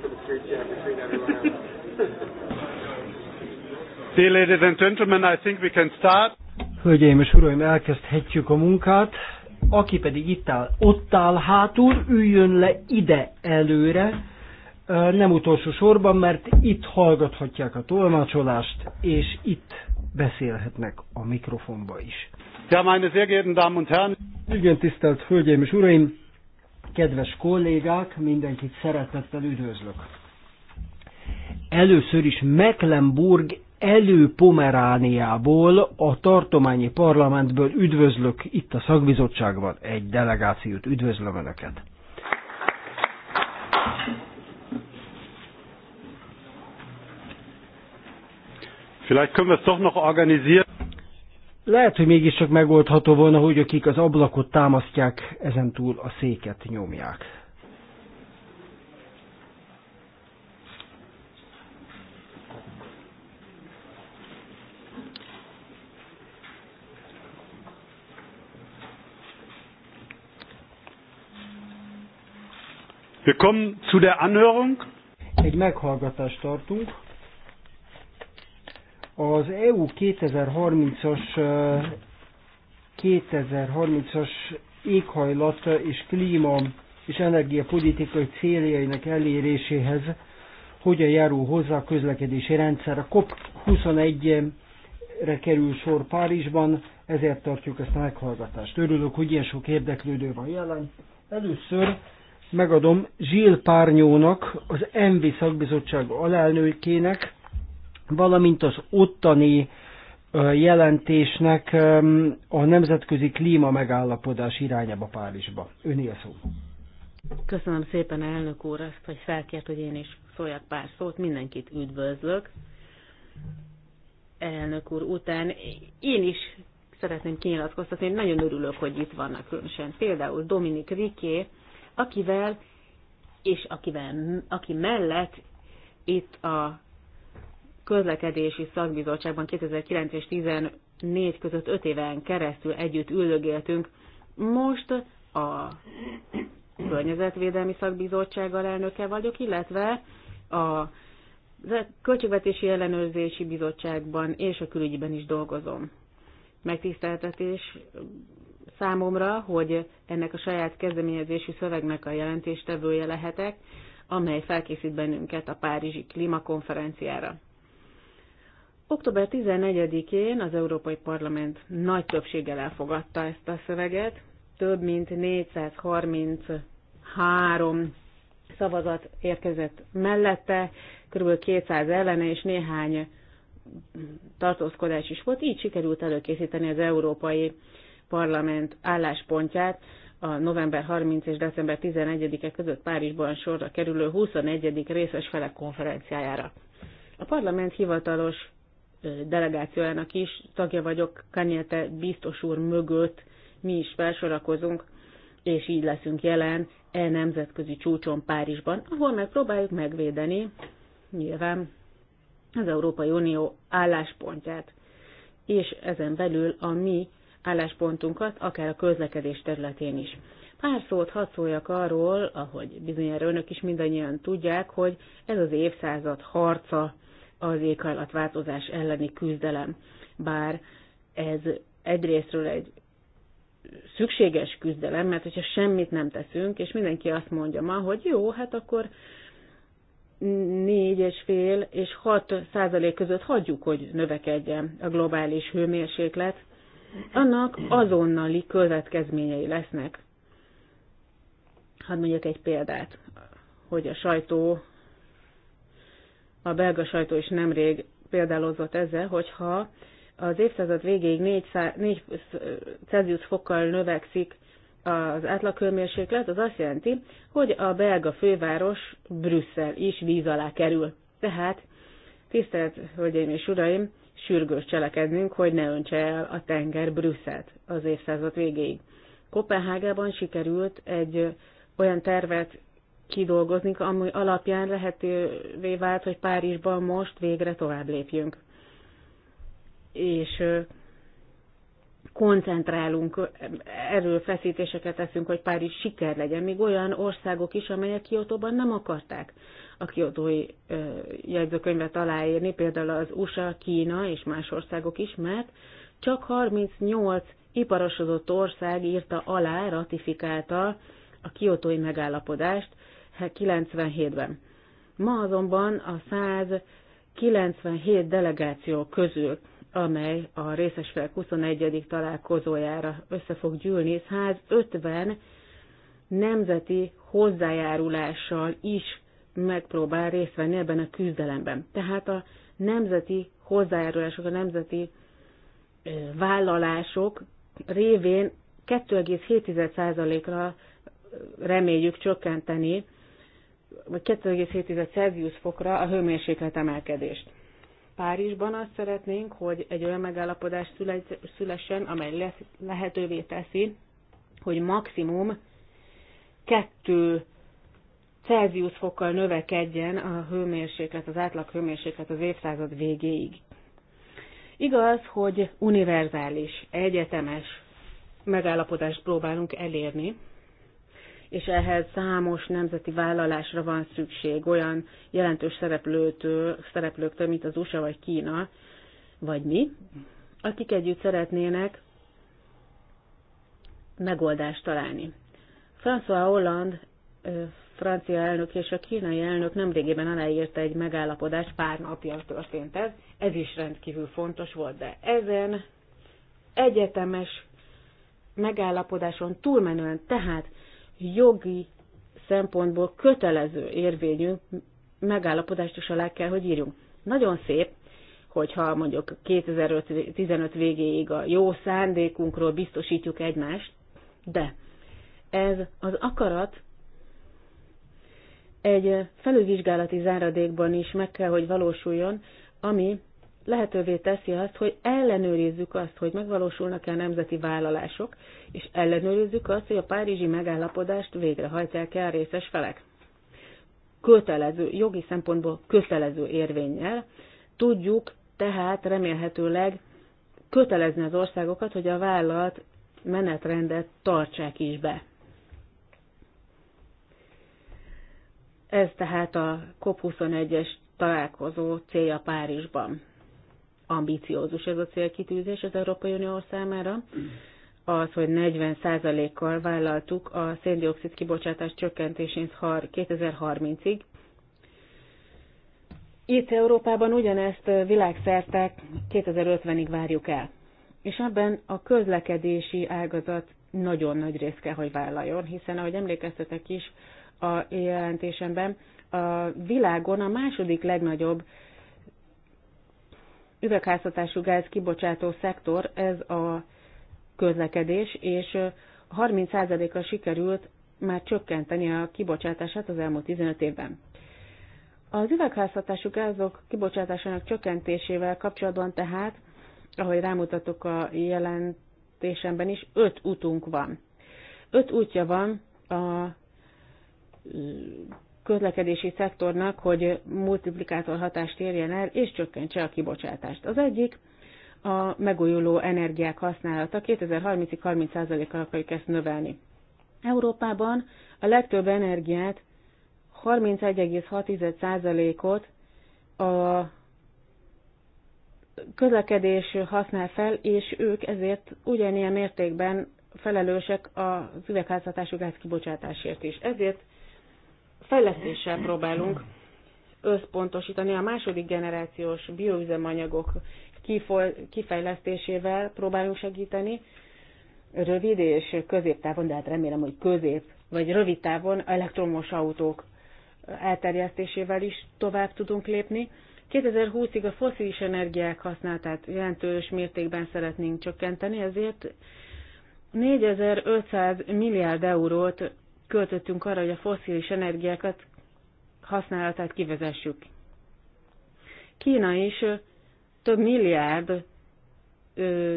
for the street jam between everyone else. Dear ladies and gentlemen, I think we can start. Hölgyeim és uraim, elkezdhetjük a munkát. Aki pedig itt áll, ott áll hátul, üljön le ide előre, nem utolsó sorban, mert itt hallgathatják a tolmácsolást, és itt beszélhetnek a mikrofonba is. Ja, meine sehr geehrten Damen und Herren! Igen, tisztelt Hölgyeim és Uraim! Kedves kollégák, mindenkit szeretettel üdvözlök. Először is Mecklenburg előpomerániából, a tartományi parlamentből üdvözlök itt a szakbizottságban. Egy delegációt üdvözlöm Önöket. Vielleicht können wir es doch noch organisieren lehet, hogy mégiscsak megoldható volna, hogy akik az ablakot támasztják, ezen túl a széket nyomják. Wir kommen zu der Anhörung. Egy meghallgatást tartunk. Az EU 2030-as 2030-as éghajlat és klíma és energiapolitikai céljainak eléréséhez hogyan járul hozzá a közlekedési rendszer. A COP21-re kerül sor Párizsban, ezért tartjuk ezt a meghallgatást. Örülök, hogy ilyen sok érdeklődő van jelen. Először megadom Zsil Párnyónak, az ENVI szakbizottság alelnőkének valamint az ottani jelentésnek a nemzetközi klíma megállapodás irányába Párizsba. Öné a szó. Köszönöm szépen, elnök úr, azt, hogy felkért, hogy én is szóljak pár szót. Mindenkit üdvözlök. Elnök úr után én is szeretném kinyilatkoztatni, hogy nagyon örülök, hogy itt vannak különösen. Például Dominik Riké, akivel és akivel, aki mellett itt a közlekedési szakbizottságban 2009 és 2014 között 5 éven keresztül együtt üldögéltünk. Most a Környezetvédelmi Szakbizottság elnöke vagyok, illetve a Költségvetési Ellenőrzési Bizottságban és a külügyben is dolgozom. Megtiszteltetés számomra, hogy ennek a saját kezdeményezésű szövegnek a jelentéstevője lehetek, amely felkészít bennünket a Párizsi Klimakonferenciára. Október 14-én az Európai Parlament nagy többséggel elfogadta ezt a szöveget, több mint 433 szavazat érkezett mellette, kb. 200 ellene és néhány tartózkodás is volt, így sikerült előkészíteni az Európai Parlament álláspontját a november 30 és december 11-e között Párizsban sorra kerülő 21. részes felek konferenciájára. A parlament hivatalos delegációjának is tagja vagyok, Kanyete biztos úr mögött mi is felsorakozunk, és így leszünk jelen e nemzetközi csúcson Párizsban, ahol megpróbáljuk megvédeni nyilván az Európai Unió álláspontját, és ezen belül a mi álláspontunkat, akár a közlekedés területén is. Pár szót hadd szóljak arról, ahogy bizonyára önök is mindannyian tudják, hogy ez az évszázad harca az éghajlatváltozás elleni küzdelem. Bár ez egyrésztről egy szükséges küzdelem, mert hogyha semmit nem teszünk, és mindenki azt mondja ma, hogy jó, hát akkor négy és 6 százalék között hagyjuk, hogy növekedjen a globális hőmérséklet, annak azonnali következményei lesznek. Hadd mondjak egy példát, hogy a sajtó a belga sajtó is nemrég példálozott ezzel, hogyha az évszázad végéig 4, 4 Celsius fokkal növekszik az átlaghőmérséklet, az azt jelenti, hogy a belga főváros Brüsszel is víz alá kerül. Tehát, tisztelt Hölgyeim és Uraim, sürgős cselekednünk, hogy ne öntse el a tenger Brüsszelt az évszázad végéig. Kopenhágában sikerült egy olyan tervet kidolgozni, ami alapján lehetővé vált, hogy Párizsban most végre tovább lépjünk. És koncentrálunk, erőfeszítéseket teszünk, hogy Párizs siker legyen, még olyan országok is, amelyek Kiotóban nem akarták a kiotói jegyzőkönyvet aláírni, például az USA, Kína és más országok is, mert csak 38 iparosodott ország írta alá, ratifikálta a kiotói megállapodást, 97-ben. Ma azonban a 197 delegáció közül, amely a részes felek 21. találkozójára össze fog gyűlni, 150 nemzeti hozzájárulással is megpróbál részt venni ebben a küzdelemben. Tehát a nemzeti hozzájárulások, a nemzeti vállalások révén 2,7%-ra reméljük csökkenteni vagy 2,7 Celsius fokra a hőmérséklet emelkedést. Párizsban azt szeretnénk, hogy egy olyan megállapodás szülessen, amely lesz, lehetővé teszi, hogy maximum 2 Celsius fokkal növekedjen a hőmérséklet, az átlag hőmérséklet az évszázad végéig. Igaz, hogy univerzális, egyetemes megállapodást próbálunk elérni, és ehhez számos nemzeti vállalásra van szükség olyan jelentős szereplőtől, szereplőktől, mint az USA vagy Kína, vagy mi, akik együtt szeretnének megoldást találni. François Hollande, francia elnök és a kínai elnök nemrégében aláírta egy megállapodást, pár napja történt ez, ez is rendkívül fontos volt, de ezen egyetemes megállapodáson túlmenően tehát jogi szempontból kötelező érvényű megállapodást is alá kell, hogy írjunk. Nagyon szép, hogyha mondjuk 2015 végéig a jó szándékunkról biztosítjuk egymást, de ez az akarat egy felülvizsgálati záradékban is meg kell, hogy valósuljon, ami lehetővé teszi azt, hogy ellenőrizzük azt, hogy megvalósulnak-e a nemzeti vállalások, és ellenőrizzük azt, hogy a párizsi megállapodást végrehajtják-e a részes felek. Kötelező, jogi szempontból kötelező érvényel tudjuk tehát remélhetőleg kötelezni az országokat, hogy a vállalat menetrendet tartsák is be. Ez tehát a COP21-es találkozó célja Párizsban ambíciózus ez a célkitűzés az Európai Unió számára. Az, hogy 40%-kal vállaltuk a széndiokszid kibocsátás csökkentését 2030-ig. Itt Európában ugyanezt világszerte 2050-ig várjuk el. És ebben a közlekedési ágazat nagyon nagy részt kell, hogy vállaljon, hiszen ahogy emlékeztetek is a jelentésemben, a világon a második legnagyobb üvegházhatású gáz kibocsátó szektor, ez a közlekedés, és 30%-ra sikerült már csökkenteni a kibocsátását az elmúlt 15 évben. Az üvegházhatású gázok kibocsátásának csökkentésével kapcsolatban tehát, ahogy rámutatok a jelentésemben is, öt útunk van. Öt útja van a közlekedési szektornak, hogy multiplikátor hatást érjen el, és csökkentse a kibocsátást. Az egyik a megújuló energiák használata. 2030-ig 30%-kal akarjuk ezt növelni. Európában a legtöbb energiát, 31,6%-ot a közlekedés használ fel, és ők ezért ugyanilyen mértékben felelősek az üvegházhatású gáz kibocsátásért is. Ezért fejlesztéssel próbálunk összpontosítani a második generációs bioüzemanyagok kifejlesztésével próbálunk segíteni, rövid és középtávon, de hát remélem, hogy közép vagy rövid távon elektromos autók elterjesztésével is tovább tudunk lépni. 2020-ig a foszilis energiák használatát jelentős mértékben szeretnénk csökkenteni, ezért 4500 milliárd eurót költöttünk arra, hogy a foszilis energiákat használatát kivezessük. Kína is több milliárd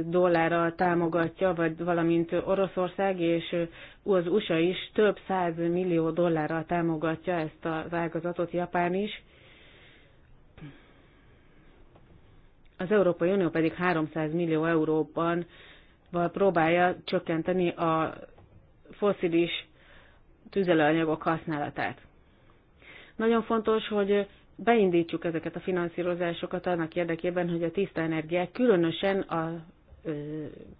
dollárral támogatja, vagy valamint Oroszország és az USA is több száz millió dollárral támogatja ezt az ágazatot, Japán is. Az Európai Unió pedig 300 millió euróban próbálja csökkenteni a foszilis tüzelőanyagok használatát. Nagyon fontos, hogy beindítsuk ezeket a finanszírozásokat annak érdekében, hogy a tiszta energiák különösen a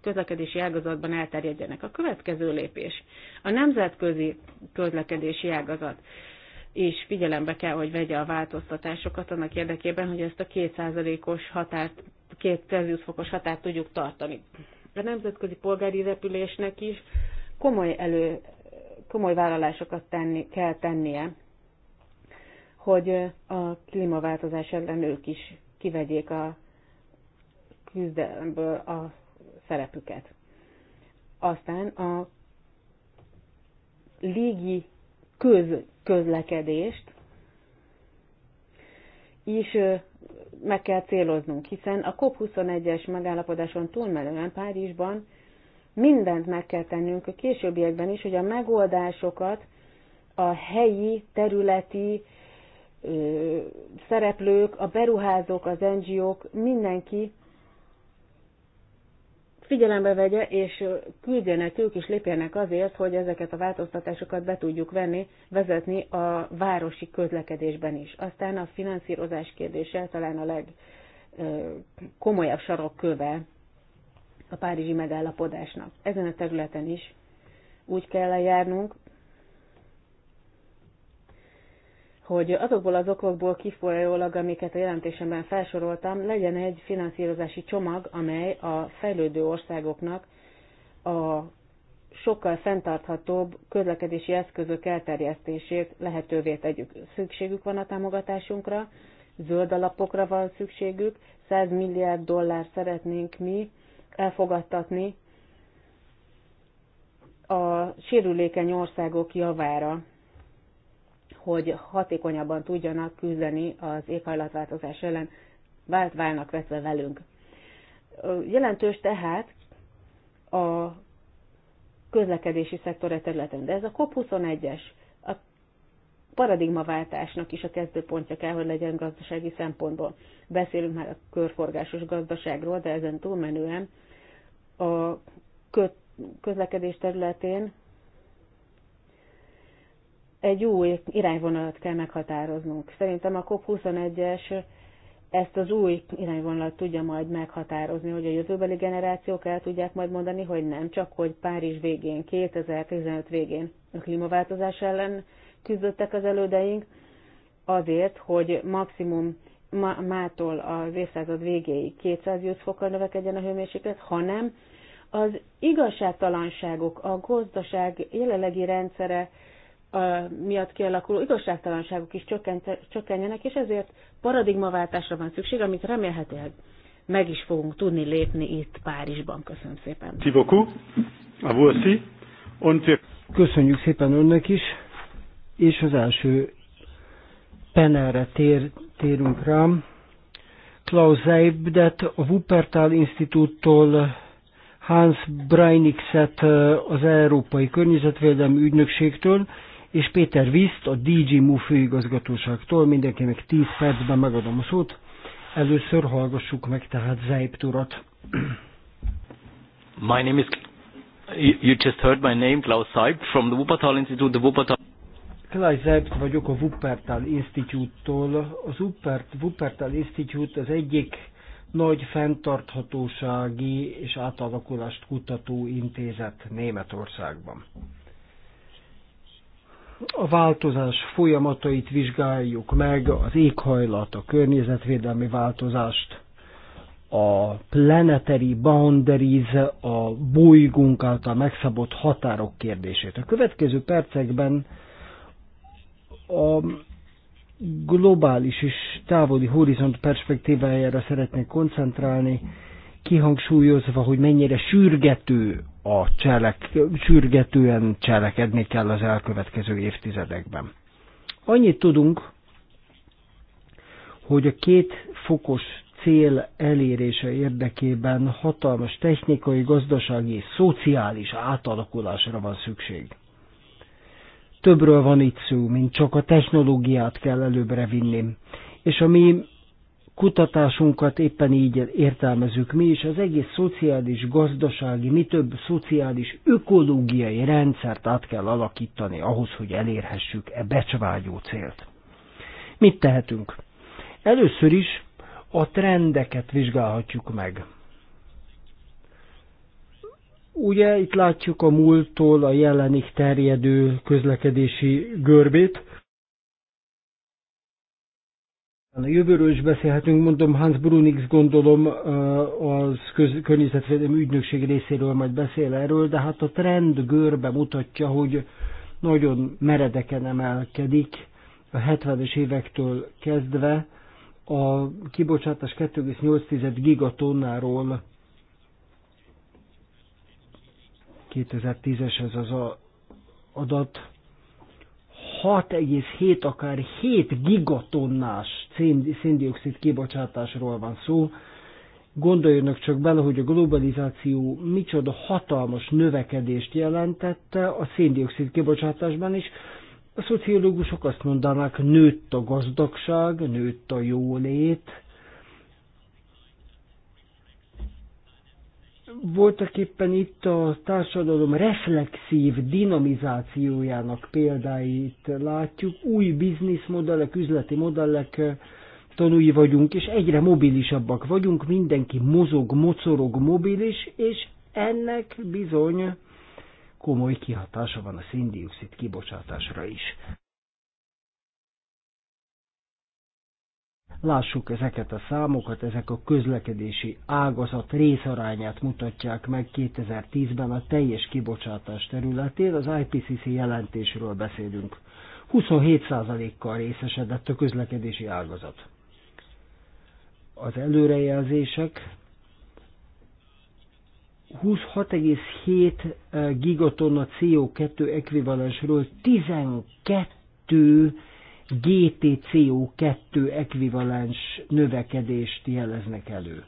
közlekedési ágazatban elterjedjenek. A következő lépés a nemzetközi közlekedési ágazat és figyelembe kell, hogy vegye a változtatásokat annak érdekében, hogy ezt a 200 os határt, 2 Celsius fokos határt tudjuk tartani. A nemzetközi polgári repülésnek is komoly elő komoly vállalásokat tenni, kell tennie, hogy a klímaváltozás ellen ők is kivegyék a küzdelemből a szerepüket. Aztán a légi köz, közlekedést is meg kell céloznunk, hiszen a COP21-es megállapodáson túlmenően Párizsban mindent meg kell tennünk a későbbiekben is, hogy a megoldásokat a helyi, területi ö, szereplők, a beruházók, az NGO-k, mindenki figyelembe vegye, és küldjenek ők is lépjenek azért, hogy ezeket a változtatásokat be tudjuk venni, vezetni a városi közlekedésben is. Aztán a finanszírozás kérdése talán a legkomolyabb sarokköve a párizsi megállapodásnak. Ezen a területen is úgy kell eljárnunk, hogy azokból az okokból kifolyólag, amiket a jelentésemben felsoroltam, legyen egy finanszírozási csomag, amely a fejlődő országoknak a sokkal fenntarthatóbb közlekedési eszközök elterjesztését lehetővé tegyük. Szükségük van a támogatásunkra, zöld alapokra van szükségük, 100 milliárd dollár szeretnénk mi elfogadtatni a sérülékeny országok javára, hogy hatékonyabban tudjanak küzdeni az éghajlatváltozás ellen, vált válnak vetve velünk. Jelentős tehát a közlekedési szektore területen, de ez a COP21-es, a paradigmaváltásnak is a kezdőpontja kell, hogy legyen gazdasági szempontból. Beszélünk már a körforgásos gazdaságról, de ezen túlmenően a közlekedés területén egy új irányvonalat kell meghatároznunk. Szerintem a COP21-es ezt az új irányvonalat tudja majd meghatározni, hogy a jövőbeli generációk el tudják majd mondani, hogy nem csak, hogy Párizs végén, 2015 végén a klímaváltozás ellen küzdöttek az elődeink, azért, hogy maximum ma, mától az évszázad végéig 220 fokkal növekedjen a hőmérséklet, hanem az igazságtalanságok, a gazdaság jelenlegi rendszere a, miatt kialakuló igazságtalanságok is csökkenjenek, és ezért paradigmaváltásra van szükség, amit remélhetőleg meg is fogunk tudni lépni itt Párizsban. Köszönöm szépen. Tivoku, a Köszönjük szépen önnek is, és az első panelre tér, térünk rám. Klaus Seibdet, a Wuppertal Institúttól Hans Breinixet az Európai Környezetvédelmi Ügynökségtől, és Péter Viszt a DG MU főigazgatóságtól. Mindenkinek 10 percben megadom a szót. Először hallgassuk meg tehát Zeibt urat. My name is... You just heard my name, Klaus Seibt, from the Wuppertal Institute, the Wuppertal Klaj Zebt vagyok a Wuppertal Institute-tól. Az Wuppert, Wuppertal Institute az egyik nagy fenntarthatósági és átalakulást kutató intézet Németországban. A változás folyamatait vizsgáljuk meg, az éghajlat, a környezetvédelmi változást, a planetary boundaries, a bolygónk által megszabott határok kérdését. A következő percekben a globális és távoli horizont perspektívájára szeretnék koncentrálni, kihangsúlyozva, hogy mennyire sürgető a cselek, sürgetően cselekedni kell az elkövetkező évtizedekben. Annyit tudunk, hogy a két fokos cél elérése érdekében hatalmas technikai, gazdasági és szociális átalakulásra van szükség. Többről van itt szó, mint csak a technológiát kell előbbre vinni. És a mi kutatásunkat éppen így értelmezünk mi is, az egész szociális, gazdasági, mi több szociális, ökológiai rendszert át kell alakítani ahhoz, hogy elérhessük e becsvágyó célt. Mit tehetünk? Először is a trendeket vizsgálhatjuk meg. Ugye itt látjuk a múlttól a jelenig terjedő közlekedési görbét. A jövőről is beszélhetünk, mondom, Hans Brunix gondolom az köz- környezetvédelmi ügynökség részéről majd beszél erről, de hát a trend görbe mutatja, hogy nagyon meredeken emelkedik a 70-es évektől kezdve a kibocsátás 2,8 gigatonnáról 2010-es ez az adat, 6,7 akár 7 gigatonnás széndiokszid kibocsátásról van szó. Gondoljanak csak bele, hogy a globalizáció micsoda hatalmas növekedést jelentette a széndiokszid kibocsátásban is. A szociológusok azt mondanák, nőtt a gazdagság, nőtt a jólét, voltak éppen itt a társadalom reflexív dinamizációjának példáit látjuk, új bizniszmodellek, üzleti modellek eh, tanúi vagyunk, és egyre mobilisabbak vagyunk, mindenki mozog, mocorog, mobilis, és ennek bizony komoly kihatása van a széndiokszid kibocsátásra is. Lássuk ezeket a számokat, ezek a közlekedési ágazat részarányát mutatják meg 2010-ben a teljes kibocsátás területén, az IPCC jelentésről beszélünk. 27%-kal részesedett a közlekedési ágazat. Az előrejelzések 26,7 gigatonna CO2 ekvivalensről 12 GTCO2 ekvivalens növekedést jeleznek elő.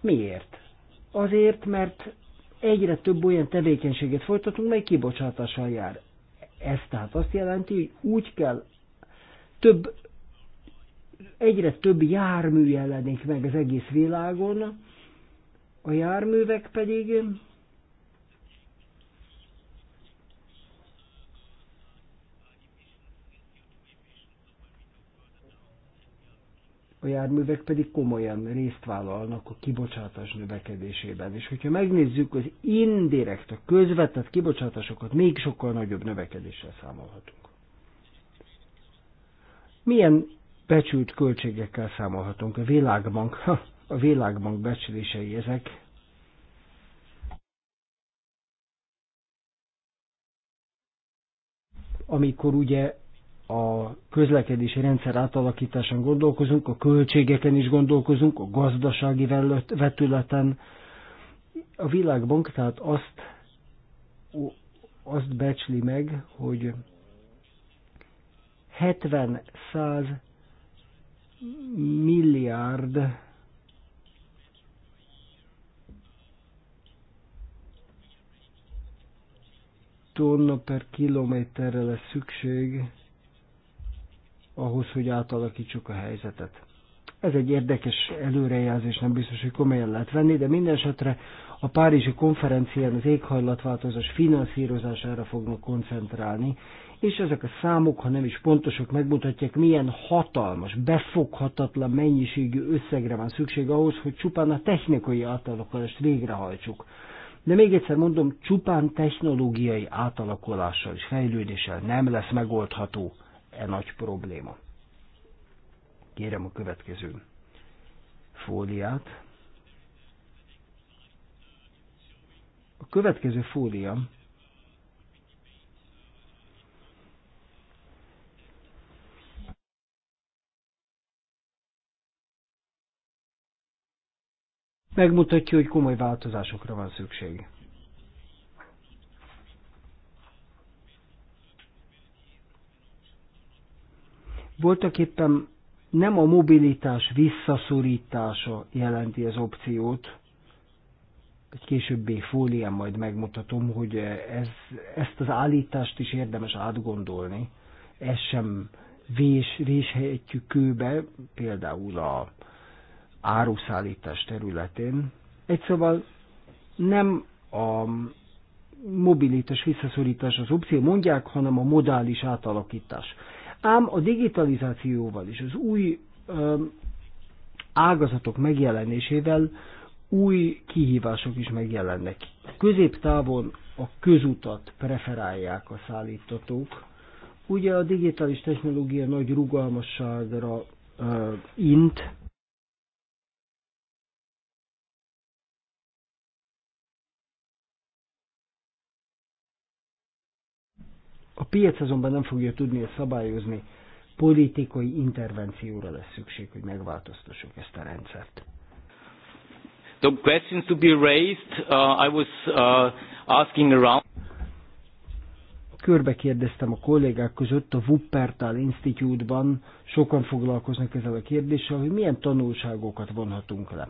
Miért? Azért, mert egyre több olyan tevékenységet folytatunk, mely kibocsátással jár. Ez tehát azt jelenti, hogy úgy kell több, egyre több jármű jelenik meg az egész világon, a járművek pedig a járművek pedig komolyan részt vállalnak a kibocsátás növekedésében. És hogyha megnézzük az indirekt, a közvetett kibocsátásokat, még sokkal nagyobb növekedéssel számolhatunk. Milyen becsült költségekkel számolhatunk? A világbank, a világbank becslései ezek. Amikor ugye a közlekedési rendszer átalakításán gondolkozunk, a költségeken is gondolkozunk, a gazdasági vetületen. A Világbank tehát azt, azt becsli meg, hogy 70-100 milliárd tonna per kilométerre lesz szükség ahhoz, hogy átalakítsuk a helyzetet. Ez egy érdekes előrejelzés, nem biztos, hogy komolyan lehet venni, de minden esetre a Párizsi konferencián az éghajlatváltozás finanszírozására fognak koncentrálni, és ezek a számok, ha nem is pontosak, megmutatják, milyen hatalmas, befoghatatlan mennyiségű összegre van szükség ahhoz, hogy csupán a technikai átalakulást végrehajtsuk. De még egyszer mondom, csupán technológiai átalakulással és fejlődéssel nem lesz megoldható e nagy probléma. Kérem a következő fóliát. A következő fólia megmutatja, hogy komoly változásokra van szükség. Voltak éppen nem a mobilitás visszaszorítása jelenti az opciót, egy későbbi fólián majd megmutatom, hogy ez, ezt az állítást is érdemes átgondolni. Ez sem vés, véshelyetjük kőbe, például a áruszállítás területén. Egy szóval nem a mobilitás visszaszorítás az opció, mondják, hanem a modális átalakítás. Ám a digitalizációval és az új um, ágazatok megjelenésével új kihívások is megjelennek. Középtávon a közutat preferálják a szállítatók. Ugye a digitális technológia nagy rugalmasságra ö, int, piac azonban nem fogja tudni ezt szabályozni, politikai intervencióra lesz szükség, hogy megváltoztassuk ezt a rendszert. The questions to be raised, uh, I was uh, asking around. Körbe kérdeztem a kollégák között a Wuppertal Institute-ban, sokan foglalkoznak ezzel a kérdéssel, hogy milyen tanulságokat vonhatunk le.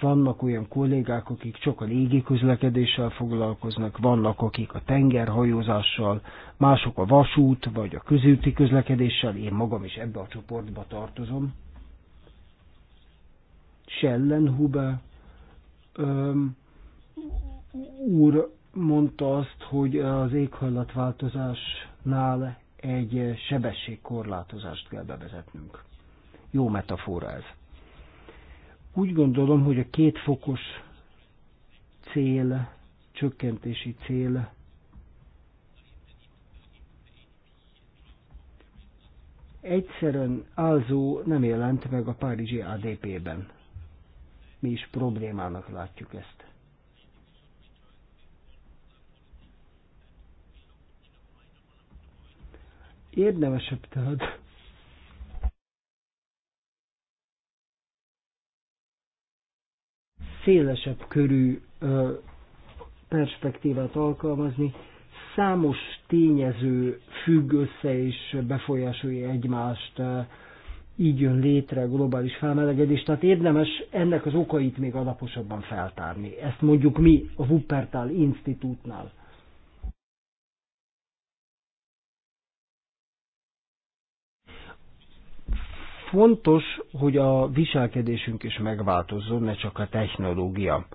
Vannak olyan kollégák, akik csak a légi közlekedéssel foglalkoznak, vannak akik a tengerhajózással, mások a vasút vagy a közúti közlekedéssel, én magam is ebbe a csoportba tartozom. Schellenhuber öm, úr mondta azt, hogy az éghajlatváltozásnál egy sebességkorlátozást kell bevezetnünk. Jó metafora ez. Úgy gondolom, hogy a kétfokos cél, csökkentési cél egyszerűen álzó nem jelent meg a Párizsi ADP-ben. Mi is problémának látjuk ezt. Érdemesebb tehát szélesebb körű perspektívát alkalmazni, számos tényező függ össze és befolyásolja egymást, így jön létre globális felmelegedés, tehát érdemes ennek az okait még alaposabban feltárni. Ezt mondjuk mi a Wuppertal Institútnál Fontos, hogy a viselkedésünk is megváltozzon, ne csak a technológia.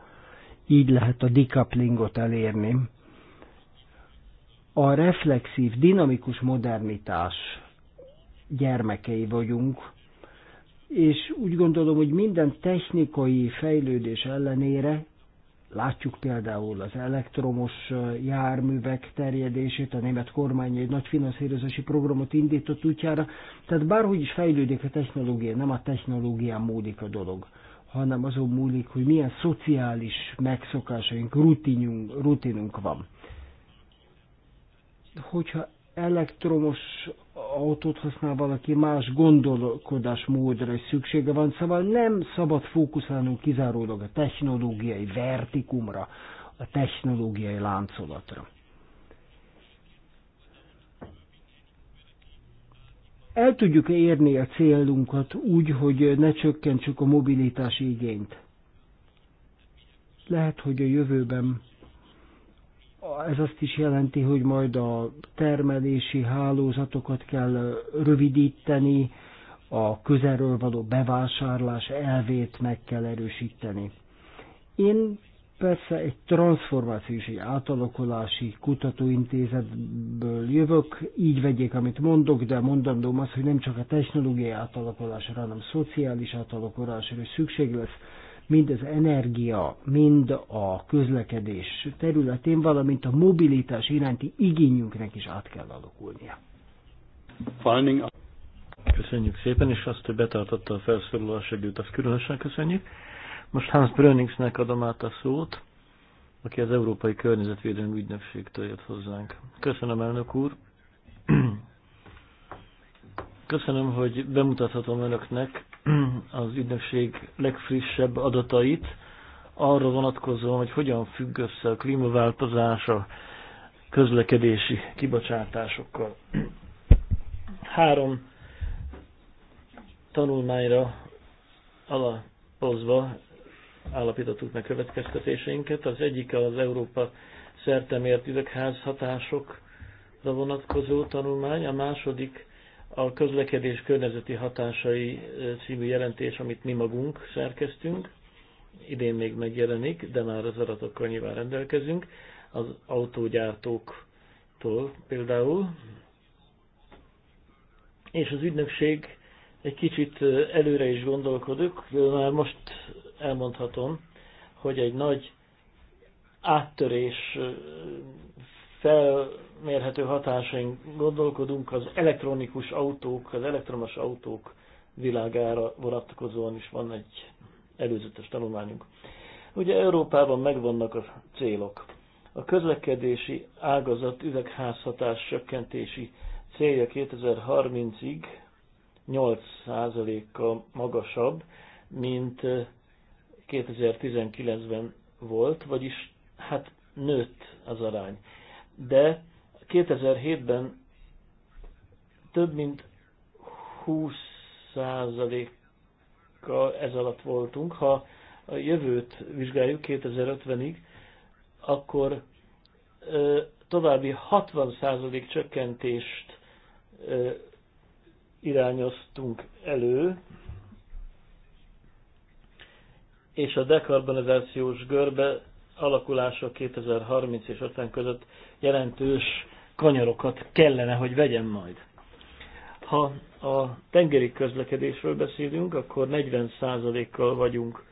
Így lehet a decouplingot elérni. A reflexív, dinamikus modernitás gyermekei vagyunk, és úgy gondolom, hogy minden technikai fejlődés ellenére Látjuk például az elektromos járművek terjedését, a német kormány egy nagy finanszírozási programot indított útjára, tehát bárhogy is fejlődik a technológia, nem a technológián módik a dolog, hanem azon múlik, hogy milyen szociális megszokásaink, rutinunk, rutinunk van. Hogyha elektromos autót használ valaki, más gondolkodásmódra is szüksége van, szóval nem szabad fókuszálnunk kizárólag a technológiai vertikumra, a technológiai láncolatra. El tudjuk érni a célunkat úgy, hogy ne csökkentsük a mobilitás igényt. Lehet, hogy a jövőben ez azt is jelenti, hogy majd a termelési hálózatokat kell rövidíteni, a közelről való bevásárlás elvét meg kell erősíteni. Én persze egy transformációs, egy átalakulási kutatóintézetből jövök, így vegyék, amit mondok, de mondandóm az, hogy nem csak a technológiai átalakulásra, hanem a szociális átalakulásra is szükség lesz, mind az energia, mind a közlekedés területén, valamint a mobilitás iránti igényünknek is át kell alakulnia. Köszönjük szépen, és azt, hogy betartotta a felszólalás együtt azt különösen köszönjük. Most Hans Bröningsnek adom át a szót, aki az Európai Környezetvédelmi Ügynökségtől jött hozzánk. Köszönöm, elnök úr! Köszönöm, hogy bemutathatom önöknek az ügynökség legfrissebb adatait arra vonatkozóan, hogy hogyan függ össze a klímaváltozás a közlekedési kibocsátásokkal. Három tanulmányra alapozva állapítottuk meg következtetéseinket. Az egyik az Európa szerte mért üvegház hatásokra vonatkozó tanulmány, a második a közlekedés környezeti hatásai című jelentés, amit mi magunk szerkeztünk, idén még megjelenik, de már az adatokkal nyilván rendelkezünk, az autógyártóktól például. És az ügynökség egy kicsit előre is gondolkodik, már most elmondhatom, hogy egy nagy áttörés fel mérhető hatásaink gondolkodunk az elektronikus autók, az elektromos autók világára vonatkozóan is van egy előzetes tanulmányunk. Ugye Európában megvannak a célok. A közlekedési ágazat üvegházhatás csökkentési célja 2030-ig 8%-kal magasabb, mint 2019-ben eh, volt, vagyis hát nőtt az arány. De 2007-ben több mint 20%-kal ez alatt voltunk. Ha a jövőt vizsgáljuk 2050-ig, akkor további 60% csökkentést irányoztunk elő, és a dekarbonizációs görbe alakulása 2030 és 50 között jelentős kanyarokat kellene, hogy vegyen majd. Ha a tengeri közlekedésről beszélünk, akkor 40%-kal vagyunk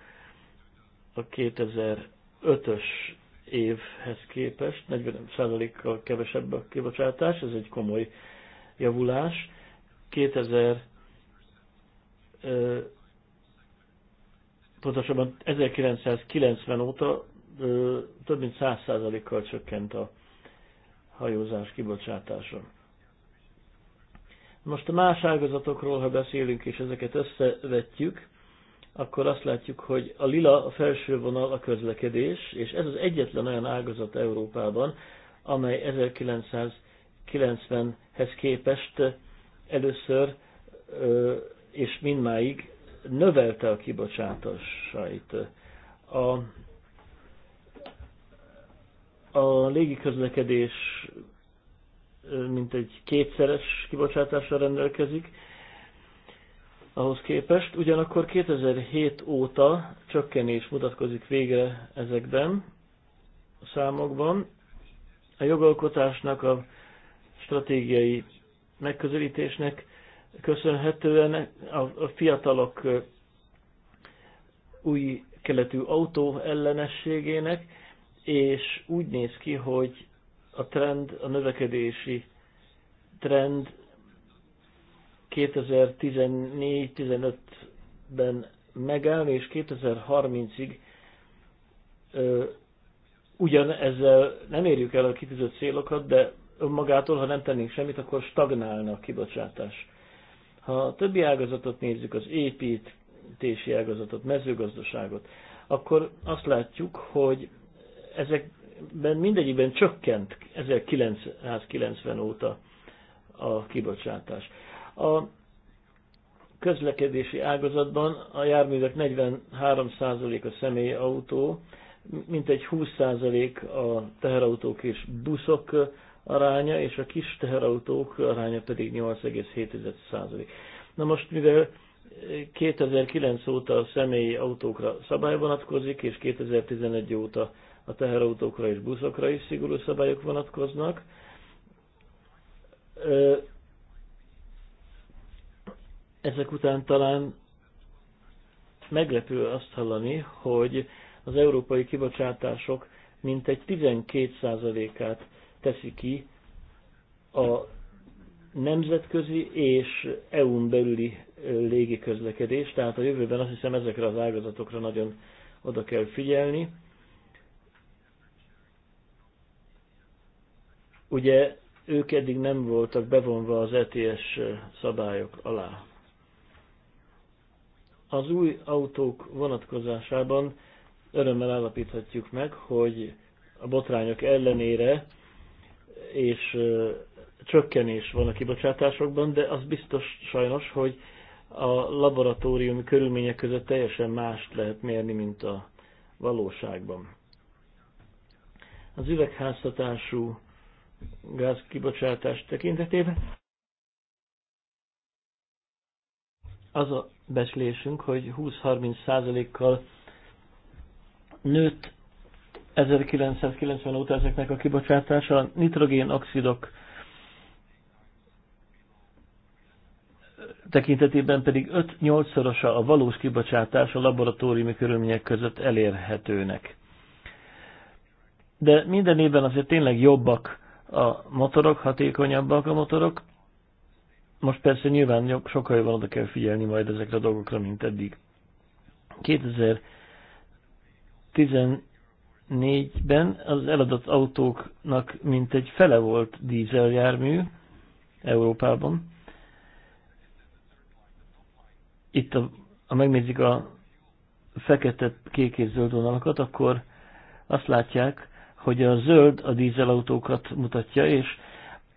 a 2005-ös évhez képest, 40%-kal kevesebb a kibocsátás, ez egy komoly javulás. 2000 pontosabban 1990 óta több mint 100%-kal csökkent a hajózás kibocsátása. Most a más ágazatokról, ha beszélünk és ezeket összevetjük, akkor azt látjuk, hogy a lila a felső vonal a közlekedés, és ez az egyetlen olyan ágazat Európában, amely 1990-hez képest először és mindmáig növelte a kibocsátásait. A a légiközlekedés mintegy kétszeres kibocsátásra rendelkezik ahhoz képest. Ugyanakkor 2007 óta csökkenés mutatkozik végre ezekben a számokban. A jogalkotásnak, a stratégiai megközelítésnek köszönhetően a fiatalok új keletű autó ellenességének, és úgy néz ki, hogy a trend, a növekedési trend 2014-15-ben megáll, és 2030-ig ugyan ezzel nem érjük el a kitűzött célokat, de önmagától, ha nem tennénk semmit, akkor stagnálna a kibocsátás. Ha a többi ágazatot nézzük, az építési ágazatot, mezőgazdaságot, akkor azt látjuk, hogy ezekben mindegyikben csökkent 1990 óta a kibocsátás. A közlekedési ágazatban a járművek 43% a személyautó, mintegy 20% a teherautók és buszok aránya, és a kis teherautók aránya pedig 8,7%. Na most, mivel 2009 óta a személyi autókra szabály vonatkozik, és 2011 óta a teherautókra és buszokra is szigorú szabályok vonatkoznak. Ezek után talán meglepő azt hallani, hogy az európai kibocsátások mintegy 12%-át teszi ki a nemzetközi és EU-n belüli légiközlekedés, tehát a jövőben azt hiszem ezekre az ágazatokra nagyon oda kell figyelni. Ugye ők eddig nem voltak bevonva az ETS szabályok alá. Az új autók vonatkozásában örömmel állapíthatjuk meg, hogy a botrányok ellenére és csökkenés van a kibocsátásokban, de az biztos sajnos, hogy a laboratóriumi körülmények között teljesen mást lehet mérni, mint a valóságban. Az üvegházhatású gázkibocsátás tekintetében. Az a beslésünk, hogy 20-30 százalékkal nőtt 1990 óta ezeknek a kibocsátása a nitrogénoxidok tekintetében pedig 5-8-szorosa a valós kibocsátás a laboratóriumi körülmények között elérhetőnek. De minden évben azért tényleg jobbak a motorok, hatékonyabbak a motorok. Most persze nyilván sokkal jobban oda kell figyelni majd ezekre a dolgokra, mint eddig. 2014-ben az eladott autóknak mintegy fele volt dízeljármű Európában. Itt, a, ha megnézik a fekete, kék és zöld vonalakat, akkor azt látják, hogy a zöld a dízelautókat mutatja, és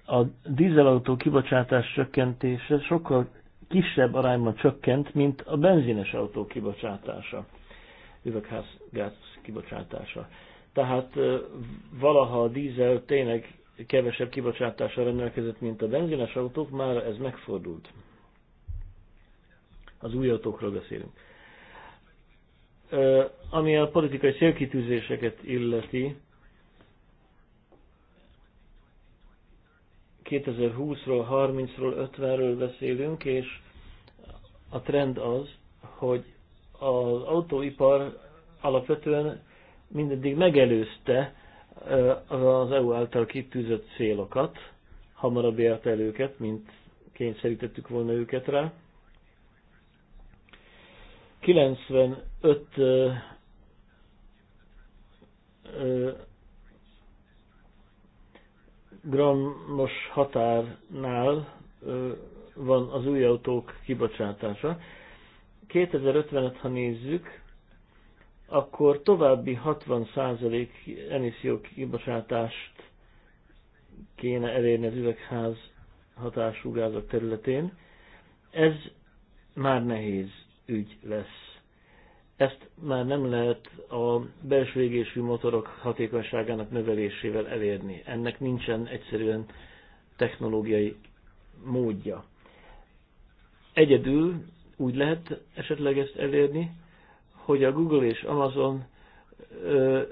a dízelautó kibocsátás csökkentése sokkal kisebb arányban csökkent, mint a benzines autó kibocsátása, üvegházgáz kibocsátása. Tehát valaha a dízel tényleg kevesebb kibocsátással rendelkezett, mint a benzines autók, már ez megfordult. Az új autókról beszélünk. Ami a politikai célkitűzéseket illeti, 2020-ról, 30-ról, 50-ről beszélünk, és a trend az, hogy az autóipar alapvetően mindeddig megelőzte az EU által kitűzött célokat, hamarabb ért el őket, mint kényszerítettük volna őket rá. 95 grammos határnál van az új autók kibocsátása. 2055, ha nézzük, akkor további 60% emisszió kibocsátást kéne elérni az üvegház hatású gázok területén. Ez már nehéz ügy lesz. Ezt már nem lehet a belső égésű motorok hatékonyságának növelésével elérni. Ennek nincsen egyszerűen technológiai módja. Egyedül úgy lehet esetleg ezt elérni, hogy a Google és Amazon ö,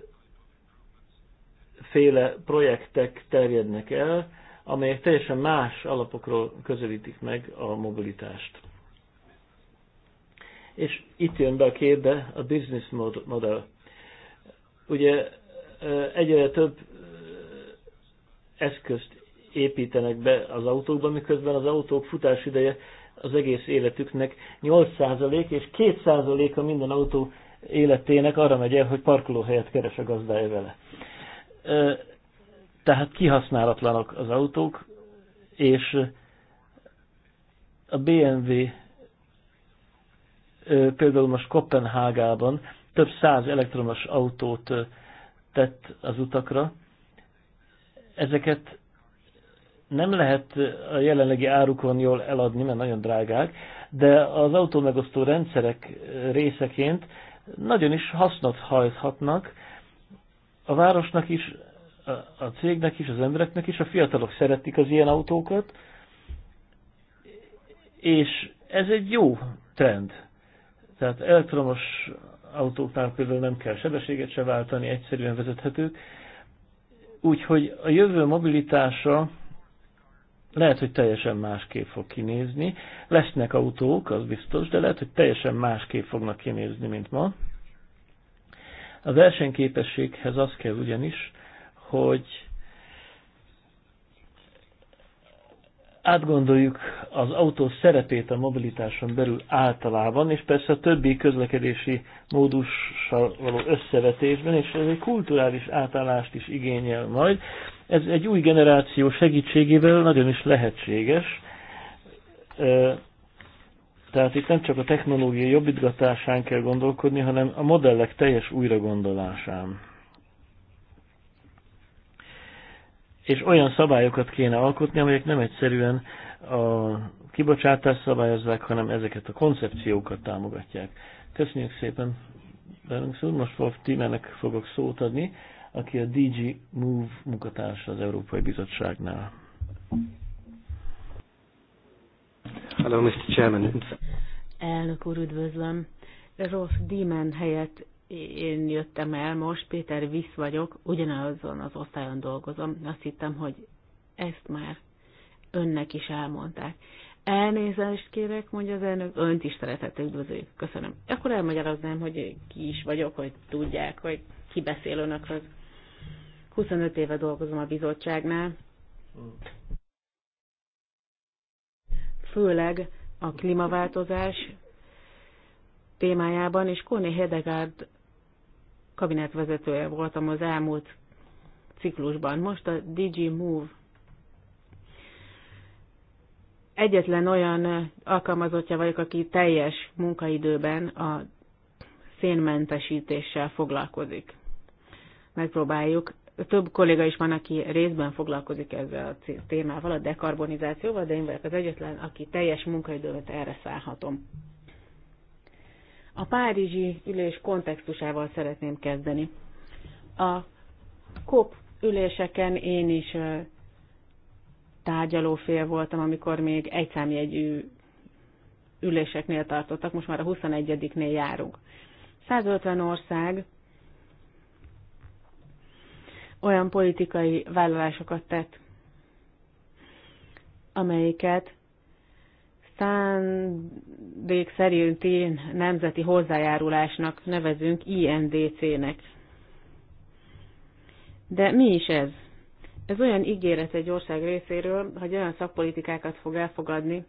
féle projektek terjednek el, amelyek teljesen más alapokról közelítik meg a mobilitást. És itt jön be a képbe a business model. Ugye egyre több eszközt építenek be az autókba, miközben az autók futásideje az egész életüknek 8% és 2%-a minden autó életének arra megy el, hogy parkolóhelyet keres a gazdája vele. Tehát kihasználatlanak az autók, és a BMW például most Kopenhágában több száz elektromos autót tett az utakra. Ezeket nem lehet a jelenlegi árukon jól eladni, mert nagyon drágák, de az autómegosztó rendszerek részeként nagyon is hasznot hajthatnak a városnak is, a cégnek is, az embereknek is, a fiatalok szeretik az ilyen autókat, és ez egy jó trend. Tehát elektromos autóknál például nem kell sebességet se váltani, egyszerűen vezethetők. Úgyhogy a jövő mobilitása lehet, hogy teljesen másképp fog kinézni. Lesznek autók, az biztos, de lehet, hogy teljesen másképp fognak kinézni, mint ma. A versenyképességhez az kell ugyanis, hogy átgondoljuk az autó szerepét a mobilitáson belül általában, és persze a többi közlekedési módussal való összevetésben, és ez egy kulturális átállást is igényel majd. Ez egy új generáció segítségével nagyon is lehetséges. Tehát itt nem csak a technológia jobbítgatásán kell gondolkodni, hanem a modellek teljes újragondolásán. és olyan szabályokat kéne alkotni, amelyek nem egyszerűen a kibocsátást szabályozzák, hanem ezeket a koncepciókat támogatják. Köszönjük szépen, Berengsz úr. Most Wolf Timenek fogok szót adni, aki a DG Move munkatársa az Európai Bizottságnál. Hello, Mr. Chairman. Elnök úr, üdvözlöm. Rolf Diemen helyett én jöttem el most, Péter Visz vagyok, ugyanazon az osztályon dolgozom. Azt hittem, hogy ezt már önnek is elmondták. Elnézést kérek, mondja az elnök, önt is szeretett üdvözlőjük. Köszönöm. Akkor elmagyaráznám, hogy ki is vagyok, hogy tudják, hogy ki beszél önökhöz. 25 éve dolgozom a bizottságnál. Főleg a klímaváltozás témájában, és Kóni Hedegárd kabinetvezetője voltam az elmúlt ciklusban. Most a DG Move egyetlen olyan alkalmazottja vagyok, aki teljes munkaidőben a szénmentesítéssel foglalkozik. Megpróbáljuk. Több kolléga is van, aki részben foglalkozik ezzel a témával, a dekarbonizációval, de én vagyok az egyetlen, aki teljes munkaidőt erre szállhatom. A Párizsi ülés kontextusával szeretném kezdeni. A COP üléseken én is fél voltam, amikor még egyszámjegyű üléseknél tartottak, most már a 21-nél járunk. 150 ország olyan politikai vállalásokat tett, amelyiket szándék szerinti nemzeti hozzájárulásnak nevezünk INDC-nek. De mi is ez? Ez olyan ígéret egy ország részéről, hogy olyan szakpolitikákat fog elfogadni,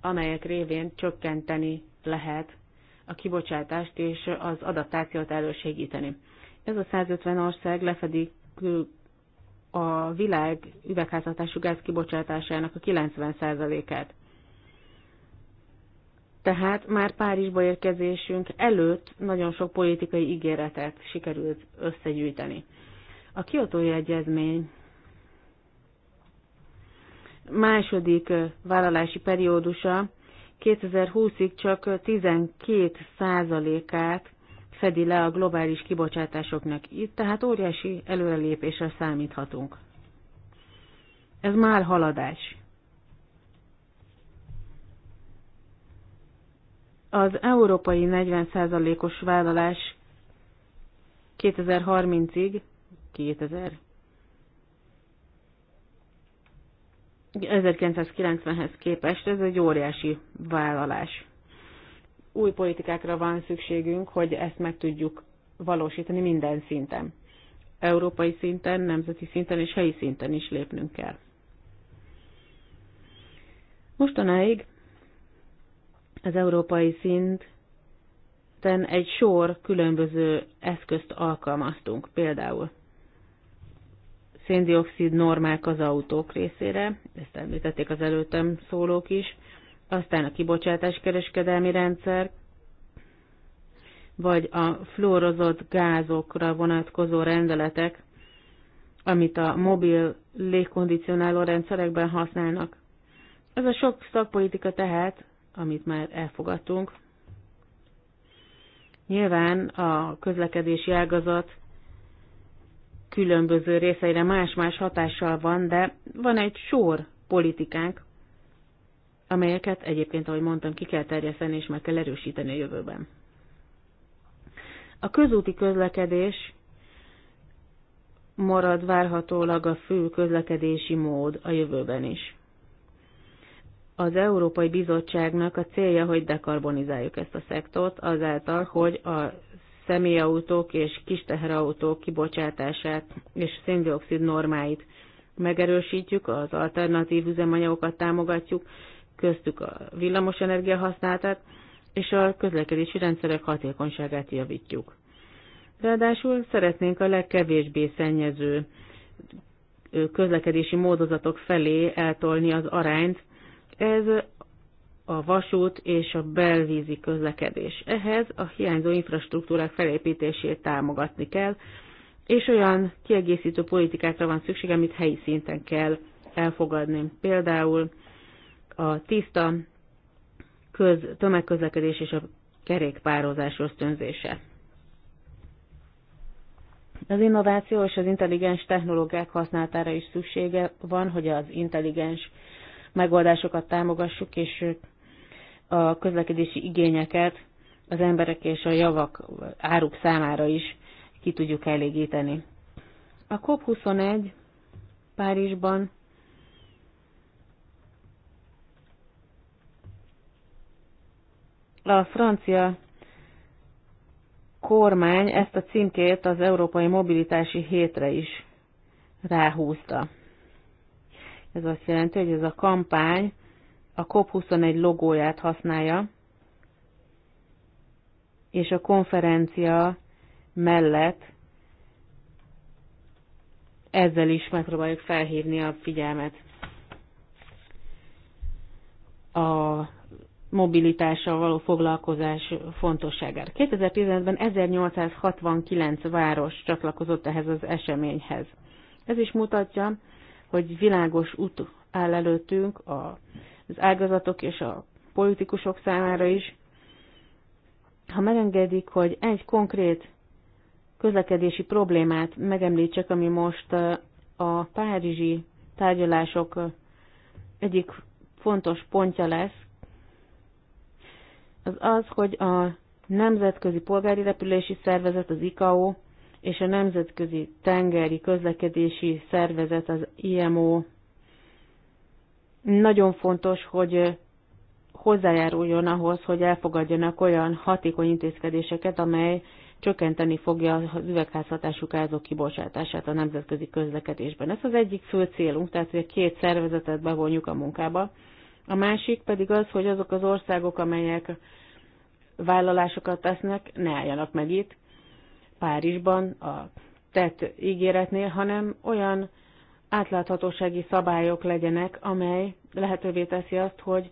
amelyek révén csökkenteni lehet a kibocsátást és az adaptációt elősegíteni. Ez a 150 ország lefedi a világ üvegházhatású gáz kibocsátásának a 90%-át. Tehát már Párizsba érkezésünk előtt nagyon sok politikai ígéretet sikerült összegyűjteni. A kiotói egyezmény második vállalási periódusa 2020-ig csak 12%-át fedi le a globális kibocsátásoknak itt, tehát óriási előrelépésre számíthatunk. Ez már haladás. Az európai 40%-os vállalás 2030-ig, 2000, 1990-hez képest ez egy óriási vállalás. Új politikákra van szükségünk, hogy ezt meg tudjuk valósítani minden szinten. Európai szinten, nemzeti szinten és helyi szinten is lépnünk kell. Mostanáig az európai szinten egy sor különböző eszközt alkalmaztunk. Például széndiokszid normák az autók részére, ezt említették az előttem szólók is, aztán a kereskedelmi rendszer, vagy a fluorozott gázokra vonatkozó rendeletek, amit a mobil légkondicionáló rendszerekben használnak. Ez a sok szakpolitika tehát amit már elfogadtunk. Nyilván a közlekedési ágazat különböző részeire más-más hatással van, de van egy sor politikánk, amelyeket egyébként, ahogy mondtam, ki kell terjeszteni és meg kell erősíteni a jövőben. A közúti közlekedés marad várhatólag a fő közlekedési mód a jövőben is az Európai Bizottságnak a célja, hogy dekarbonizáljuk ezt a szektort azáltal, hogy a személyautók és kis teherautók kibocsátását és széndiokszid normáit megerősítjük, az alternatív üzemanyagokat támogatjuk, köztük a villamosenergia használatát, és a közlekedési rendszerek hatékonyságát javítjuk. Ráadásul szeretnénk a legkevésbé szennyező közlekedési módozatok felé eltolni az arányt, ez a vasút és a belvízi közlekedés. Ehhez a hiányzó infrastruktúrák felépítését támogatni kell, és olyan kiegészítő politikákra van szükség, amit helyi szinten kell elfogadni. Például a tiszta köz, tömegközlekedés és a kerékpározás ösztönzése. Az innováció és az intelligens technológiák használatára is szüksége van, hogy az intelligens megoldásokat támogassuk, és a közlekedési igényeket az emberek és a javak, áruk számára is ki tudjuk elégíteni. A COP21 Párizsban a francia kormány ezt a címkét az Európai Mobilitási Hétre is ráhúzta. Ez azt jelenti, hogy ez a kampány a COP21 logóját használja, és a konferencia mellett ezzel is megpróbáljuk felhívni a figyelmet a mobilitással való foglalkozás fontosságára. 2015-ben 1869 város csatlakozott ehhez az eseményhez. Ez is mutatja, hogy világos út áll előttünk az ágazatok és a politikusok számára is. Ha megengedik, hogy egy konkrét közlekedési problémát megemlítsek, ami most a párizsi tárgyalások egyik fontos pontja lesz, az az, hogy a Nemzetközi Polgári Repülési Szervezet, az ICAO és a Nemzetközi Tengeri Közlekedési Szervezet, az IMO nagyon fontos, hogy hozzájáruljon ahhoz, hogy elfogadjanak olyan hatékony intézkedéseket, amely csökkenteni fogja az üvegházhatású gázok kibocsátását a nemzetközi közlekedésben. Ez az egyik fő célunk, tehát hogy a két szervezetet bevonjuk a munkába. A másik pedig az, hogy azok az országok, amelyek vállalásokat tesznek, ne álljanak meg itt, Párizsban a tett ígéretnél, hanem olyan átláthatósági szabályok legyenek, amely lehetővé teszi azt, hogy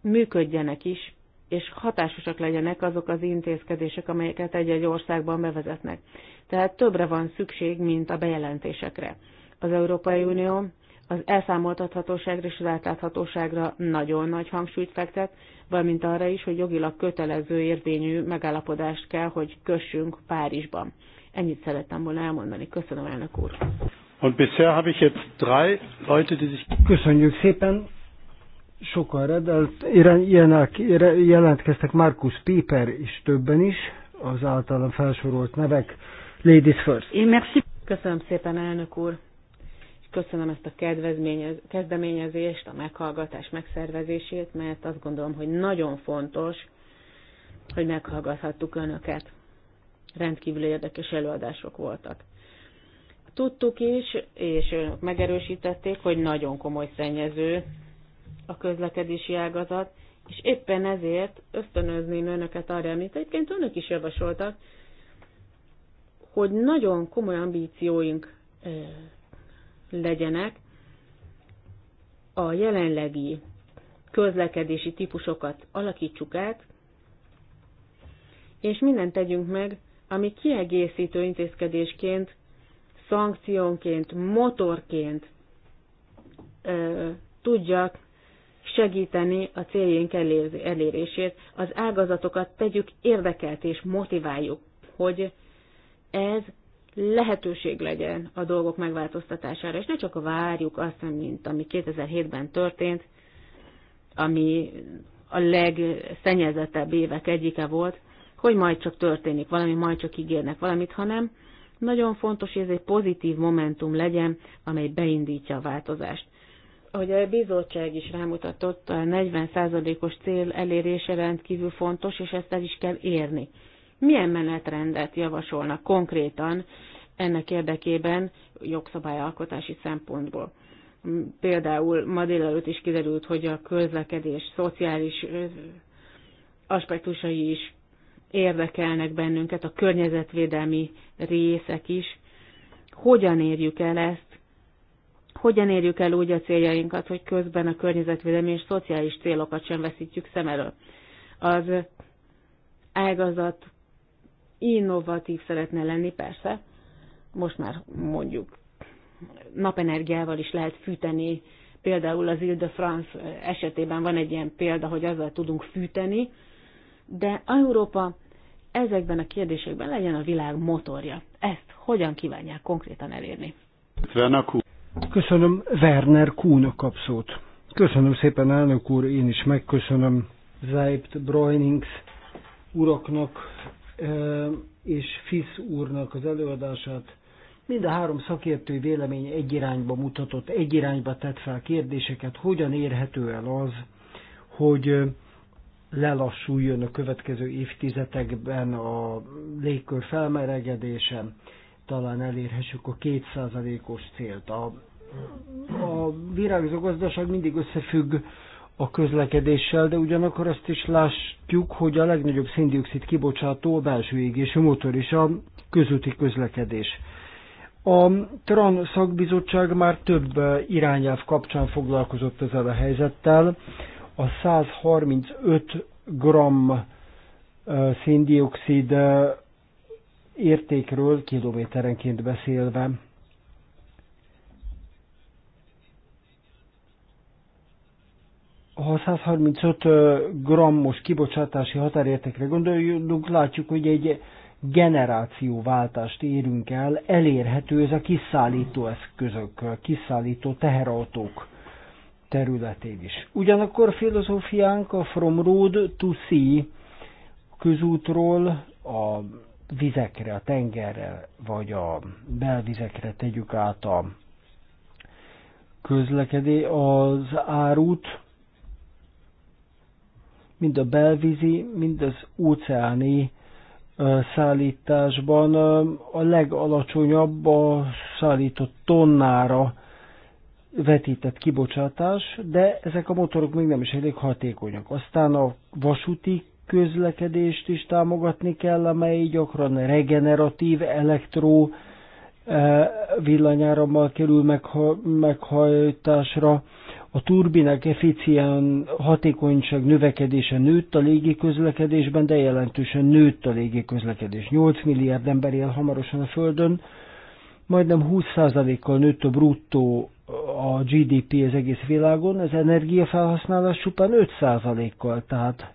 működjenek is, és hatásosak legyenek azok az intézkedések, amelyeket egy-egy országban bevezetnek. Tehát többre van szükség, mint a bejelentésekre. Az Európai Unió az elszámoltathatóságra és az átláthatóságra nagyon nagy hangsúlyt fektet, valamint arra is, hogy jogilag kötelező érvényű megállapodást kell, hogy kössünk Párizsban. Ennyit szerettem volna elmondani. Köszönöm, elnök úr. Und bisher habe ich jetzt drei Leute, die sich... Köszönjük szépen. Sokan redelt, ilyenek, jelentkeztek Markus Piper és többen is, az általam felsorolt nevek. Ladies first. Én merci. Köszönöm szépen, elnök úr köszönöm ezt a kezdeményezést, a meghallgatás megszervezését, mert azt gondolom, hogy nagyon fontos, hogy meghallgathattuk Önöket. Rendkívül érdekes előadások voltak. Tudtuk is, és Önök megerősítették, hogy nagyon komoly szennyező a közlekedési ágazat, és éppen ezért ösztönözném Önöket arra, amit egyébként Önök is javasoltak, hogy nagyon komoly ambícióink eh, legyenek, a jelenlegi közlekedési típusokat alakítsuk át, és mindent tegyünk meg, ami kiegészítő intézkedésként, szankciónként, motorként ö, tudjak segíteni a céljaink elérését. Az ágazatokat tegyük érdekelt és motiváljuk, hogy ez lehetőség legyen a dolgok megváltoztatására, és ne csak várjuk azt, mint ami 2007-ben történt, ami a legszennyezettebb évek egyike volt, hogy majd csak történik valami, majd csak ígérnek valamit, hanem nagyon fontos, hogy ez egy pozitív momentum legyen, amely beindítja a változást. Ahogy a bizottság is rámutatott, a 40%-os cél elérése rendkívül fontos, és ezt el is kell érni milyen menetrendet javasolnak konkrétan ennek érdekében jogszabályalkotási szempontból. Például ma délelőtt is kiderült, hogy a közlekedés szociális aspektusai is érdekelnek bennünket, a környezetvédelmi részek is. Hogyan érjük el ezt? Hogyan érjük el úgy a céljainkat, hogy közben a környezetvédelmi és szociális célokat sem veszítjük szem elől? Az ágazat innovatív szeretne lenni, persze, most már mondjuk napenergiával is lehet fűteni, például az Ile de France esetében van egy ilyen példa, hogy azzal tudunk fűteni, de Európa ezekben a kérdésekben legyen a világ motorja. Ezt hogyan kívánják konkrétan elérni? Köszönöm, Werner Kuhn kap Köszönöm szépen, elnök úr, én is megköszönöm Zeibt Breunings uraknak és Fisz úrnak az előadását. Mind a három szakértői vélemény egy irányba mutatott, egy irányba tett fel kérdéseket, hogyan érhető el az, hogy lelassuljon a következő évtizedekben a légkör felmeregedése, talán elérhessük a kétszázalékos célt. A, a virágzó gazdaság mindig összefügg a közlekedéssel, de ugyanakkor azt is látjuk, hogy a legnagyobb széndiokszid kibocsátó a belső égésű motor és a közúti közlekedés. A TRAN szakbizottság már több irányelv kapcsán foglalkozott ezzel a helyzettel. A 135 g széndiokszid értékről kilométerenként beszélve ha 135 grammos kibocsátási határértékre gondoljunk, látjuk, hogy egy generációváltást érünk el, elérhető ez a kiszállító eszközök, kiszállító teherautók területén is. Ugyanakkor filozófiánk a From Road to Sea közútról a vizekre, a tengerre, vagy a belvizekre tegyük át a közlekedé az árut, mind a belvízi, mind az óceáni szállításban a legalacsonyabb a szállított tonnára vetített kibocsátás, de ezek a motorok még nem is elég hatékonyak. Aztán a vasúti közlekedést is támogatni kell, amely gyakran regeneratív elektró villanyárammal kerül meghajtásra a turbinák efficien hatékonyság növekedése nőtt a légiközlekedésben, de jelentősen nőtt a légiközlekedés. 8 milliárd ember él hamarosan a Földön, majdnem 20%-kal nőtt a bruttó a GDP az egész világon, az energiafelhasználás csupán 5%-kal, tehát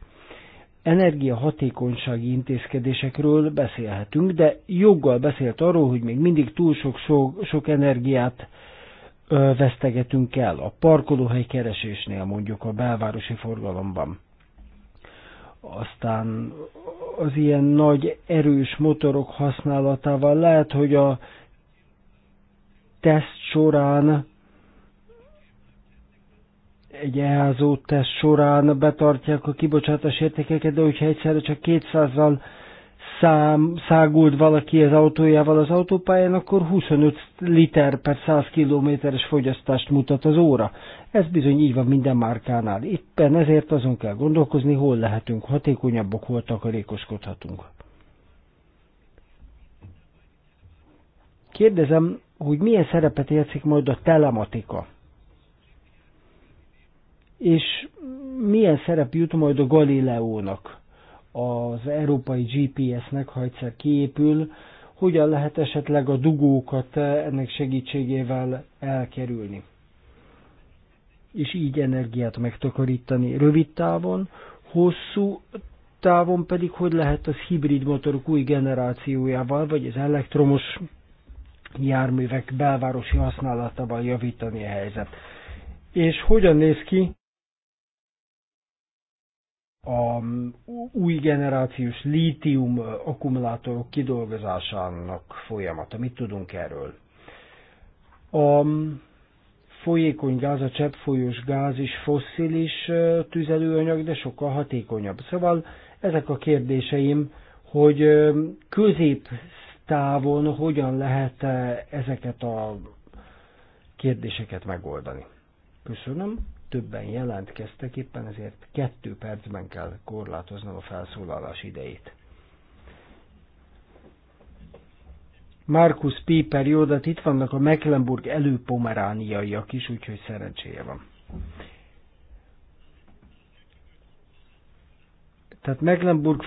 energiahatékonysági intézkedésekről beszélhetünk, de joggal beszélt arról, hogy még mindig túl sok, sok, sok energiát vesztegetünk el a parkolóhely keresésnél mondjuk a belvárosi forgalomban. Aztán az ilyen nagy erős motorok használatával lehet, hogy a teszt során egy elházó teszt során betartják a kibocsátás értékeket, de hogyha egyszerre csak 200-zal szám, szágult valaki az autójával az autópályán, akkor 25 liter per 100 kilométeres fogyasztást mutat az óra. Ez bizony így van minden márkánál. Éppen ezért azon kell gondolkozni, hol lehetünk hatékonyabbak, hol takarékoskodhatunk. Kérdezem, hogy milyen szerepet játszik majd a telematika? És milyen szerep jut majd a Galileónak? az európai GPS-nek, ha egyszer kiépül, hogyan lehet esetleg a dugókat ennek segítségével elkerülni, és így energiát megtakarítani rövid távon, hosszú távon pedig hogy lehet az hibrid motorok új generációjával, vagy az elektromos járművek belvárosi használatával javítani a helyzet. És hogyan néz ki a új generációs lítium akkumulátorok kidolgozásának folyamata. Mit tudunk erről? A folyékony gáz, a cseppfolyós gáz is fosszilis tüzelőanyag, de sokkal hatékonyabb. Szóval ezek a kérdéseim, hogy középtávon hogyan lehet ezeket a kérdéseket megoldani. Köszönöm többen jelentkeztek, éppen ezért kettő percben kell korlátoznom a felszólalás idejét. Markus Piper, jó, itt vannak a Mecklenburg előpomerániaiak is, úgyhogy szerencséje van. Tehát mecklenburg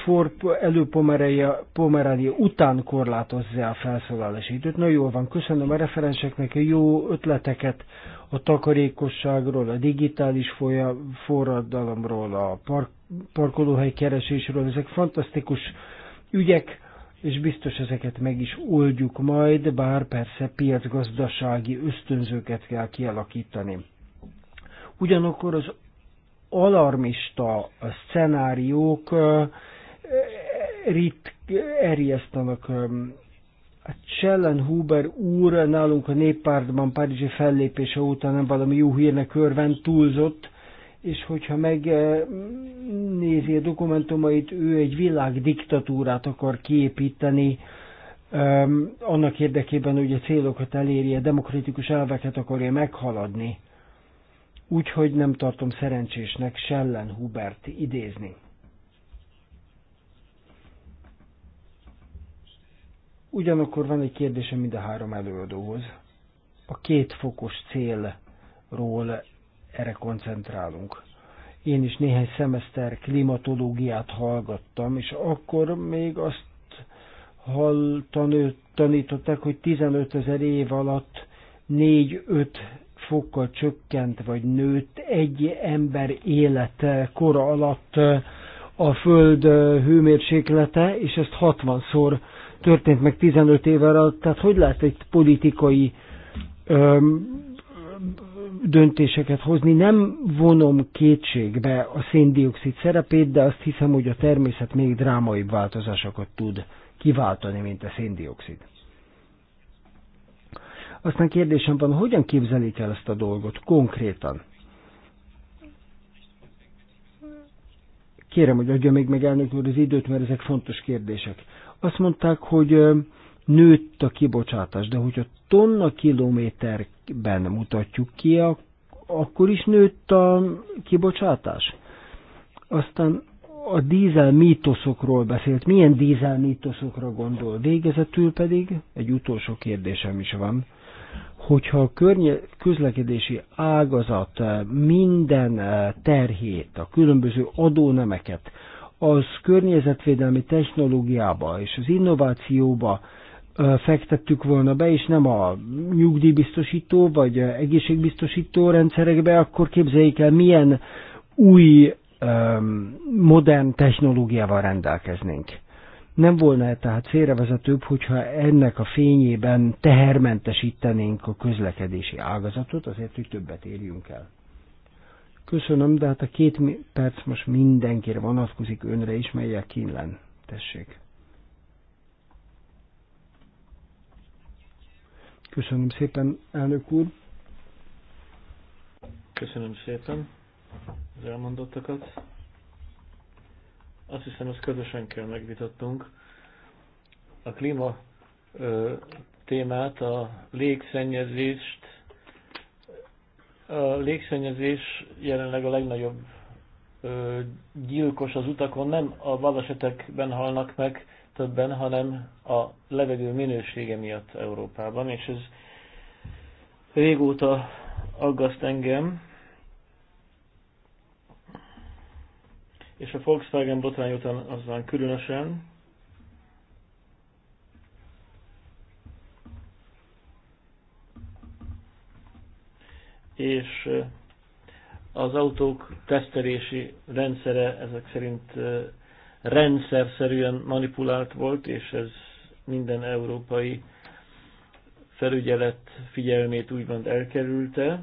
előpomerelje előpomeránia után korlátozza a felszólalási időt. Na jól van, köszönöm a referenseknek a jó ötleteket a takarékosságról, a digitális forradalomról, a park, parkolóhely keresésről. Ezek fantasztikus ügyek, és biztos ezeket meg is oldjuk majd, bár persze piacgazdasági ösztönzőket kell kialakítani. Ugyanakkor az alarmista szenáriók rit erjesztanak. Hát Schellen Huber úr nálunk a néppártban Párizsi fellépése óta nem valami jó hírnek örven túlzott, és hogyha megnézi a dokumentumait, ő egy világ diktatúrát akar kiépíteni, annak érdekében, hogy a célokat elérje, demokratikus elveket akarja meghaladni úgyhogy nem tartom szerencsésnek Sellen Hubert idézni. Ugyanakkor van egy kérdésem mind a három előadóhoz. A két fokos célról erre koncentrálunk. Én is néhány szemeszter klimatológiát hallgattam, és akkor még azt hall, tanítottak, tanították, hogy 15 ezer év alatt 4-5 fokkal csökkent vagy nőtt egy ember élet kora alatt a Föld hőmérséklete, és ezt 60-szor történt meg 15 éve. alatt. Tehát hogy lehet egy politikai öm, döntéseket hozni? Nem vonom kétségbe a széndiokszid szerepét, de azt hiszem, hogy a természet még drámaibb változásokat tud kiváltani, mint a széndiokszid. Aztán kérdésem van, hogyan képzelik el ezt a dolgot konkrétan? Kérem, hogy adja még meg elnök úr az időt, mert ezek fontos kérdések. Azt mondták, hogy nőtt a kibocsátás, de hogyha tonna kilométerben mutatjuk ki, akkor is nőtt a kibocsátás. Aztán a dízel mítoszokról beszélt. Milyen dízel mítoszokra gondol? Végezetül pedig egy utolsó kérdésem is van hogyha a környe- közlekedési ágazat eh, minden eh, terhét, a különböző adónemeket az környezetvédelmi technológiába és az innovációba eh, fektettük volna be, és nem a nyugdíjbiztosító vagy egészségbiztosító rendszerekbe, akkor képzeljék el, milyen új modern technológiával rendelkeznénk. Nem volna-e tehát félrevezetőbb, hogyha ennek a fényében tehermentesítenénk a közlekedési ágazatot, azért, hogy többet érjünk el? Köszönöm, de hát a két perc most mindenkire vonatkozik önre is, melyek kínlen. Tessék. Köszönöm szépen, elnök úr. Köszönöm szépen az elmondottakat. Azt hiszem, ezt közösen kell megvitatnunk. A klíma ö, témát, a légszennyezést. A légszennyezés jelenleg a legnagyobb ö, gyilkos az utakon. Nem a balesetekben halnak meg többen, hanem a levegő minősége miatt Európában, és ez régóta aggaszt engem és a Volkswagen botrány után aztán különösen, és az autók tesztelési rendszere ezek szerint rendszer szerűen manipulált volt, és ez minden európai felügyelet figyelmét úgymond elkerülte.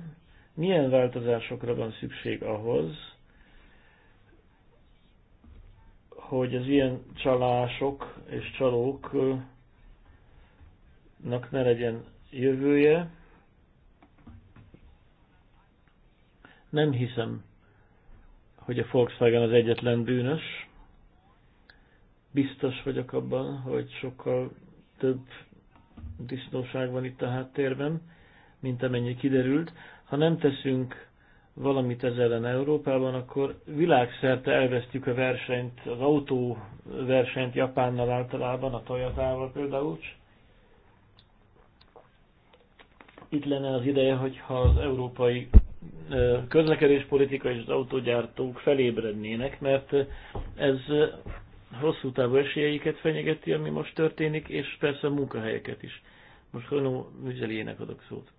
Milyen változásokra van szükség ahhoz, hogy az ilyen csalások és csalóknak ne legyen jövője. Nem hiszem, hogy a Volkswagen az egyetlen bűnös. Biztos vagyok abban, hogy sokkal több disznóság van itt a háttérben, mint amennyi kiderült. Ha nem teszünk valamit ez ellen Európában, akkor világszerte elvesztjük a versenyt, az autóversenyt Japánnal általában, a Toyota-val például. Itt lenne az ideje, hogyha az európai közlekedéspolitika és az autógyártók felébrednének, mert ez hosszú távú esélyeiket fenyegeti, ami most történik, és persze a munkahelyeket is. Most Hönó Műzeliének adok szót.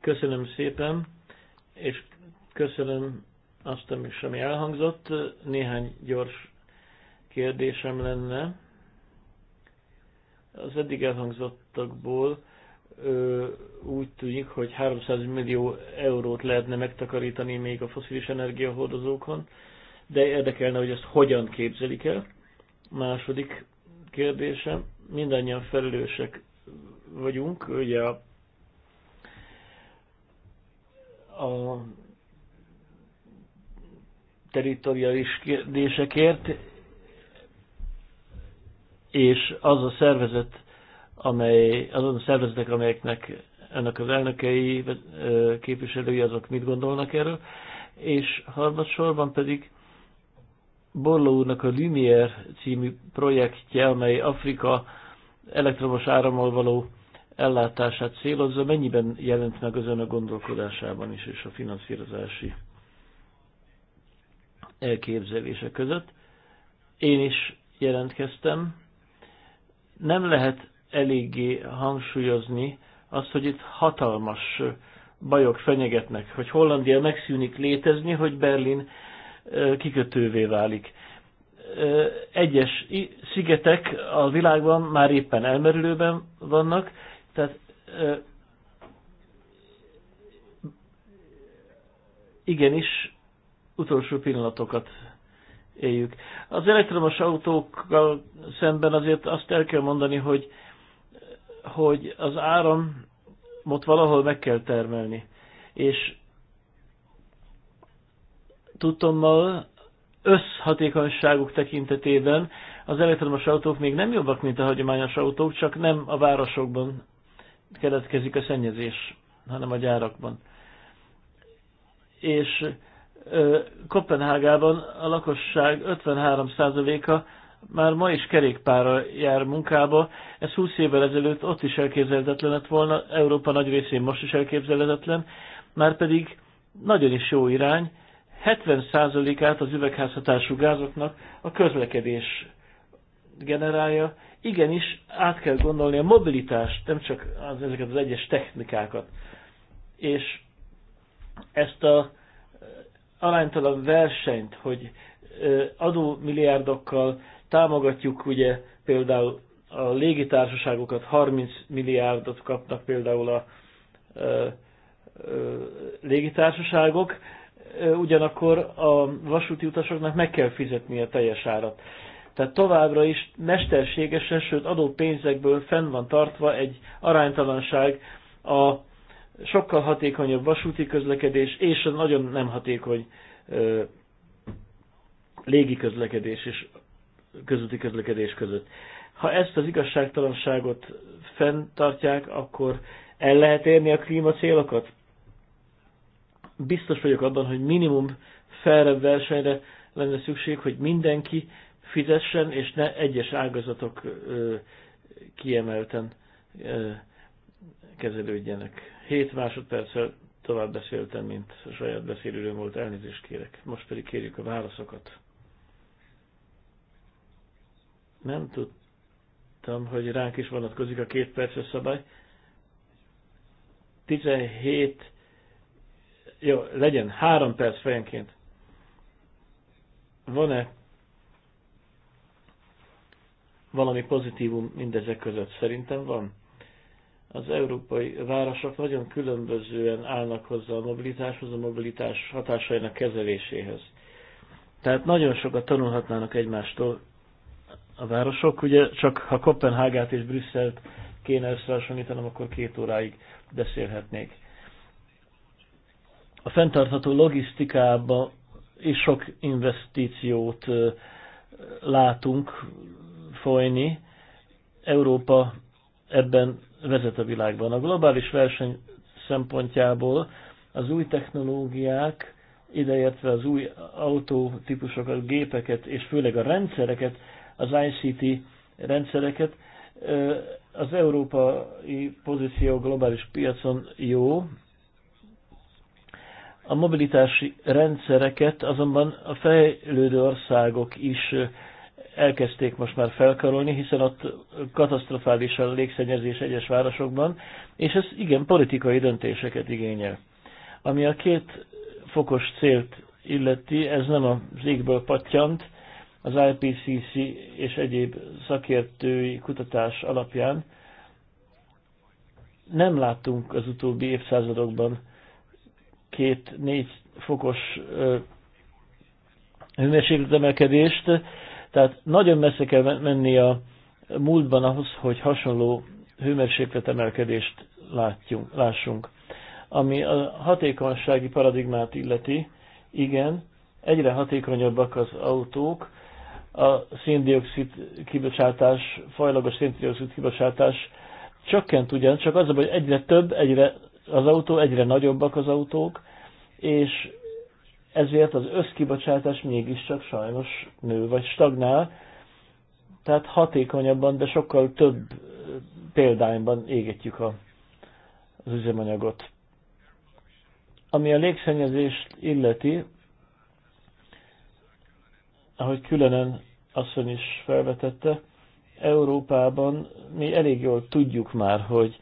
Köszönöm szépen! és köszönöm azt, ami semmi elhangzott. Néhány gyors kérdésem lenne. Az eddig elhangzottakból ö, úgy tűnik, hogy 300 millió eurót lehetne megtakarítani még a foszilis energiahordozókon, de érdekelne, hogy ezt hogyan képzelik el. Második kérdésem, mindannyian felelősek vagyunk, ugye a a teritoriális kérdésekért, és az a szervezet, amely, azon a szervezetek, amelyeknek ennek az elnökei, képviselői, azok mit gondolnak erről, és harmadsorban pedig Borló úrnak a Lumière című projektje, amely Afrika elektromos árammal való ellátását célozza, mennyiben jelent meg az önök gondolkodásában is és a finanszírozási elképzelése között. Én is jelentkeztem. Nem lehet eléggé hangsúlyozni azt, hogy itt hatalmas bajok fenyegetnek, hogy Hollandia megszűnik létezni, hogy Berlin kikötővé válik. Egyes szigetek a világban már éppen elmerülőben vannak, tehát ö, igenis utolsó pillanatokat éljük. Az elektromos autókkal szemben azért azt el kell mondani, hogy, hogy az áramot valahol meg kell termelni. És tudtommal összhatékonyságuk tekintetében az elektromos autók még nem jobbak, mint a hagyományos autók, csak nem a városokban keletkezik a szennyezés, hanem a gyárakban. És Kopenhágában a lakosság 53%-a már ma is kerékpára jár munkába. Ez 20 évvel ezelőtt ott is elképzelhetetlen lett volna, Európa nagy részén most is elképzelhetetlen, már pedig nagyon is jó irány, 70%-át az üvegházhatású gázoknak a közlekedés generálja, igenis át kell gondolni a mobilitást, nem csak az, ezeket az egyes technikákat. És ezt a eh, aránytalan versenyt, hogy eh, adó milliárdokkal támogatjuk ugye például a légitársaságokat, 30 milliárdot kapnak például a ö, eh, ö, légitársaságok, ugyanakkor a vasúti utasoknak meg kell fizetni a teljes árat. Tehát továbbra is mesterségesen, sőt adó pénzekből fenn van tartva egy aránytalanság a sokkal hatékonyabb vasúti közlekedés és a nagyon nem hatékony ö, légi közlekedés és közúti közlekedés között. Ha ezt az igazságtalanságot fenntartják, akkor el lehet érni a klímacélokat? Biztos vagyok abban, hogy minimum felrebb versenyre lenne szükség, hogy mindenki fizessen, és ne egyes ágazatok kiemelten kezelődjenek. Hét másodperccel tovább beszéltem, mint a saját beszélőről volt, elnézést kérek. Most pedig kérjük a válaszokat. Nem tudtam, hogy ránk is vonatkozik a két perces szabály. 17, jó, legyen, három perc fejenként. Van-e valami pozitívum mindezek között szerintem van. Az európai városok nagyon különbözően állnak hozzá a mobilitáshoz, a mobilitás hatásainak kezeléséhez. Tehát nagyon sokat tanulhatnának egymástól a városok. Ugye csak ha Kopenhágát és Brüsszelt kéne összehasonlítanom, akkor két óráig beszélhetnék. A fenntartható logisztikába is sok investíciót látunk, folyni. Európa ebben vezet a világban. A globális verseny szempontjából az új technológiák, ideértve az új autótípusokat, gépeket, és főleg a rendszereket, az ICT rendszereket, az európai pozíció globális piacon jó, a mobilitási rendszereket azonban a fejlődő országok is elkezdték most már felkarolni, hiszen ott katasztrofális a légszennyezés egyes városokban, és ez igen politikai döntéseket igényel. Ami a két fokos célt illeti, ez nem az égből pattyant, az IPCC és egyéb szakértői kutatás alapján nem láttunk az utóbbi évszázadokban két-négy fokos hőmérséklet emelkedést, tehát nagyon messze kell menni a múltban ahhoz, hogy hasonló hőmérséklet emelkedést látjunk, lássunk. Ami a hatékonysági paradigmát illeti, igen, egyre hatékonyabbak az autók, a széndiokszid kibocsátás, fajlagos széndiokszid kibocsátás csökkent ugyan, csak az, hogy egyre több, egyre, az autó, egyre nagyobbak az autók, és ezért az összkibocsátás mégiscsak sajnos nő vagy stagnál, tehát hatékonyabban, de sokkal több példányban égetjük a, az üzemanyagot. Ami a légszennyezést illeti, ahogy különen asszony is felvetette, Európában mi elég jól tudjuk már, hogy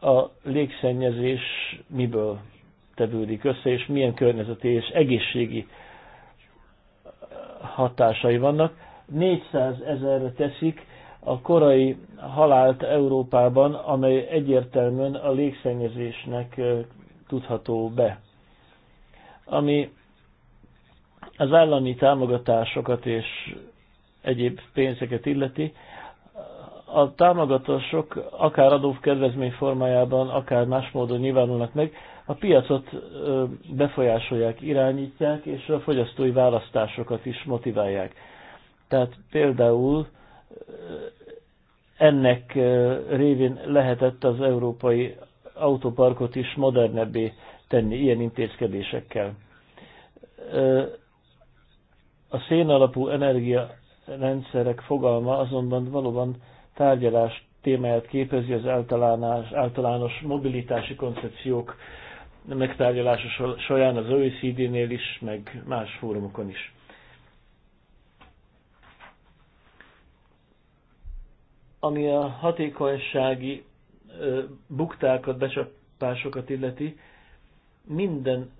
a légszennyezés miből tevődik össze, és milyen környezeti és egészségi hatásai vannak. 400 ezerre teszik a korai halált Európában, amely egyértelműen a légszennyezésnek tudható be. Ami az állami támogatásokat és egyéb pénzeket illeti, a támogatások akár adókedvezmény formájában, akár más módon nyilvánulnak meg, a piacot befolyásolják, irányítják, és a fogyasztói választásokat is motiválják. Tehát például ennek révén lehetett az európai autoparkot is modernebbé tenni ilyen intézkedésekkel. A szén alapú energiarendszerek fogalma azonban valóban tárgyalás témáját képezi az általános, általános mobilitási koncepciók megtárgyalása során az OECD-nél is, meg más fórumokon is. Ami a hatékonysági buktákat, becsapásokat illeti, minden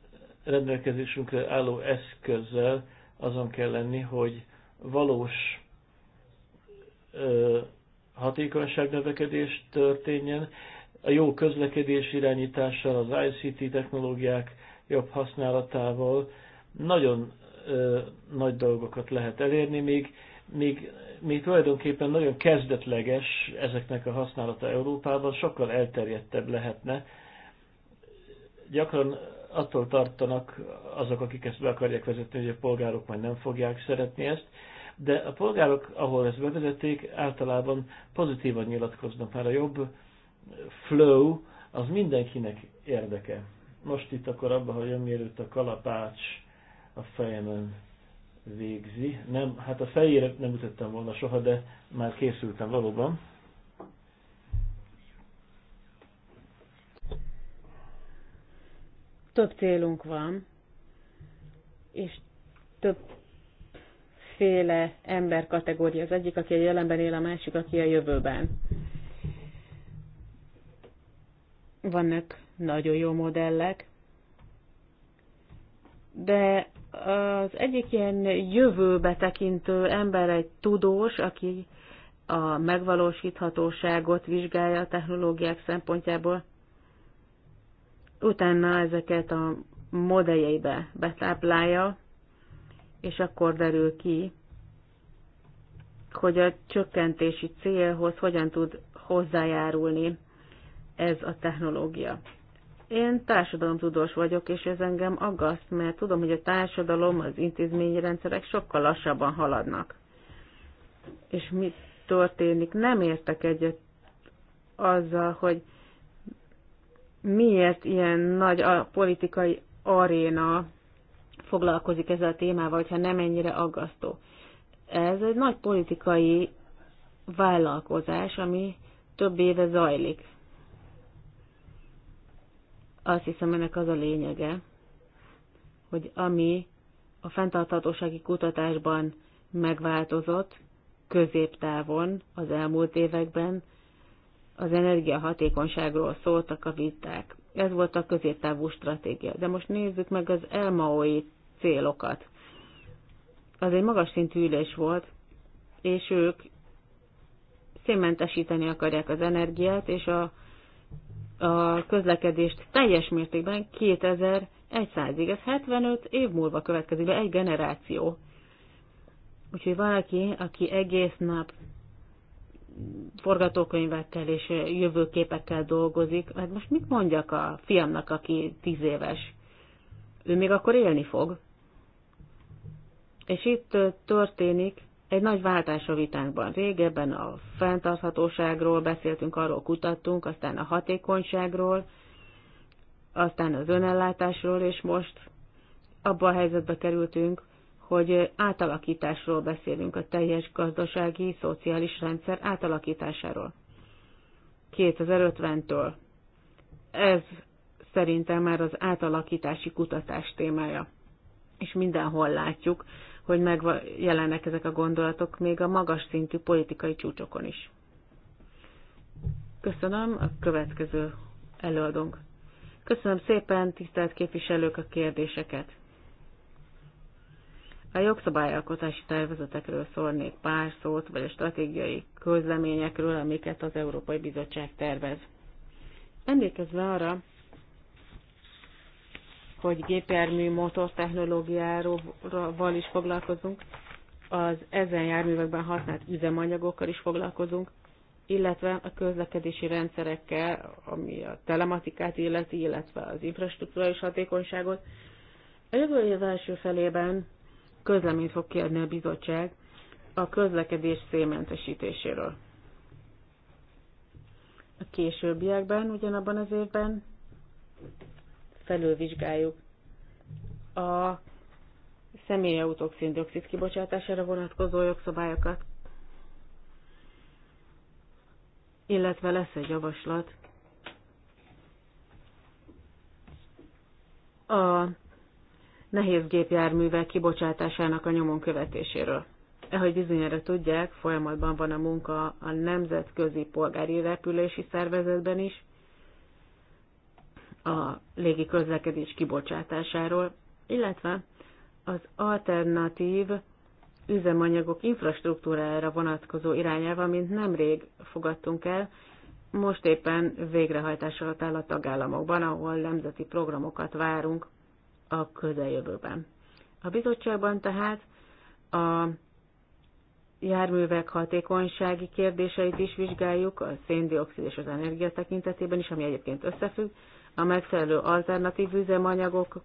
rendelkezésünkre álló eszközzel azon kell lenni, hogy valós hatékonyság növekedés történjen, a jó közlekedés irányítással, az ICT technológiák jobb használatával nagyon ö, nagy dolgokat lehet elérni, még, még, még tulajdonképpen nagyon kezdetleges ezeknek a használata Európában, sokkal elterjedtebb lehetne. Gyakran attól tartanak azok, akik ezt be akarják vezetni, hogy a polgárok majd nem fogják szeretni ezt, de a polgárok, ahol ezt bevezették, általában pozitívan nyilatkoznak már a jobb flow, az mindenkinek érdeke. Most itt akkor abban, hogy önmérőt a kalapács a fejemen végzi. Nem, hát a fejére nem ütöttem volna soha, de már készültem valóban. Több célunk van, és több féle ember kategória. Az egyik, aki a jelenben él, a másik, aki a jövőben Vannak nagyon jó modellek, de az egyik ilyen jövőbe tekintő ember egy tudós, aki a megvalósíthatóságot vizsgálja a technológiák szempontjából, utána ezeket a modelljeibe betáplálja, és akkor derül ki, hogy a csökkentési célhoz hogyan tud hozzájárulni ez a technológia. Én társadalomtudós vagyok, és ez engem aggaszt, mert tudom, hogy a társadalom, az intézményi rendszerek sokkal lassabban haladnak. És mi történik? Nem értek egyet azzal, hogy miért ilyen nagy a politikai aréna foglalkozik ezzel a témával, hogyha nem ennyire aggasztó. Ez egy nagy politikai vállalkozás, ami több éve zajlik. Azt hiszem, ennek az a lényege, hogy ami a fenntarthatósági kutatásban megváltozott középtávon az elmúlt években, az energiahatékonyságról szóltak a viták. Ez volt a középtávú stratégia. De most nézzük meg az elmaói célokat. Az egy magas szintű ülés volt, és ők szénmentesíteni akarják az energiát, és a a közlekedést teljes mértékben 2100-ig. Ez 75 év múlva következik be, egy generáció. Úgyhogy valaki, aki egész nap forgatókönyvekkel és jövőképekkel dolgozik, hát most mit mondjak a fiamnak, aki tíz éves? Ő még akkor élni fog. És itt történik egy nagy váltás a vitánkban. Régebben a fenntarthatóságról beszéltünk, arról kutattunk, aztán a hatékonyságról, aztán az önellátásról, és most abba a helyzetbe kerültünk, hogy átalakításról beszélünk, a teljes gazdasági, szociális rendszer átalakításáról. 2050-től. Ez szerintem már az átalakítási kutatás témája. És mindenhol látjuk, hogy megjelennek ezek a gondolatok még a magas szintű politikai csúcsokon is. Köszönöm a következő előadónk. Köszönöm szépen, tisztelt képviselők, a kérdéseket. A jogszabályalkotási tervezetekről szólnék pár szót, vagy a stratégiai közleményekről, amiket az Európai Bizottság tervez. Emlékezve arra, hogy gépjármű technológiáról is foglalkozunk, az ezen járművekben használt üzemanyagokkal is foglalkozunk, illetve a közlekedési rendszerekkel, ami a telematikát illeti, illetve az infrastruktúrális hatékonyságot. A jövő év első felében közleményt fog kiadni a bizottság a közlekedés szélmentesítéséről. A későbbiekben, ugyanabban az évben felülvizsgáljuk a személyautók széndiokszid kibocsátására vonatkozó jogszabályokat, illetve lesz egy javaslat a nehéz gépjárművek kibocsátásának a nyomon követéséről. Ehogy bizonyára tudják, folyamatban van a munka a Nemzetközi Polgári Repülési Szervezetben is, a légi közlekedés kibocsátásáról, illetve az alternatív üzemanyagok infrastruktúrájára vonatkozó irányelva, mint nemrég fogadtunk el, most éppen végrehajtás alatt áll a tagállamokban, ahol nemzeti programokat várunk a közeljövőben. A bizottságban tehát a járművek hatékonysági kérdéseit is vizsgáljuk, a széndiokszid és az energia tekintetében is, ami egyébként összefügg, a megfelelő alternatív üzemanyagok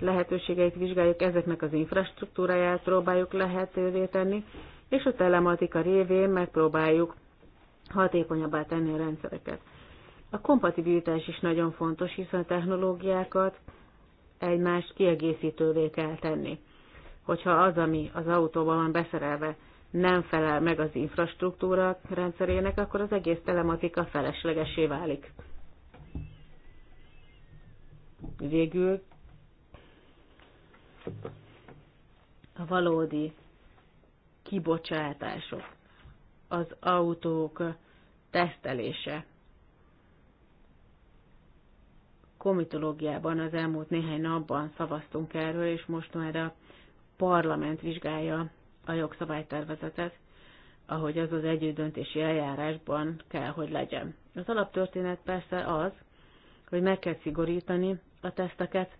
lehetőségeit vizsgáljuk, ezeknek az infrastruktúráját próbáljuk lehetővé tenni, és a telematika révén megpróbáljuk hatékonyabbá tenni a rendszereket. A kompatibilitás is nagyon fontos, hiszen a technológiákat egymást kiegészítővé kell tenni. Hogyha az, ami az autóban van beszerelve, nem felel meg az infrastruktúra rendszerének, akkor az egész telematika feleslegesé válik. Végül a valódi kibocsátások, az autók tesztelése. Komitológiában az elmúlt néhány napban szavaztunk erről, és most már a parlament vizsgálja a jogszabálytervezetet, ahogy az az együttdöntési eljárásban kell, hogy legyen. Az alaptörténet persze az, hogy meg kell szigorítani a teszteket,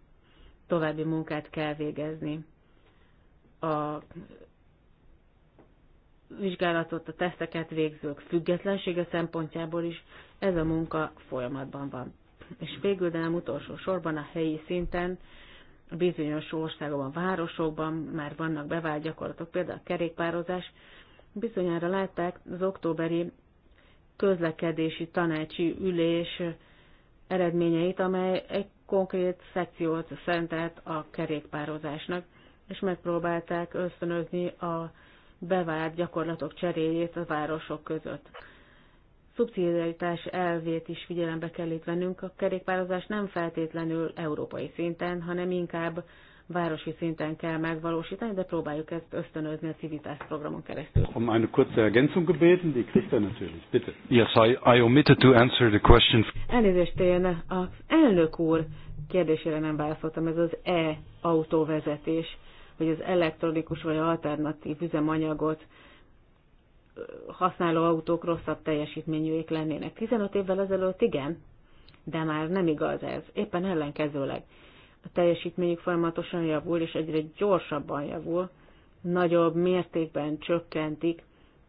további munkát kell végezni. A vizsgálatot a teszteket végzők függetlensége szempontjából is ez a munka folyamatban van. És végül, de nem utolsó sorban a helyi szinten bizonyos országokban, városokban már vannak bevált gyakorlatok, például a kerékpározás. Bizonyára látták az októberi közlekedési tanácsi ülés eredményeit, amely egy konkrét szekciót szentelt a kerékpározásnak, és megpróbálták ösztönözni a bevált gyakorlatok cseréjét a városok között szubszidiaritás elvét is figyelembe kell itt vennünk. A kerékpározás nem feltétlenül európai szinten, hanem inkább városi szinten kell megvalósítani, de próbáljuk ezt ösztönözni a civitás programon keresztül. Um eine kurze Ergänzung gebeten, die Christa er natürlich, bitte. Yes, I, I omitted to answer the question. Elnézést én az elnök úr kérdésére nem válaszoltam, ez az e-autóvezetés, vagy az elektronikus vagy alternatív üzemanyagot használó autók rosszabb teljesítményűek lennének. 15 évvel ezelőtt igen, de már nem igaz ez. Éppen ellenkezőleg a teljesítményük folyamatosan javul, és egyre gyorsabban javul, nagyobb mértékben csökkentik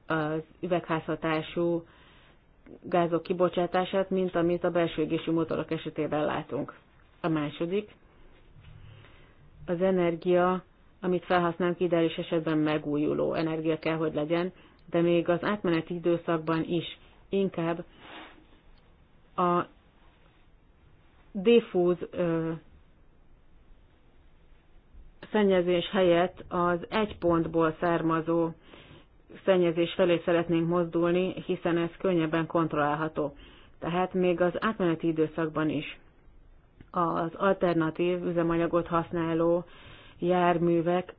az üvegházhatású gázok kibocsátását, mint amit a belső égésű motorok esetében látunk. A második, az energia, amit felhasználunk ideális esetben megújuló energia kell, hogy legyen, de még az átmeneti időszakban is inkább a diffúz szennyezés helyett az egy pontból származó szennyezés felé szeretnénk mozdulni, hiszen ez könnyebben kontrollálható. Tehát még az átmeneti időszakban is az alternatív üzemanyagot használó járművek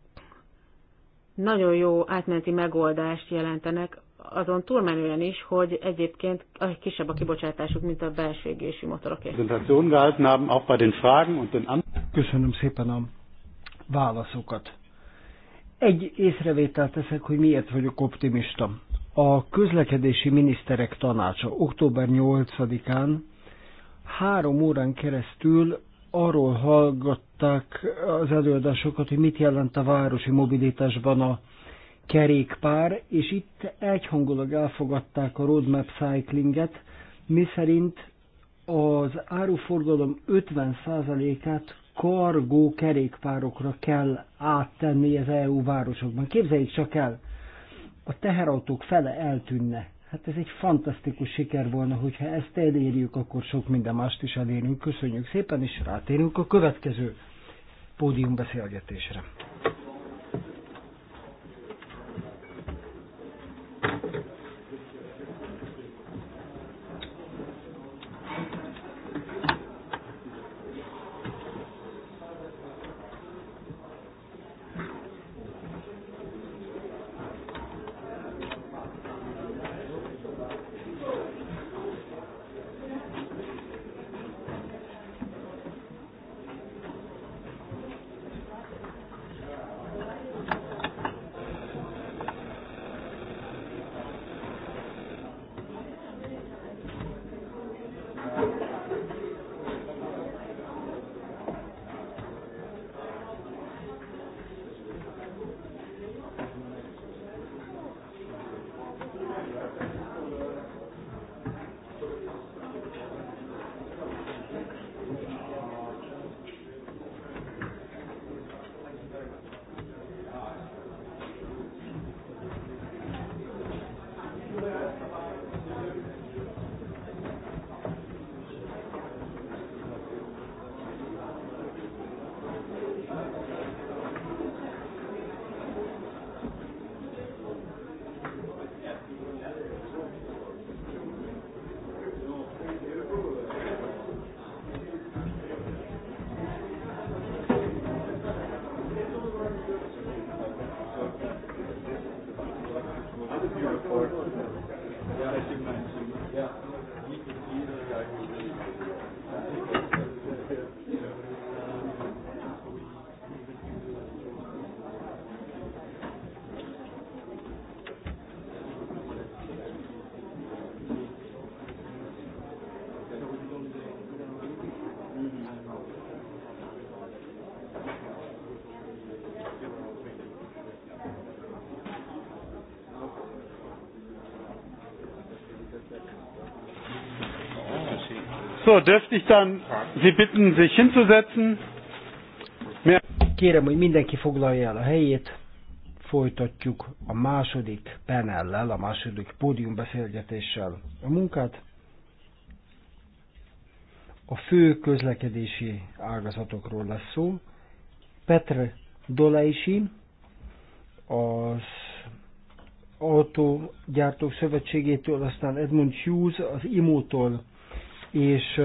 nagyon jó átmeneti megoldást jelentenek, azon túlmenően is, hogy egyébként kisebb a kibocsátásuk, mint a belső égési motoroké. Köszönöm szépen a válaszokat. Egy észrevételt teszek, hogy miért vagyok optimista. A közlekedési miniszterek tanácsa október 8-án három órán keresztül arról hallgat, hallották az előadásokat, hogy mit jelent a városi mobilitásban a kerékpár, és itt egyhangulag elfogadták a roadmap cyclinget, mi szerint az áruforgalom 50%-át kargó kerékpárokra kell áttenni az EU városokban. Képzeljék csak el, a teherautók fele eltűnne Hát ez egy fantasztikus siker volna, hogyha ezt elérjük, akkor sok minden mást is elérünk. Köszönjük szépen, és rátérünk a következő pódiumbeszélgetésre. So, dürfte ich dann Sie bitten, sich hinzusetzen? Mehr Kérem, hogy mindenki foglalja el a helyét. Folytatjuk a második panellel, a második pódiumbeszélgetéssel a munkát. A fő közlekedési ágazatokról lesz szó. Petr Doleisi, az Autógyártók Szövetségétől, aztán Edmund Hughes az IMO-tól, és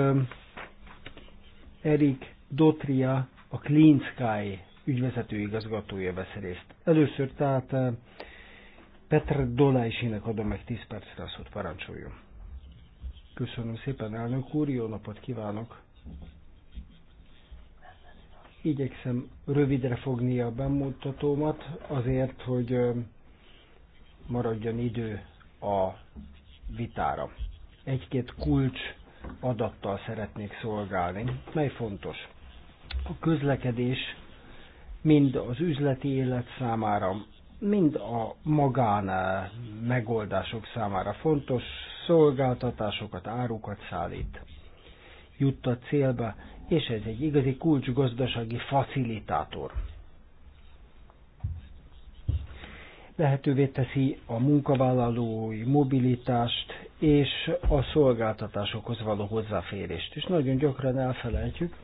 Erik Dotria, a Clean Sky ügyvezető igazgatója vesz részt. Először tehát Petr Dolajsinek adom meg 10 percre a szót, parancsoljon. Köszönöm szépen, elnök úr, jó napot kívánok! Igyekszem rövidre fogni a bemutatómat azért, hogy maradjon idő a vitára. Egy-két kulcs adattal szeretnék szolgálni, mely fontos. A közlekedés mind az üzleti élet számára, mind a magán eh, megoldások számára fontos szolgáltatásokat, árukat szállít, a célba, és ez egy igazi kulcsgazdasági facilitátor. Lehetővé teszi a munkavállalói mobilitást és a szolgáltatásokhoz való hozzáférést. És nagyon gyakran elfelejtjük,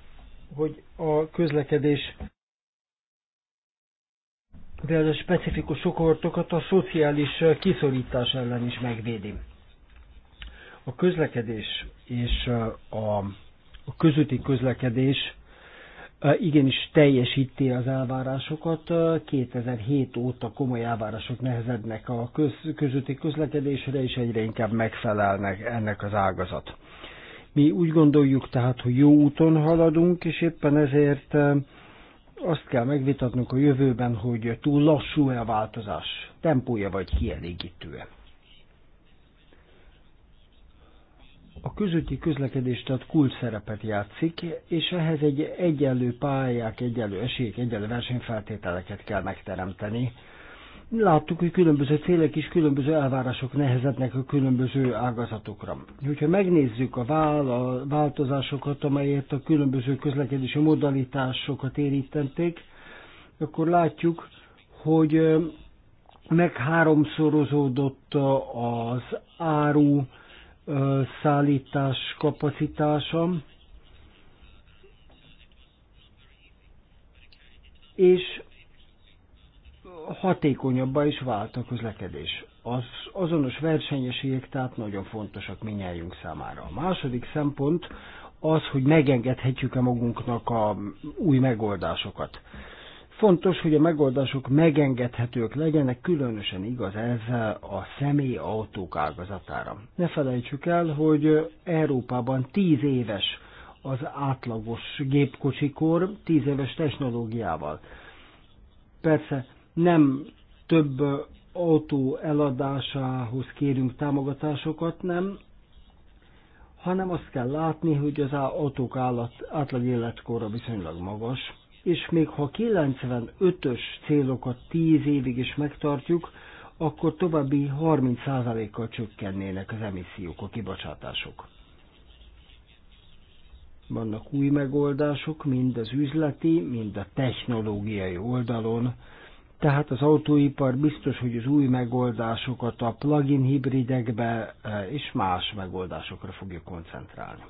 hogy a közlekedés de ez a specifikus csoportokat a szociális kiszorítás ellen is megvédi. A közlekedés és a, a közúti közlekedés igenis teljesíti az elvárásokat. 2007 óta komoly elvárások nehezednek a köz, közötti közlekedésre, és egyre inkább megfelelnek ennek az ágazat. Mi úgy gondoljuk tehát, hogy jó úton haladunk, és éppen ezért azt kell megvitatnunk a jövőben, hogy túl lassú-e a változás, tempója vagy kielégítő-e. a közötti közlekedés tehát kult szerepet játszik, és ehhez egy egyenlő pályák, egyenlő esélyek, egyenlő versenyfeltételeket kell megteremteni. Láttuk, hogy különböző célek és különböző elvárások nehezetnek a különböző ágazatokra. Hogyha megnézzük a, vál, a változásokat, amelyet a különböző közlekedési modalitásokat érítették, akkor látjuk, hogy megháromszorozódott az áru, szállítás kapacitása, és hatékonyabbá is vált a közlekedés. Az azonos versenyeségek tehát nagyon fontosak minnyájunk számára. A második szempont az, hogy megengedhetjük-e magunknak a új megoldásokat. Fontos, hogy a megoldások megengedhetők legyenek, különösen igaz ez a autók ágazatára. Ne felejtsük el, hogy Európában 10 éves az átlagos gépkocsikor, 10 éves technológiával. Persze nem több autó eladásához kérünk támogatásokat, nem, hanem azt kell látni, hogy az autók állat, átlag életkora viszonylag magas, és még ha 95-ös célokat 10 évig is megtartjuk, akkor további 30%-kal csökkennének az emissziók, a kibocsátások. Vannak új megoldások, mind az üzleti, mind a technológiai oldalon, tehát az autóipar biztos, hogy az új megoldásokat a plug-in hibridekbe eh, és más megoldásokra fogja koncentrálni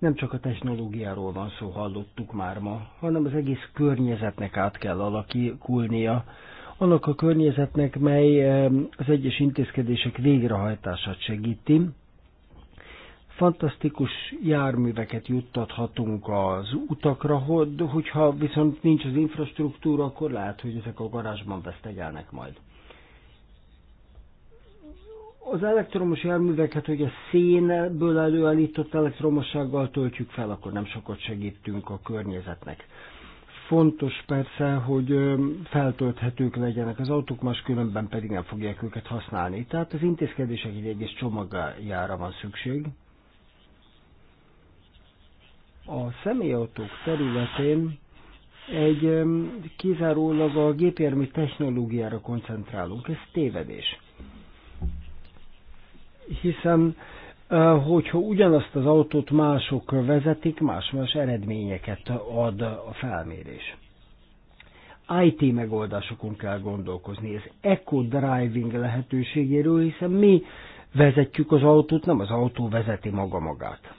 nem csak a technológiáról van szó, hallottuk már ma, hanem az egész környezetnek át kell alakulnia, annak a környezetnek, mely eh, az egyes intézkedések végrehajtását segíti. Fantasztikus járműveket juttathatunk az utakra, hogyha viszont nincs az infrastruktúra, akkor lehet, hogy ezek a garázsban vesztegelnek majd az elektromos járműveket, hogy a szénből előállított elektromossággal töltjük fel, akkor nem sokat segítünk a környezetnek. Fontos persze, hogy feltölthetők legyenek az autók, más különben pedig nem fogják őket használni. Tehát az intézkedések egy egész csomagjára van szükség. A személyautók területén egy kizárólag a gépjármű technológiára koncentrálunk. Ez tévedés hiszen hogyha ugyanazt az autót mások vezetik, más-más eredményeket ad a felmérés. IT megoldásokon kell gondolkozni, ez eco-driving lehetőségéről, hiszen mi vezetjük az autót, nem az autó vezeti maga magát.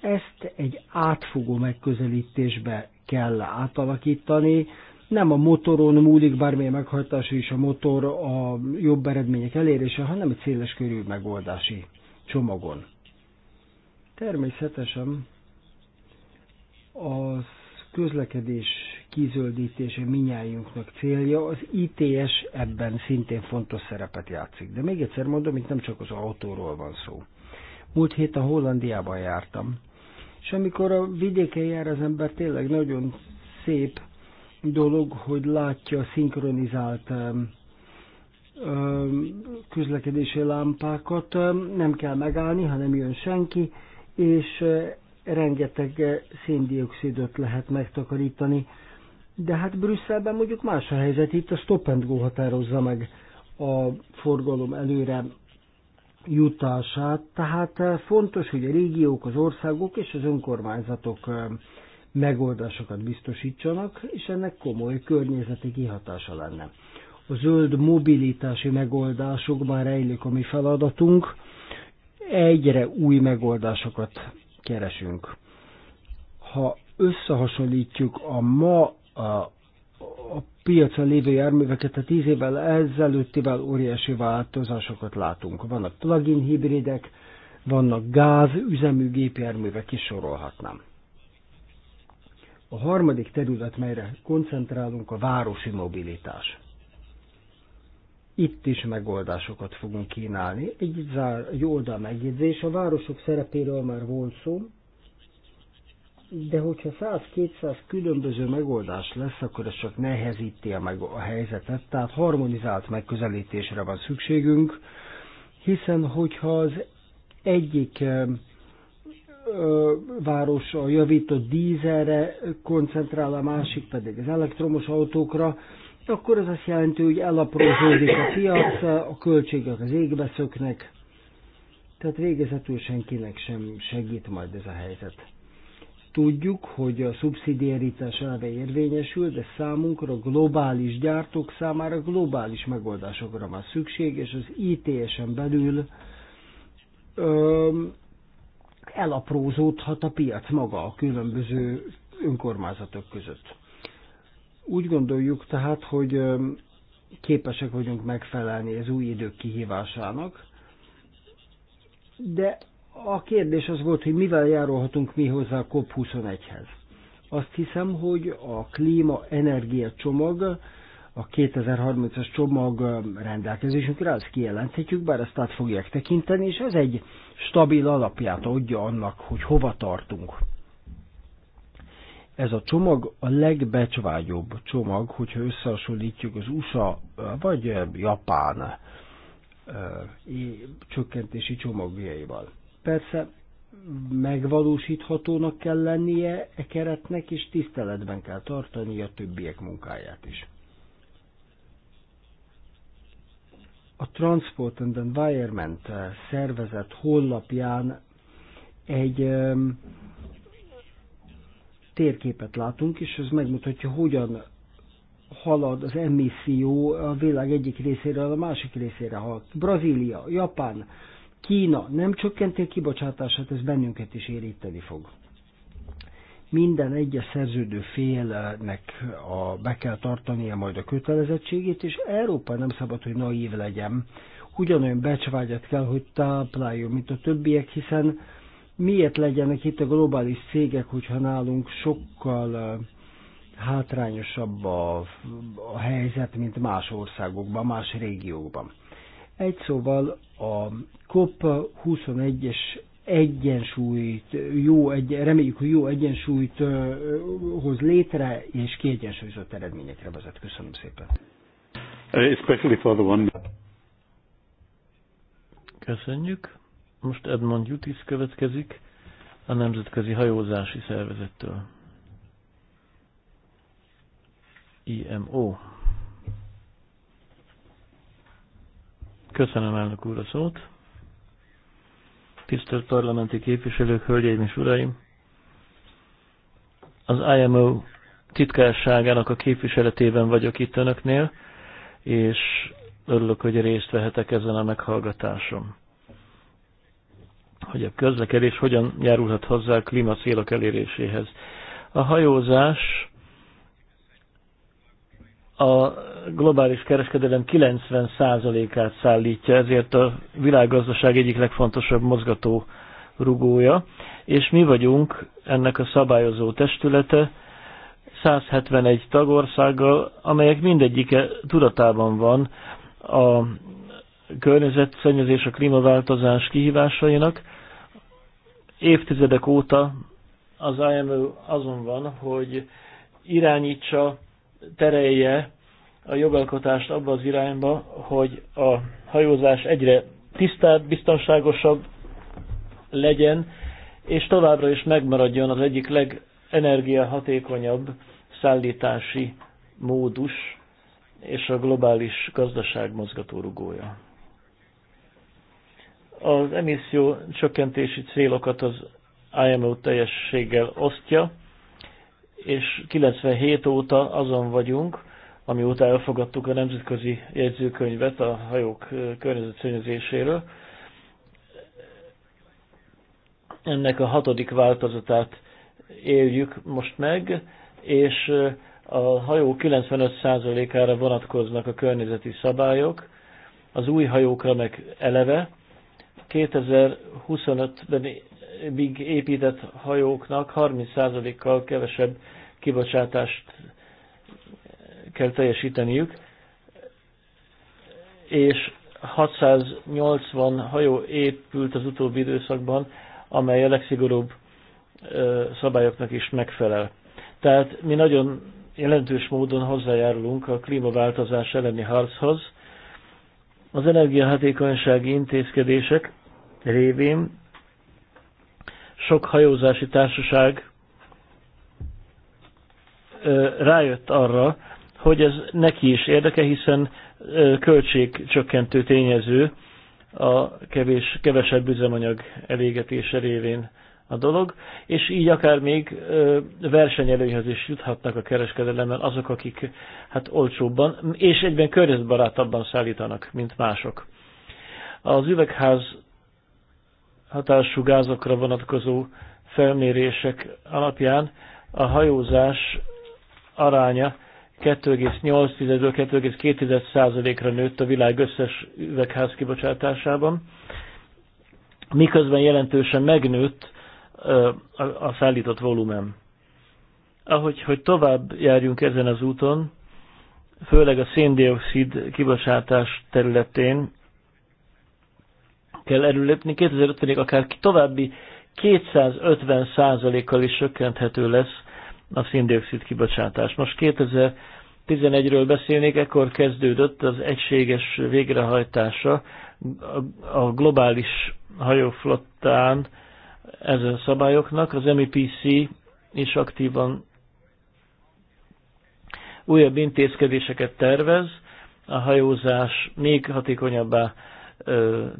Ezt egy átfogó megközelítésbe kell átalakítani, nem a motoron múlik bármilyen meghajtás és a motor a jobb eredmények elérése, hanem egy széles körű megoldási csomagon. Természetesen az közlekedés kizöldítése minnyájunknak célja, az ITS ebben szintén fontos szerepet játszik. De még egyszer mondom, itt nem csak az autóról van szó. Múlt héten Hollandiában jártam, és amikor a vidéken jár az ember, tényleg nagyon szép dolog, hogy látja a szinkronizált közlekedési lámpákat, nem kell megállni, ha nem jön senki, és eh, rengeteg eh, széndiokszidot lehet megtakarítani. De hát Brüsszelben mondjuk más a helyzet, itt a stop and go határozza meg a forgalom előre jutását, tehát eh, fontos, hogy a régiók, az országok és az önkormányzatok megoldásokat biztosítsanak, és ennek komoly környezeti kihatása lenne. A zöld mobilitási megoldásokban rejlik a mi feladatunk, egyre új megoldásokat keresünk. Ha összehasonlítjuk a ma a, a piacon lévő járműveket, a tíz évvel ezelőttivel óriási változásokat látunk. Vannak plug-in hibridek, vannak gáz, üzemű gépjárművek is sorolhatnám. A harmadik terület, melyre koncentrálunk, a városi mobilitás. Itt is megoldásokat fogunk kínálni. Egy, zár, egy oldal megjegyzés, a városok szerepéről már volt szó, de hogyha 100-200 különböző megoldás lesz, akkor ez csak nehezíti a, meg- a helyzetet, tehát harmonizált megközelítésre van szükségünk, hiszen hogyha az egyik város a javított dízelre koncentrál, a másik pedig az elektromos autókra, akkor ez azt jelenti, hogy elaprózódik a piac, a költségek az égbe szöknek, tehát végezetül senkinek sem segít majd ez a helyzet. Tudjuk, hogy a szubszidiaritás elve érvényesül, de számunkra globális gyártók számára globális megoldásokra van szükség, és az ITS-en belül öm, elaprózódhat a piac maga a különböző önkormányzatok között. Úgy gondoljuk tehát, hogy képesek vagyunk megfelelni az új idők kihívásának, de a kérdés az volt, hogy mivel járulhatunk mi hozzá a COP21-hez. Azt hiszem, hogy a klíma-energia csomag a 2030-as csomag rendelkezésünkre, azt kijelenthetjük, bár ezt át fogják tekinteni, és ez egy stabil alapját adja annak, hogy hova tartunk. Ez a csomag a legbecsvágyóbb csomag, hogyha összehasonlítjuk az USA vagy Japán csökkentési csomagjaival. Persze megvalósíthatónak kell lennie e keretnek, és tiszteletben kell tartani a többiek munkáját is. a Transport and Environment eh, szervezet honlapján egy um, térképet látunk, és ez megmutatja, hogyan halad az emisszió a világ egyik részére a másik részére. Ha Brazília, Japán, Kína nem csökkenti a kibocsátását, ez bennünket is érinteni fog minden egyes szerződő félnek a, be kell tartania majd a kötelezettségét, és Európa nem szabad, hogy naív legyen. Ugyanolyan becsvágyat kell, hogy tápláljon, mint a többiek, hiszen miért legyenek itt a globális cégek, hogyha nálunk sokkal hátrányosabb a, a helyzet, mint más országokban, más régiókban. Egy szóval a COP 21-es egyensúlyt, jó egy, reméljük, hogy jó egyensúlyt hoz létre, és kiegyensúlyozott eredményekre vezet. Köszönöm szépen. Especially for the one. Köszönjük. Most Edmond Jutis következik a Nemzetközi Hajózási Szervezettől. IMO. Köszönöm elnök úr a szót tisztelt parlamenti képviselők, hölgyeim és uraim! Az IMO titkárságának a képviseletében vagyok itt önöknél, és örülök, hogy részt vehetek ezen a meghallgatáson. Hogy a közlekedés hogyan járulhat hozzá a klímacélok eléréséhez. A hajózás a globális kereskedelem 90%-át szállítja, ezért a világgazdaság egyik legfontosabb mozgató rugója, és mi vagyunk ennek a szabályozó testülete, 171 tagországgal, amelyek mindegyike tudatában van a környezetszennyezés, a klímaváltozás kihívásainak. Évtizedek óta az IMO azon van, hogy irányítsa terelje a jogalkotást abba az irányba, hogy a hajózás egyre tisztább, biztonságosabb legyen, és továbbra is megmaradjon az egyik legenergiahatékonyabb szállítási módus és a globális gazdaság mozgatórugója. Az emisszió csökkentési célokat az IMO teljességgel osztja, és 97 óta azon vagyunk, amióta elfogadtuk a nemzetközi jegyzőkönyvet a hajók környezetszennyezéséről. Ennek a hatodik változatát éljük most meg, és a hajó 95%-ára vonatkoznak a környezeti szabályok, az új hajókra meg eleve. 2025-ben big épített hajóknak 30%-kal kevesebb kibocsátást kell teljesíteniük, és 680 hajó épült az utóbbi időszakban, amely a legszigorúbb szabályoknak is megfelel. Tehát mi nagyon jelentős módon hozzájárulunk a klímaváltozás elleni harchoz. Az energiahatékonysági intézkedések révén sok hajózási társaság rájött arra, hogy ez neki is érdeke, hiszen költségcsökkentő tényező a kevés, kevesebb üzemanyag elégetése révén a dolog, és így akár még versenyelőnyhöz is juthatnak a kereskedelemmel azok, akik hát olcsóbban és egyben környezetbarátabban szállítanak, mint mások. Az üvegház hatású gázokra vonatkozó felmérések alapján a hajózás aránya 28 2,2%-ra nőtt a világ összes üvegház kibocsátásában, miközben jelentősen megnőtt a szállított volumen. Ahogy hogy tovább járjunk ezen az úton, főleg a széndiokszid kibocsátás területén kell előlépni, 2050-ig akár további 250%-kal is csökkenthető lesz a széndiokszid kibocsátás. Most 2011-ről beszélnék, ekkor kezdődött az egységes végrehajtása a globális hajóflottán ezen szabályoknak. Az MEPC is aktívan újabb intézkedéseket tervez, a hajózás még hatékonyabbá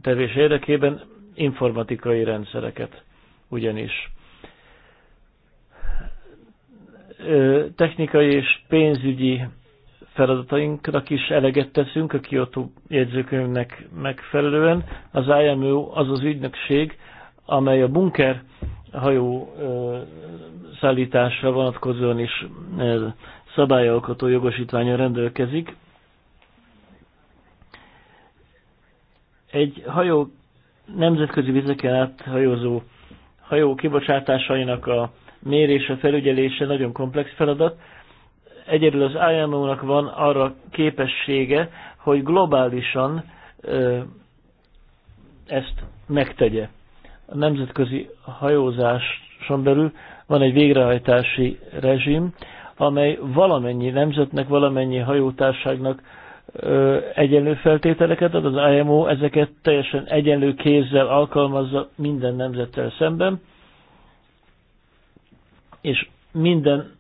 tevés érdekében informatikai rendszereket ugyanis. Technikai és pénzügyi feladatainknak is eleget teszünk a Kyoto jegyzőkönyvnek megfelelően. Az IMO az az ügynökség, amely a bunker hajó szállításra vonatkozóan is szabályalkotó jogosítványon rendelkezik, Egy hajó nemzetközi vizeken át hajózó hajó kibocsátásainak a mérése, felügyelése nagyon komplex feladat. Egyedül az IMO-nak van arra képessége, hogy globálisan ö, ezt megtegye. A nemzetközi hajózáson belül van egy végrehajtási rezsim, amely valamennyi nemzetnek, valamennyi hajótárságnak egyenlő feltételeket ad, az IMO ezeket teljesen egyenlő kézzel alkalmazza minden nemzettel szemben, és minden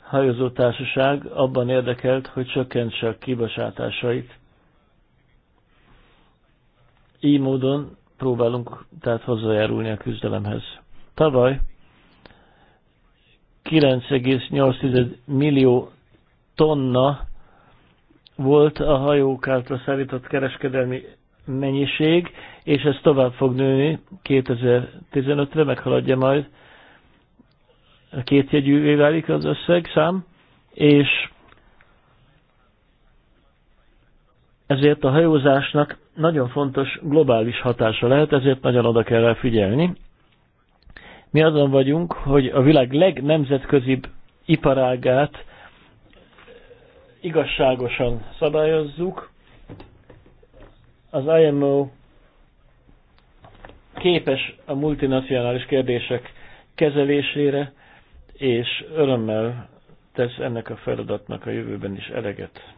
hajózótársaság abban érdekelt, hogy csökkentse a kibasátásait. Így módon próbálunk tehát hozzájárulni a küzdelemhez. Tavaly 9,8 millió tonna volt a hajók által szállított kereskedelmi mennyiség, és ez tovább fog nőni 2015-re, meghaladja majd a két jegyűvé válik az összeg szám, és ezért a hajózásnak nagyon fontos globális hatása lehet, ezért nagyon oda kell figyelni. Mi azon vagyunk, hogy a világ legnemzetközibb iparágát igazságosan szabályozzuk. Az IMO képes a multinacionális kérdések kezelésére, és örömmel tesz ennek a feladatnak a jövőben is eleget.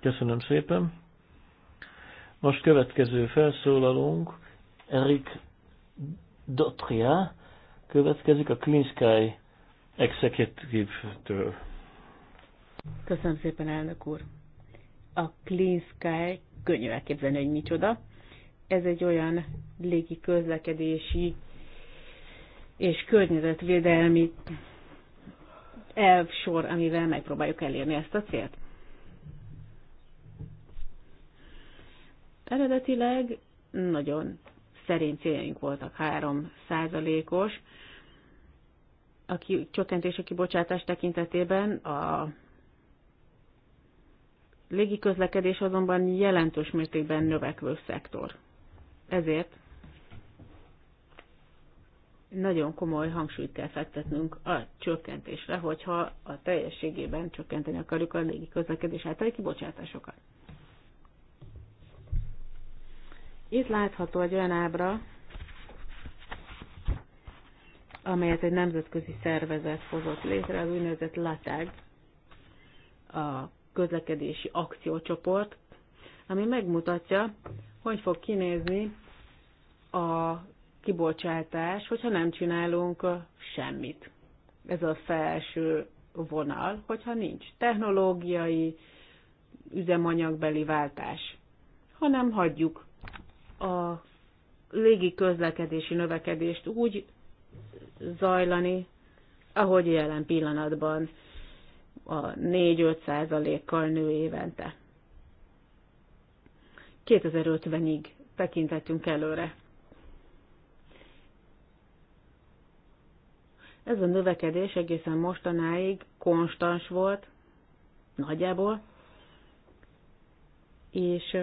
Köszönöm szépen. Most következő felszólalónk, Erik Dotria következik a Clean Sky Executive-től. Köszönöm szépen, elnök úr. A Clean Sky könnyű elképzelni, hogy micsoda. Ez egy olyan légi közlekedési és környezetvédelmi elvsor, amivel megpróbáljuk elérni ezt a célt. Eredetileg nagyon szerint céljaink voltak, 3 százalékos a ki, csökkentés a kibocsátás tekintetében a légiközlekedés azonban jelentős mértékben növekvő szektor. Ezért nagyon komoly hangsúlyt kell fektetnünk a csökkentésre, hogyha a teljességében csökkenteni akarjuk a légi közlekedés általi kibocsátásokat. Itt látható egy olyan ábra, amelyet egy nemzetközi szervezet hozott létre, az úgynevezett LATAG, a közlekedési akciócsoport, ami megmutatja, hogy fog kinézni a kibocsátás, hogyha nem csinálunk semmit. Ez a felső vonal, hogyha nincs technológiai, üzemanyagbeli váltás, hanem hagyjuk a légi közlekedési növekedést úgy, zajlani, ahogy jelen pillanatban a 4-5 százalékkal nő évente. 2050-ig tekintettünk előre. Ez a növekedés egészen mostanáig konstans volt, nagyjából, és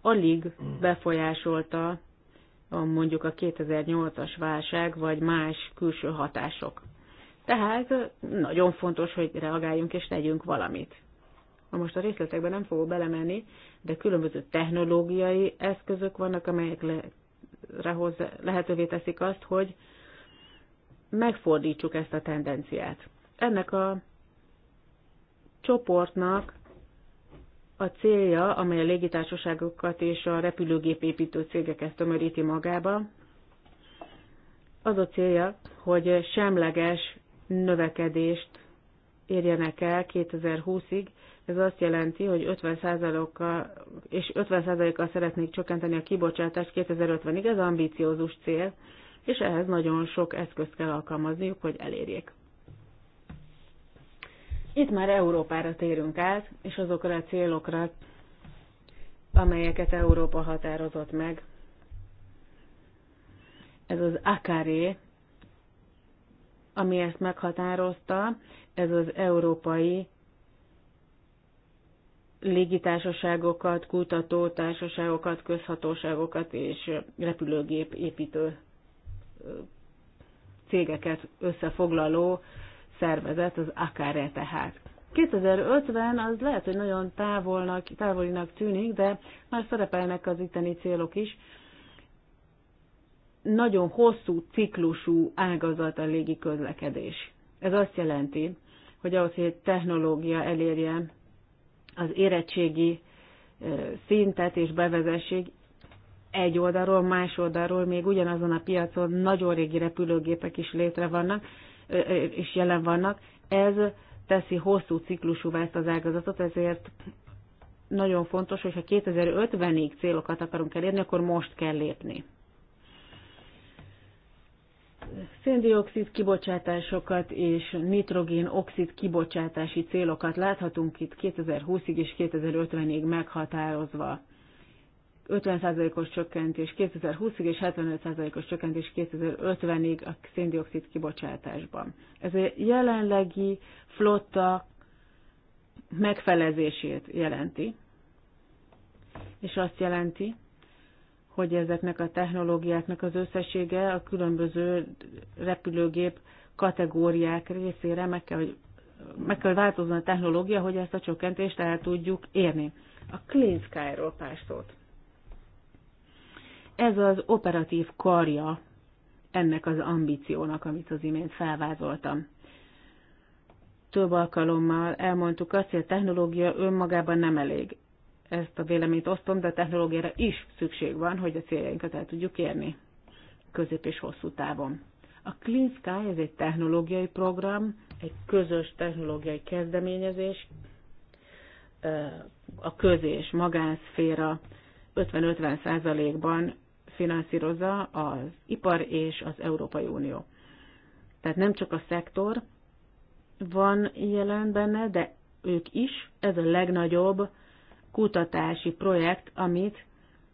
alig befolyásolta mondjuk a 2008-as válság, vagy más külső hatások. Tehát nagyon fontos, hogy reagáljunk és tegyünk valamit. Na most a részletekben nem fogok belemenni, de különböző technológiai eszközök vannak, amelyek le, lehetővé teszik azt, hogy megfordítsuk ezt a tendenciát. Ennek a csoportnak a célja, amely a légitársaságokat és a repülőgépépítő cégeket tömöríti magába, az a célja, hogy semleges növekedést érjenek el 2020-ig. Ez azt jelenti, hogy 50%-kal és 50%-kal szeretnék csökkenteni a kibocsátást 2050-ig. Ez ambiciózus cél, és ehhez nagyon sok eszközt kell alkalmazniuk, hogy elérjék. Itt már Európára térünk át, és azokra a célokra, amelyeket Európa határozott meg. Ez az akaré, ami ezt meghatározta, ez az európai légitársaságokat, társaságokat, közhatóságokat és repülőgép építő cégeket összefoglaló szervezet, az akár tehát. 2050 az lehet, hogy nagyon távolnak, távolinak tűnik, de már szerepelnek az itteni célok is. Nagyon hosszú ciklusú ágazat a légi közlekedés. Ez azt jelenti, hogy ahhoz, hogy egy technológia elérje az érettségi szintet és bevezessék, egy oldalról, más oldalról még ugyanazon a piacon nagyon régi repülőgépek is létre vannak, is jelen vannak. Ez teszi hosszú ciklusúvá ezt az ágazatot, ezért nagyon fontos, hogyha 2050-ig célokat akarunk elérni, akkor most kell lépni. Széndiokszid kibocsátásokat és nitrogén-oxid kibocsátási célokat láthatunk itt 2020-ig és 2050-ig meghatározva. 50%-os csökkentés 2020-ig és 75%-os csökkentés 2050-ig a széndiokszid kibocsátásban. Ez a jelenlegi flotta megfelezését jelenti, és azt jelenti, hogy ezeknek a technológiáknak az összessége a különböző repülőgép kategóriák részére meg kell, hogy meg kell változni a technológia, hogy ezt a csökkentést el tudjuk érni. A Clean Sky-ról pár szót ez az operatív karja ennek az ambíciónak, amit az imént felvázoltam. Több alkalommal elmondtuk azt, hogy a technológia önmagában nem elég. Ezt a véleményt osztom, de a technológiára is szükség van, hogy a céljainkat el tudjuk érni közép és hosszú távon. A Clean Sky ez egy technológiai program, egy közös technológiai kezdeményezés, a köz- és magánszféra 50-50 százalékban finanszírozza az ipar és az Európai Unió. Tehát nem csak a szektor van jelen benne, de ők is, ez a legnagyobb kutatási projekt, amit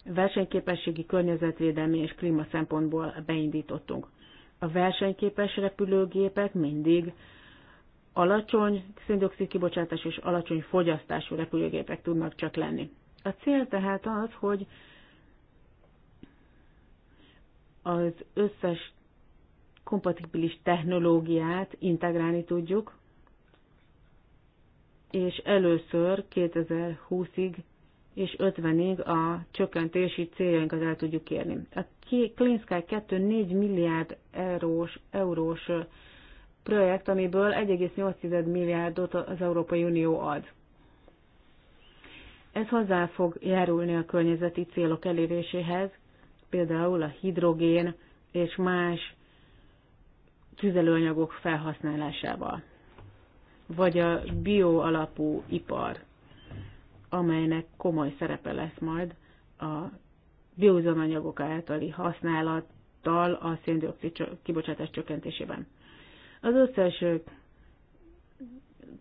versenyképességi, környezetvédelmi és klíma szempontból beindítottunk. A versenyképes repülőgépek mindig alacsony széndiokszid kibocsátás és alacsony fogyasztású repülőgépek tudnak csak lenni. A cél tehát az, hogy az összes kompatibilis technológiát integrálni tudjuk, és először 2020-ig és 50-ig a csökkentési céljainkat el tudjuk érni. A Clean Sky 2 4 milliárd eurós, eurós projekt, amiből 1,8 milliárdot az Európai Unió ad. Ez hozzá fog járulni a környezeti célok eléréséhez, például a hidrogén és más tüzelőanyagok felhasználásával, vagy a bio alapú ipar, amelynek komoly szerepe lesz majd a bioüzemanyagok általi használattal a széndiokszid kibocsátás csökkentésében. Az összes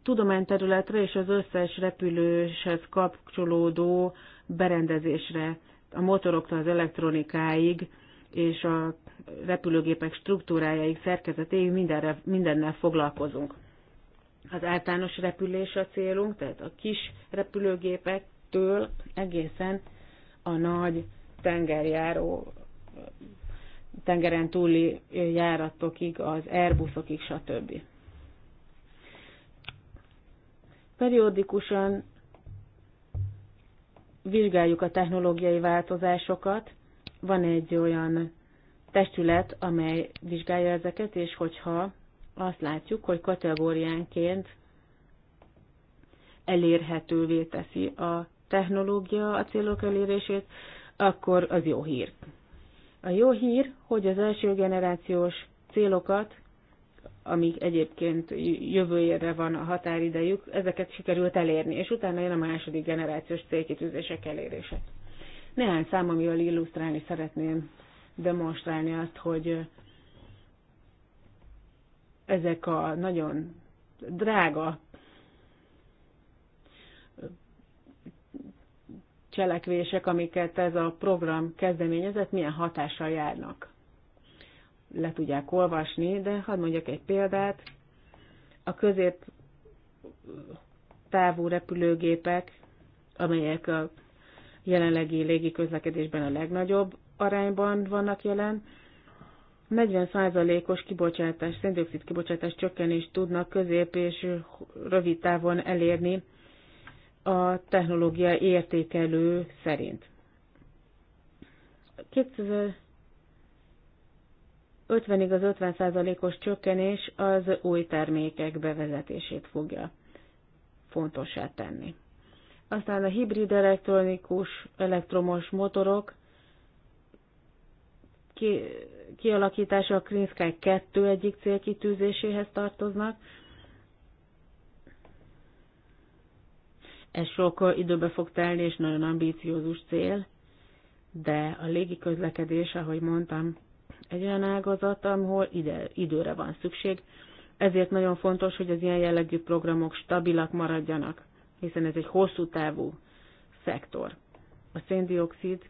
tudományterületre és az összes repülőshez kapcsolódó berendezésre a motoroktól az elektronikáig, és a repülőgépek struktúrájáig, szerkezetéig mindenre, mindennel foglalkozunk. Az általános repülés a célunk, tehát a kis repülőgépektől egészen a nagy tengerjáró, tengeren túli járatokig, az Airbusokig, stb. Periódikusan vizsgáljuk a technológiai változásokat. Van egy olyan testület, amely vizsgálja ezeket, és hogyha azt látjuk, hogy kategóriánként elérhetővé teszi a technológia a célok elérését, akkor az jó hír. A jó hír, hogy az első generációs célokat amíg egyébként jövőjére van a határidejük, ezeket sikerült elérni, és utána jön a második generációs célkitűzések elérése. Néhány szám, amivel illusztrálni szeretném demonstrálni azt, hogy ezek a nagyon drága cselekvések, amiket ez a program kezdeményezett, milyen hatással járnak le tudják olvasni, de hadd mondjak egy példát. A közép távú repülőgépek, amelyek a jelenlegi légiközlekedésben a legnagyobb arányban vannak jelen, 40%-os kibocsátás, széndiokszid kibocsátás csökkenést tudnak közép és rövid távon elérni a technológia értékelő szerint. 2000 50-ig az 50%-os csökkenés az új termékek bevezetését fogja fontossá tenni. Aztán a hibrid elektronikus elektromos motorok ki, kialakítása a Green Sky 2 egyik célkitűzéséhez tartoznak. Ez sok időbe fog telni, és nagyon ambíciózus cél, de a légiközlekedés, ahogy mondtam, egy olyan ágazat, ahol ide, időre van szükség, ezért nagyon fontos, hogy az ilyen jellegű programok stabilak maradjanak, hiszen ez egy hosszú távú szektor. A széndiokszid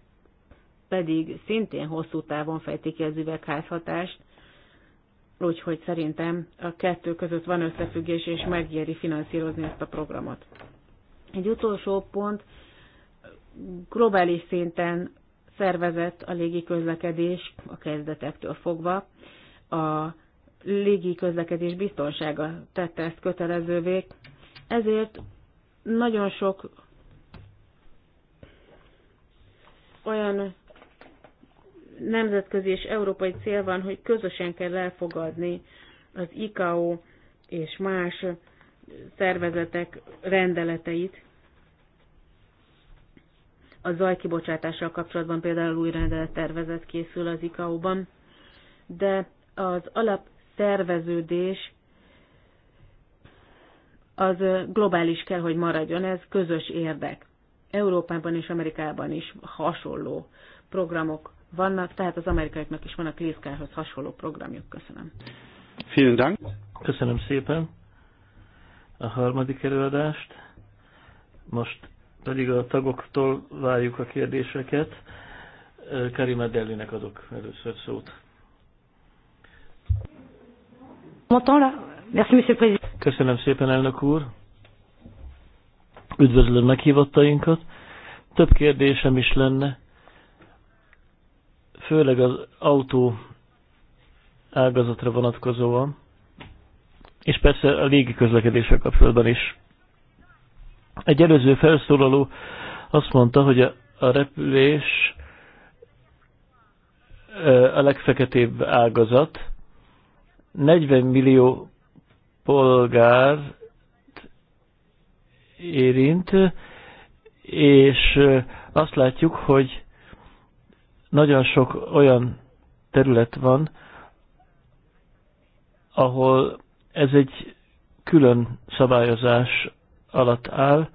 pedig szintén hosszú távon fejti ki az üvegházhatást, úgyhogy szerintem a kettő között van összefüggés, és megéri finanszírozni ezt a programot. Egy utolsó pont, globális szinten szervezett a légiközlekedés a kezdetektől fogva. A légiközlekedés biztonsága tette ezt kötelezővé, ezért nagyon sok olyan nemzetközi és európai cél van, hogy közösen kell elfogadni az ICAO és más szervezetek rendeleteit, a zajkibocsátással kapcsolatban például új rendelet tervezet készül az ICAO-ban, de az alapszerveződés az globális kell, hogy maradjon, ez közös érdek. Európában és Amerikában is hasonló programok vannak, tehát az amerikaiaknak is van a clearsky hasonló programjuk. Köszönöm. Vielen Dank. Köszönöm szépen a harmadik előadást. Most pedig a tagoktól várjuk a kérdéseket. Karima nek adok először szót. Köszönöm szépen, elnök úr. Üdvözlöm meghívattainkat! Több kérdésem is lenne, főleg az autó ágazatra vonatkozóan, és persze a légi közlekedéssel kapcsolatban is. Egy előző felszólaló azt mondta, hogy a, a repülés a legfeketébb ágazat. 40 millió polgár érint, és azt látjuk, hogy nagyon sok olyan terület van, ahol ez egy külön szabályozás alatt áll.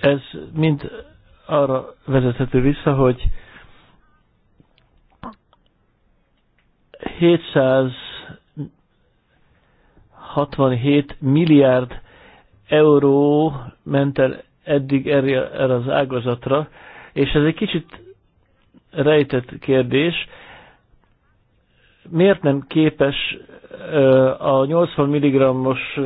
Ez mind arra vezethető vissza, hogy 767 milliárd euró ment el eddig erre, erre az ágazatra, és ez egy kicsit rejtett kérdés, miért nem képes a 80 mg-os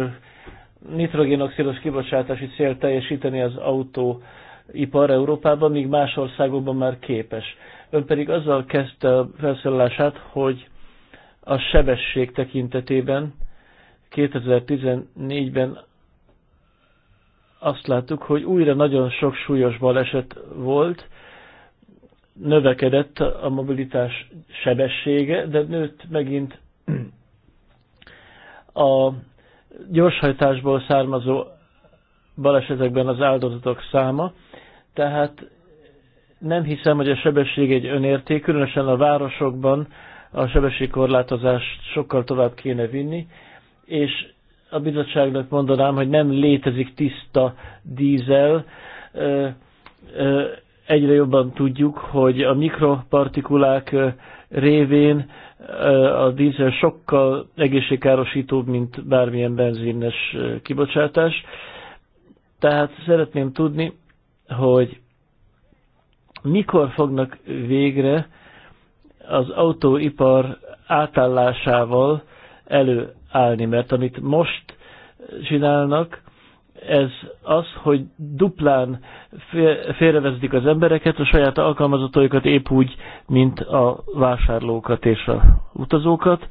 nitrogénoxidos kibocsátási cél teljesíteni az autóipar Európában, míg más országokban már képes. Ön pedig azzal kezdte a felszólalását, hogy a sebesség tekintetében 2014-ben azt láttuk, hogy újra nagyon sok súlyos baleset volt, növekedett a mobilitás sebessége, de nőtt megint a gyorshajtásból származó balesetekben az áldozatok száma, tehát nem hiszem, hogy a sebesség egy önérték, különösen a városokban a sebességkorlátozást sokkal tovább kéne vinni, és a bizottságnak mondanám, hogy nem létezik tiszta dízel, egyre jobban tudjuk, hogy a mikropartikulák révén a dízel sokkal egészségkárosítóbb, mint bármilyen benzines kibocsátás. Tehát szeretném tudni, hogy mikor fognak végre az autóipar átállásával előállni, mert amit most csinálnak, ez az, hogy duplán félrevezdik az embereket, a saját alkalmazatóikat épp úgy, mint a vásárlókat és a utazókat.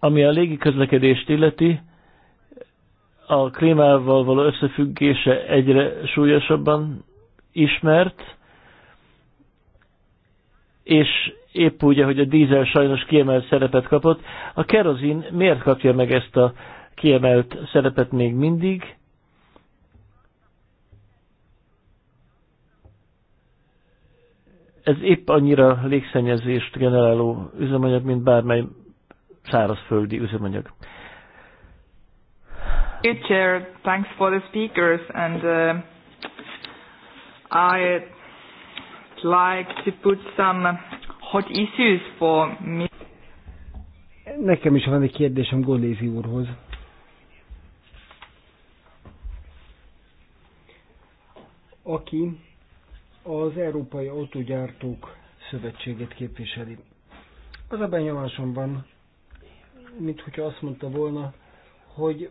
Ami a légi közlekedést illeti, a klímával való összefüggése egyre súlyosabban ismert, és épp úgy, ahogy a dízel sajnos kiemelt szerepet kapott, a kerozin miért kapja meg ezt a kiemelt szerepet még mindig. Ez épp annyira légszennyezést generáló üzemanyag, mint bármely szárazföldi üzemanyag. Chair, thanks for the speakers and uh, I'd like to put some hot issues for me. Nekem is van egy kérdésem Gondézi úrhoz. aki az Európai Autógyártók Szövetségét képviseli. Az a benyomásom van, mint hogyha azt mondta volna, hogy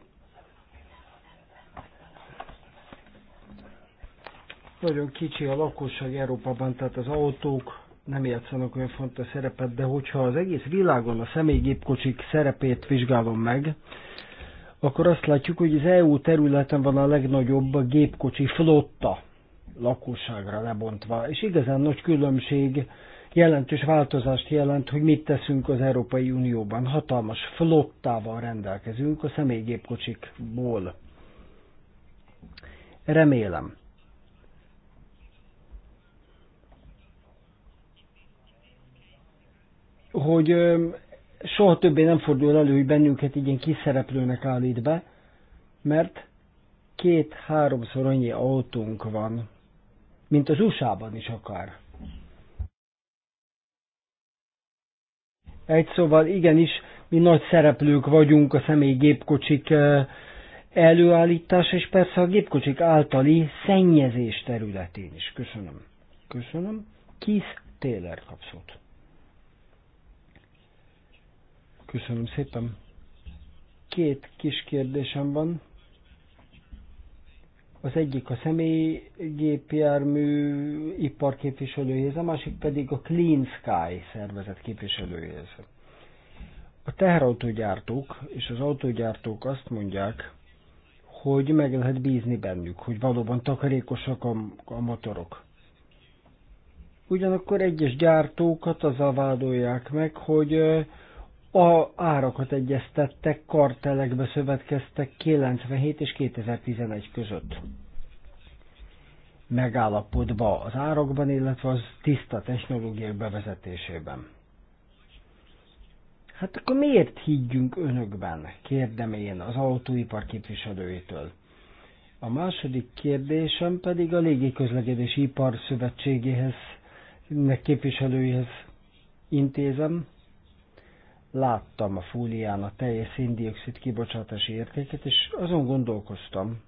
nagyon kicsi a lakosság Európában, tehát az autók nem játszanak olyan fontos szerepet, de hogyha az egész világon a személygépkocsik szerepét vizsgálom meg, akkor azt látjuk, hogy az EU területen van a legnagyobb gépkocsi flotta lakosságra lebontva. És igazán nagy különbség, jelentős változást jelent, hogy mit teszünk az Európai Unióban. Hatalmas flottával rendelkezünk a személygépkocsikból. Remélem. hogy soha többé nem fordul elő, hogy bennünket így ilyen kiszereplőnek állít be, mert két-háromszor annyi autónk van, mint az USA-ban is akár. Egy szóval igenis, mi nagy szereplők vagyunk a személygépkocsik eh, előállítása, és persze a gépkocsik általi szennyezés területén is. Köszönöm. Köszönöm. kis Taylor kapszót. Köszönöm szépen. Két kis kérdésem van. Az egyik a személygépjármű ipar képviselőjéhez, a másik pedig a Clean Sky szervezet képviselőjéhez. A teherautógyártók és az autógyártók azt mondják, hogy meg lehet bízni bennük, hogy valóban takarékosak a, a motorok. Ugyanakkor egyes gyártókat azzal vádolják meg, hogy a árakat egyeztettek, kartelekbe szövetkeztek 97 és 2011 között. Megállapodva az árakban, illetve az tiszta technológiák bevezetésében. Hát akkor miért higgyünk önökben? Kérdem én az autóipar képviselőjétől. A második kérdésem pedig a légiközlekedési ipar szövetségéhez, képviselőihez intézem láttam a fólián a teljes széndiokszid kibocsátási értéket, és azon gondolkoztam,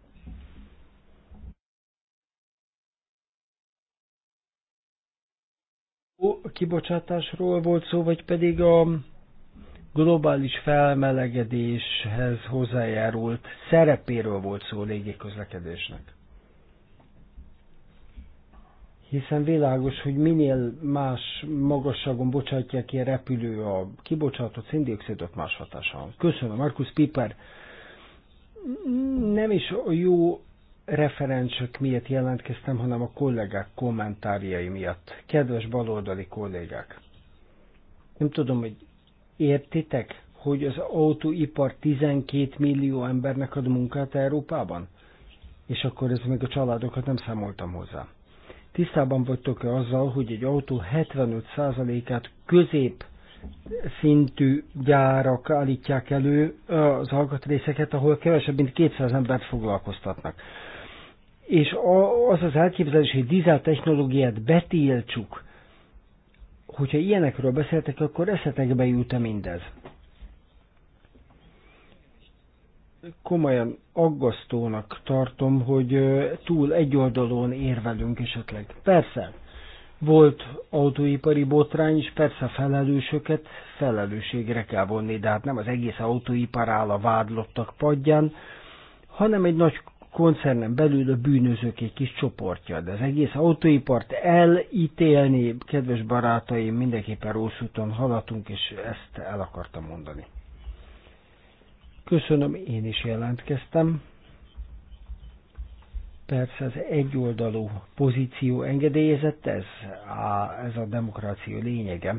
kibocsátásról volt szó, vagy pedig a globális felmelegedéshez hozzájárult szerepéről volt szó a légiközlekedésnek hiszen világos, hogy minél más magasságon bocsátja ki a repülő a kibocsátott széndiokszidot más hatása. Köszönöm, Markus Piper. Nem is a jó referencsök miatt jelentkeztem, hanem a kollégák kommentárjai miatt. Kedves baloldali kollégák, nem tudom, hogy értitek, hogy az autóipar 12 millió embernek ad munkát Európában? És akkor ez még a családokat nem számoltam hozzá tisztában vagytok-e azzal, hogy egy autó 75%-át közép szintű gyárak állítják elő az alkatrészeket, ahol kevesebb, mint 200 embert foglalkoztatnak. És az az elképzelés, hogy dizel technológiát betiltsuk, hogyha ilyenekről beszéltek, akkor eszetekbe jut -e mindez. komolyan aggasztónak tartom, hogy túl egyoldalon érvelünk esetleg. Persze, volt autóipari botrány, és persze felelősöket felelősségre kell vonni, de hát nem az egész autóipar áll a vádlottak padján, hanem egy nagy koncernen belül a bűnözők egy kis csoportja. De az egész autóipart elítélni, kedves barátaim, mindenképpen rossz úton haladunk, és ezt el akartam mondani. Köszönöm, én is jelentkeztem. Persze az egyoldalú pozíció engedélyezett, ez a, ez a demokrácia lényege.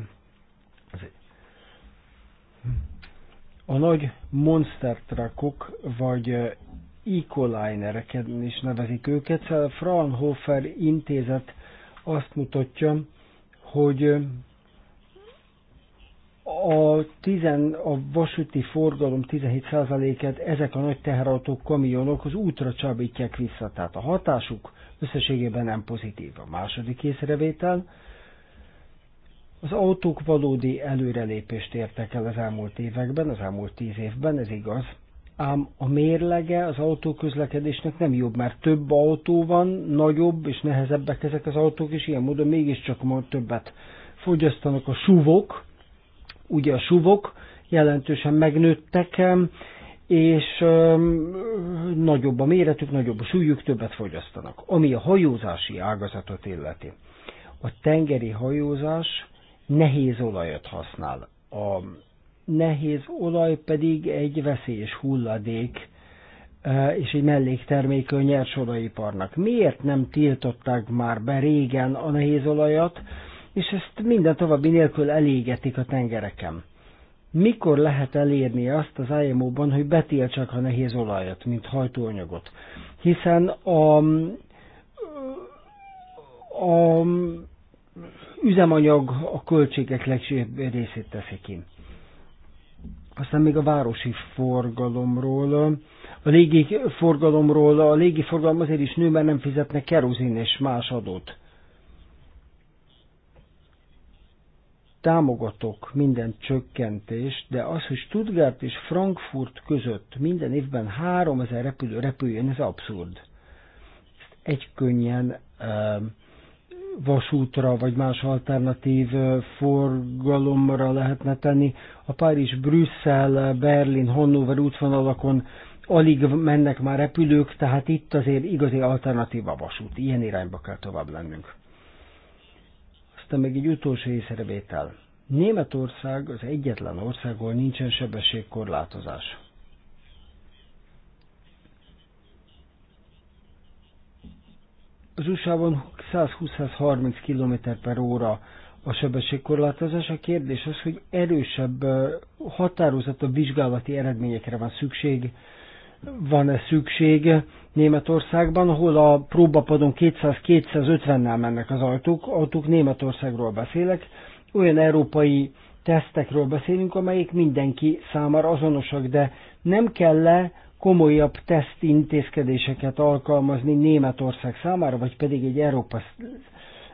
A nagy monster truckok, vagy ecolinereket is nevezik őket. A Fraunhofer intézet azt mutatja, hogy a, tizen, a vasúti forgalom 17%-át ezek a nagy teherautók, kamionok az útra csábítják vissza, tehát a hatásuk összességében nem pozitív. A második észrevétel, az autók valódi előrelépést értek el az elmúlt években, az elmúlt tíz évben, ez igaz. Ám a mérlege az autóközlekedésnek nem jobb, mert több autó van, nagyobb és nehezebbek ezek az autók, és ilyen módon mégiscsak ma többet fogyasztanak a suvok, ugye a suvok jelentősen megnőttek, és nagyobb a méretük, nagyobb a súlyuk, többet fogyasztanak. Ami a hajózási ágazatot illeti. A tengeri hajózás nehéz olajat használ. A nehéz olaj pedig egy veszélyes hulladék, e, és egy mellékterméke a nyersolajiparnak. Miért nem tiltották már be régen a nehézolajat? és ezt minden további nélkül elégetik a tengereken. Mikor lehet elérni azt az IMO-ban, hogy betiltsák a nehéz olajat, mint hajtóanyagot? Hiszen a, a üzemanyag a költségek legsőbb részét teszi ki. Aztán még a városi forgalomról, a légi forgalomról, a légi forgalom azért is nő, mert nem fizetnek kerozin és más adót. támogatok minden csökkentést, de az, hogy Stuttgart és Frankfurt között minden évben 3000 repülő repüljön, ez abszurd. Ezt egy könnyen vasútra vagy más alternatív forgalomra lehetne tenni. A Párizs, Brüsszel, Berlin, Hannover útvonalakon alig mennek már repülők, tehát itt azért igazi alternatíva vasút. Ilyen irányba kell tovább lennünk. Aztán meg egy utolsó észrevétel. Németország az egyetlen ország, ahol nincsen sebességkorlátozás. Az USA-ban 120-130 km per óra a sebességkorlátozás. A kérdés az, hogy erősebb, a vizsgálati eredményekre van szükség, van-e szükség Németországban, ahol a próbapadon 200-250-nel mennek az autók, autók Németországról beszélek, olyan európai tesztekről beszélünk, amelyek mindenki számára azonosak, de nem kell -e komolyabb tesztintézkedéseket alkalmazni Németország számára, vagy pedig egy Európa,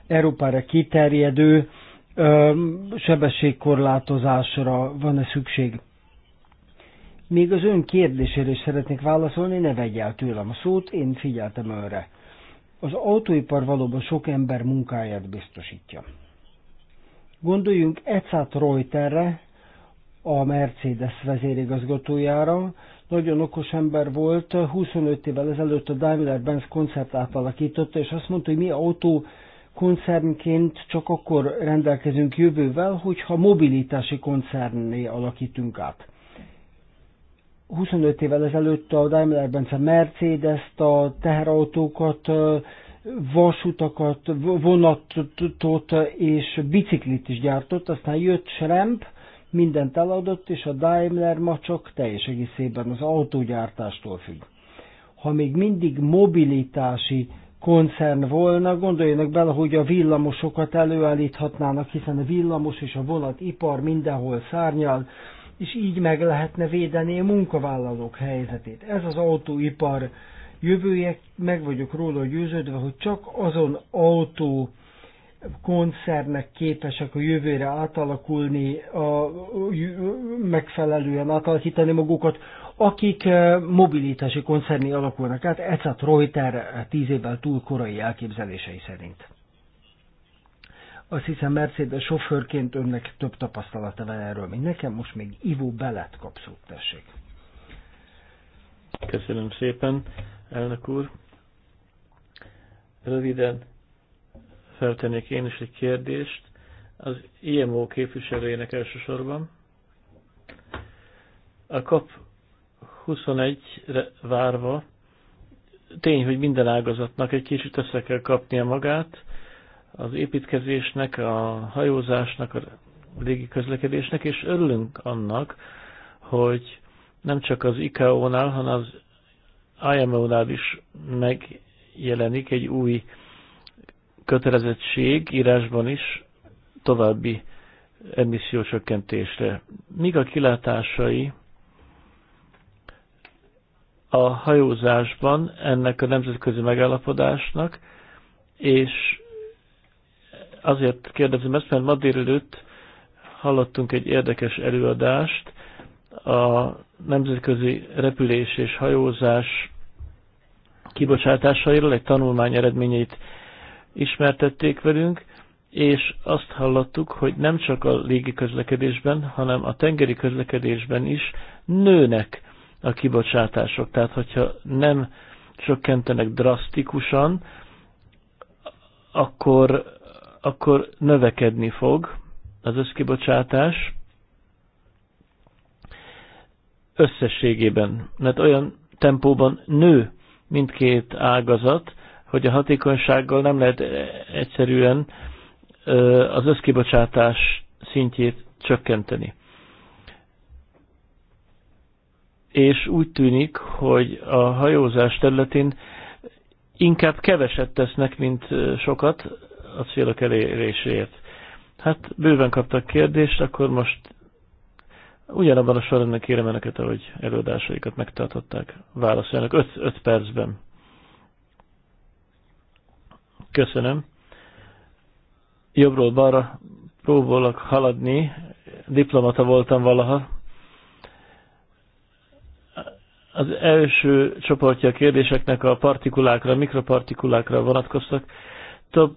Európára kiterjedő ö, sebességkorlátozásra van-e szükség. Még az ön kérdésére is szeretnék válaszolni, ne vegye el tőlem a szót, én figyeltem önre. Az autóipar valóban sok ember munkáját biztosítja. Gondoljunk Ecát Reuterre, a Mercedes vezérigazgatójára. Nagyon okos ember volt, 25 évvel ezelőtt a Daimler-Benz koncert átalakította, és azt mondta, hogy mi autó koncernként csak akkor rendelkezünk jövővel, hogyha mobilitási koncerné alakítunk át. 25 évvel ezelőtt a daimler Bence Mercedes-t, a teherautókat, vasutakat, vonatot és biciklit is gyártott, aztán jött Schramp, mindent eladott, és a Daimler ma csak teljes egészében az autógyártástól függ. Ha még mindig mobilitási koncern volna, gondoljanak bele, hogy a villamosokat előállíthatnának, hiszen a villamos és a vonat ipar mindenhol szárnyal, és így meg lehetne védeni a munkavállalók helyzetét. Ez az autóipar jövője, meg vagyok róla győződve, hogy csak azon autó koncernek képesek a jövőre átalakulni, a, megfelelően átalakítani magukat, akik e, mobilitási koncerni alakulnak át, Ecet Reuter tíz évvel túl korai elképzelései szerint. Azt hiszem Mercedes sofőrként önnek több tapasztalata van erről, mint nekem. Most még ivó Belet kapszót tessék. Köszönöm szépen, elnök úr. Röviden feltennék én is egy kérdést az IMO képviselőjének elsősorban. A COP 21-re várva tény, hogy minden ágazatnak egy kicsit össze kell kapnia magát, az építkezésnek, a hajózásnak, a légi közlekedésnek, és örülünk annak, hogy nem csak az ICAO-nál, hanem az IMO-nál is megjelenik egy új kötelezettség írásban is további emissziócsökkentésre. Míg a kilátásai a hajózásban ennek a nemzetközi megállapodásnak, és Azért kérdezem ezt, mert ma délelőtt hallottunk egy érdekes előadást a nemzetközi repülés és hajózás kibocsátásairól, egy tanulmány eredményeit ismertették velünk, és azt hallottuk, hogy nem csak a légi közlekedésben, hanem a tengeri közlekedésben is nőnek a kibocsátások. Tehát, hogyha nem csökkentenek drasztikusan, akkor akkor növekedni fog az összkibocsátás összességében, mert olyan tempóban nő mindkét ágazat, hogy a hatékonysággal nem lehet egyszerűen az összkibocsátás szintjét csökkenteni. És úgy tűnik, hogy a hajózás területén inkább keveset tesznek, mint sokat, a célok eléréséért. Hát bőven kaptak kérdést, akkor most ugyanabban a sorrendben kérem önöket, ahogy előadásaikat megtartották. Válaszoljanak 5 percben. Köszönöm. Jobbról balra próbálok haladni. Diplomata voltam valaha. Az első csoportja a kérdéseknek a partikulákra, a mikropartikulákra vonatkoztak több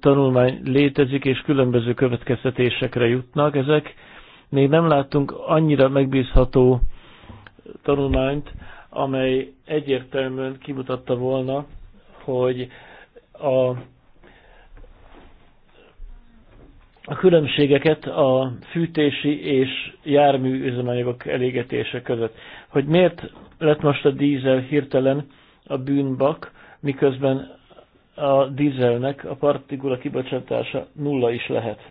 tanulmány létezik, és különböző következtetésekre jutnak ezek. Még nem láttunk annyira megbízható tanulmányt, amely egyértelműen kimutatta volna, hogy a, a különbségeket a fűtési és jármű üzemanyagok elégetése között. Hogy miért lett most a dízel hirtelen a bűnbak, miközben a dízelnek a partikula kibocsátása nulla is lehet.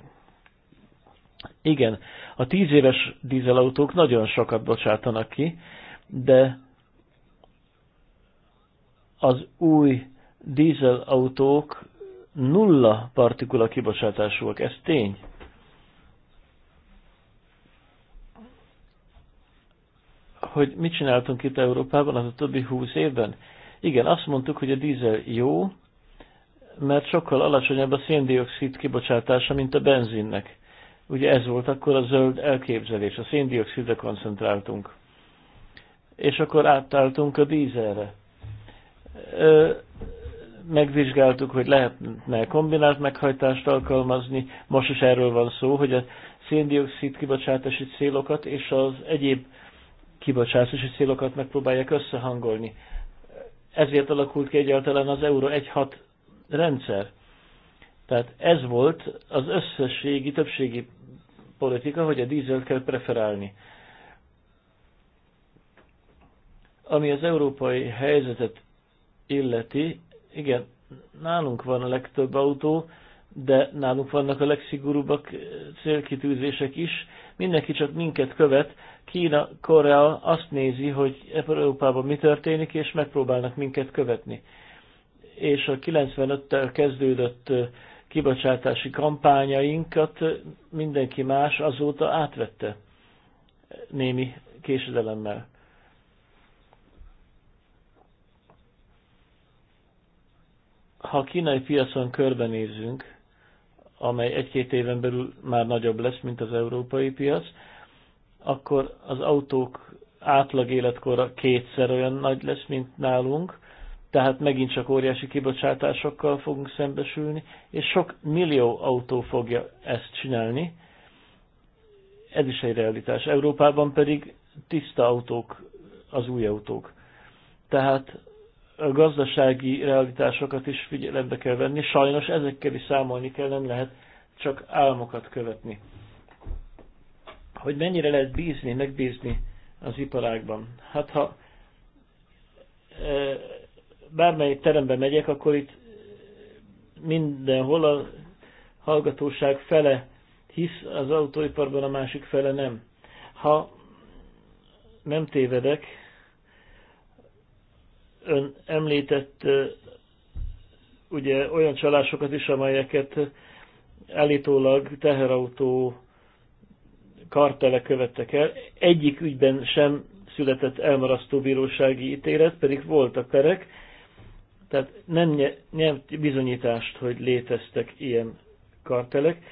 Igen, a tíz éves dízelautók nagyon sokat bocsátanak ki, de az új dízelautók nulla partikula kibocsátásúak, ez tény. Hogy mit csináltunk itt Európában az a többi húsz évben? Igen, azt mondtuk, hogy a dízel jó, mert sokkal alacsonyabb a széndiokszid kibocsátása, mint a benzinnek. Ugye ez volt akkor a zöld elképzelés, a széndiokszidre koncentráltunk. És akkor átálltunk a dízelre. Ö, megvizsgáltuk, hogy lehetne kombinált meghajtást alkalmazni. Most is erről van szó, hogy a széndiokszid kibocsátási célokat és az egyéb kibocsátási célokat megpróbálják összehangolni. Ezért alakult ki egyáltalán az Euro 1.6 rendszer. Tehát ez volt az összességi, többségi politika, hogy a dízel kell preferálni. Ami az európai helyzetet illeti, igen, nálunk van a legtöbb autó, de nálunk vannak a legszigorúbbak célkitűzések is. Mindenki csak minket követ. Kína, Korea azt nézi, hogy Európában mi történik, és megpróbálnak minket követni és a 95-tel kezdődött kibocsátási kampányainkat mindenki más azóta átvette némi késedelemmel. Ha a kínai piacon körbenézünk, amely egy-két éven belül már nagyobb lesz, mint az európai piac, akkor az autók átlag életkora kétszer olyan nagy lesz, mint nálunk, tehát megint csak óriási kibocsátásokkal fogunk szembesülni, és sok millió autó fogja ezt csinálni. Ez is egy realitás. Európában pedig tiszta autók az új autók. Tehát a gazdasági realitásokat is figyelembe kell venni. Sajnos ezekkel is számolni kell, nem lehet csak álmokat követni. Hogy mennyire lehet bízni, megbízni az iparágban? Hát ha eh, bármelyik terembe megyek, akkor itt mindenhol a hallgatóság fele hisz az autóiparban, a másik fele nem. Ha nem tévedek, ön említett ugye olyan csalásokat is, amelyeket állítólag teherautó kartele követtek el. Egyik ügyben sem született elmarasztó bírósági ítélet, pedig voltak perek, tehát nem nyert bizonyítást, hogy léteztek ilyen kartelek.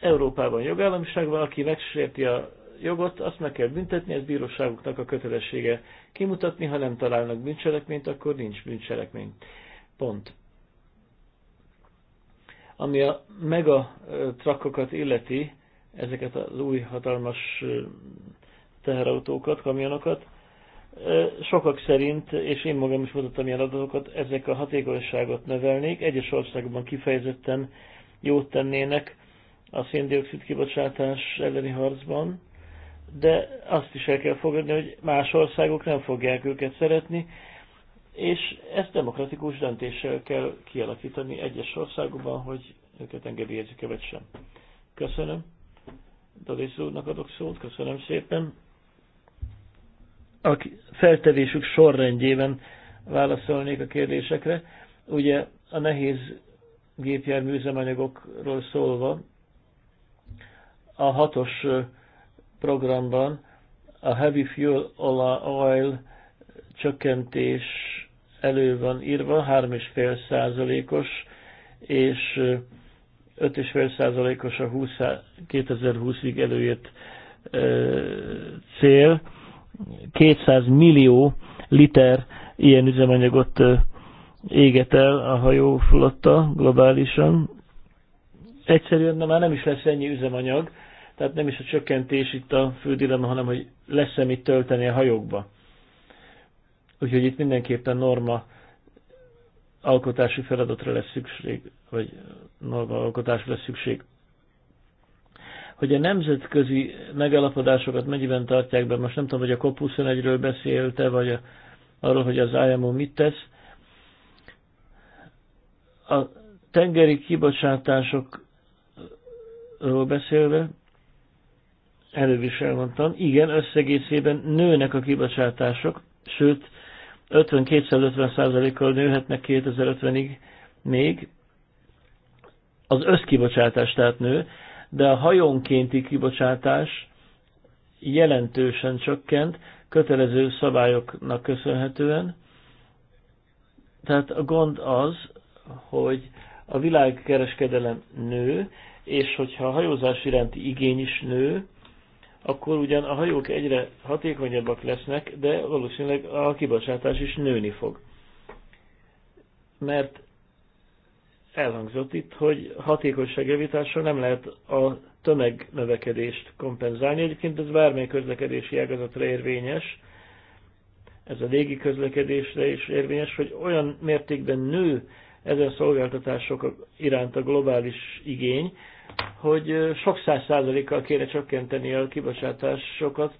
Európában jogállamiság van, aki megsérti a jogot, azt meg kell büntetni, ez bíróságoknak a kötelessége kimutatni, ha nem találnak bűncselekményt, akkor nincs bűncselekmény. Pont. Ami a mega trakkokat illeti, ezeket az új hatalmas teherautókat, kamionokat, Sokak szerint, és én magam is mutattam ilyen adatokat, ezek a hatékonyságot növelnék, egyes országokban kifejezetten jót tennének a széndiokszid kibocsátás elleni harcban, de azt is el kell fogadni, hogy más országok nem fogják őket szeretni, és ezt demokratikus döntéssel kell kialakítani egyes országokban, hogy őket engedélyezik-e vagy sem. Köszönöm. Dalisz úrnak adok szót, köszönöm szépen a feltevésük sorrendjében válaszolnék a kérdésekre. Ugye a nehéz gépjármű üzemanyagokról szólva, a hatos programban a heavy fuel oil csökkentés elő van írva, 3,5 százalékos, és 5,5 százalékos a 2020-ig előírt cél. 200 millió liter ilyen üzemanyagot éget el a hajóflotta globálisan. Egyszerűen de már nem is lesz ennyi üzemanyag, tehát nem is a csökkentés itt a fő dilemma, hanem hogy lesz-e mit tölteni a hajókba. Úgyhogy itt mindenképpen norma alkotási feladatra lesz szükség, vagy norma alkotásra lesz szükség hogy a nemzetközi megállapodásokat mennyiben tartják be, most nem tudom, hogy a COP21-ről beszélte, vagy a, arról, hogy az IMO mit tesz. A tengeri kibocsátásokról beszélve, előbb is elmondtam, igen, összegészében nőnek a kibocsátások, sőt, 52-50%-kal nőhetnek 2050-ig még, az összkibocsátás tehát nő, de a hajónkénti kibocsátás jelentősen csökkent, kötelező szabályoknak köszönhetően. Tehát a gond az, hogy a világkereskedelem nő, és hogyha a hajózás iránti igény is nő, akkor ugyan a hajók egyre hatékonyabbak lesznek, de valószínűleg a kibocsátás is nőni fog. Mert elhangzott itt, hogy hatékonyságjavítással nem lehet a tömegnövekedést kompenzálni. Egyébként ez bármely közlekedési ágazatra érvényes, ez a légi közlekedésre is érvényes, hogy olyan mértékben nő ezen szolgáltatások iránt a globális igény, hogy sok száz százalékkal kéne csökkenteni a kibocsátásokat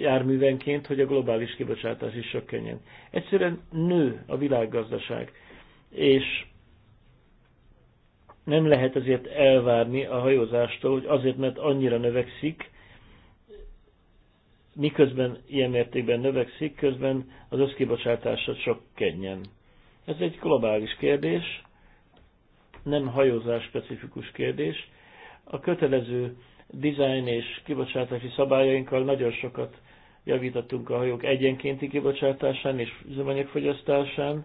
járművenként, hogy a globális kibocsátás is csökkenjen. Egyszerűen nő a világgazdaság, és nem lehet azért elvárni a hajózástól, hogy azért, mert annyira növekszik, miközben ilyen mértékben növekszik, közben az összkibocsátása kenjen. Ez egy globális kérdés, nem hajózás specifikus kérdés. A kötelező dizájn és kibocsátási szabályainkkal nagyon sokat javítottunk a hajók egyenkénti kibocsátásán és üzemanyagfogyasztásán,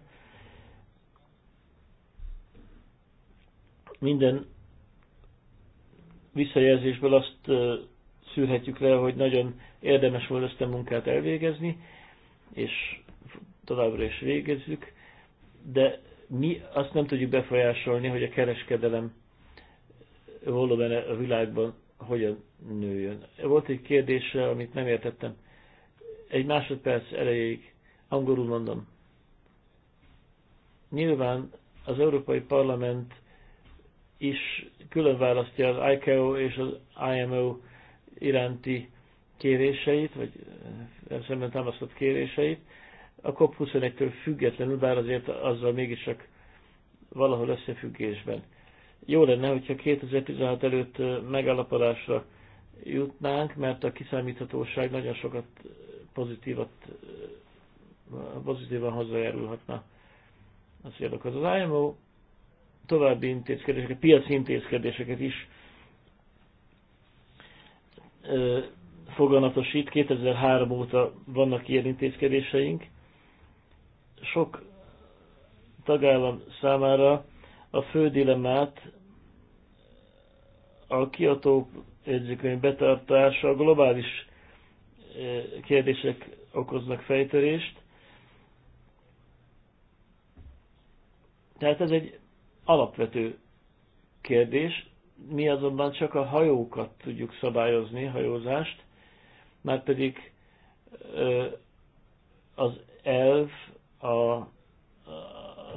minden visszajelzésből azt szűrhetjük le, hogy nagyon érdemes volt ezt a munkát elvégezni, és továbbra is végezzük, de mi azt nem tudjuk befolyásolni, hogy a kereskedelem valóban a világban hogyan nőjön. Volt egy kérdésre, amit nem értettem. Egy másodperc elejéig angolul mondom. Nyilván az Európai Parlament is külön választja az ICAO és az IMO iránti kéréseit, vagy szemben támasztott kéréseit, a COP21-től függetlenül, bár azért azzal mégiscsak valahol összefüggésben. Jó lenne, hogyha 2016 előtt megállapodásra jutnánk, mert a kiszámíthatóság nagyon sokat pozitívat, pozitívan hozzájárulhatna a célokhoz. Az IMO további intézkedéseket, piaci intézkedéseket is foganatosít. 2003 óta vannak ilyen intézkedéseink. Sok tagállam számára a fő dilemmát a kiató jegyzőkönyv betartása a globális kérdések okoznak fejtörést. Tehát ez egy alapvető kérdés. Mi azonban csak a hajókat tudjuk szabályozni, hajózást, mert pedig az elv a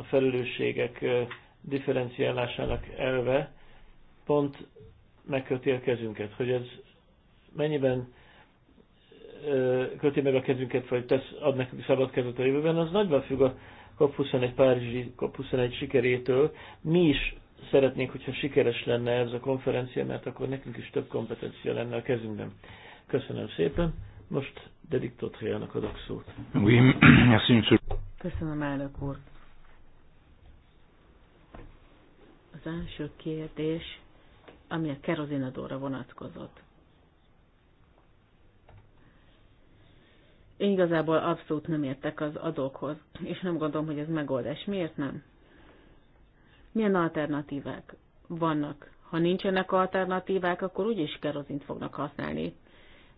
felelősségek differenciálásának elve pont megköti a kezünket, hogy ez mennyiben köti meg a kezünket, vagy tesz, ad nekünk szabad kezet a jövőben, az nagyban függ a COP21 Párizsi COP21 sikerétől. Mi is szeretnénk, hogyha sikeres lenne ez a konferencia, mert akkor nekünk is több kompetencia lenne a kezünkben. Köszönöm szépen. Most Dedik Totriának adok szót. Köszönöm, elnök úr. Az első kérdés, ami a kerozinadóra vonatkozott. igazából abszolút nem értek az adókhoz, és nem gondolom, hogy ez megoldás. Miért nem? Milyen alternatívák vannak? Ha nincsenek alternatívák, akkor úgyis kerozint fognak használni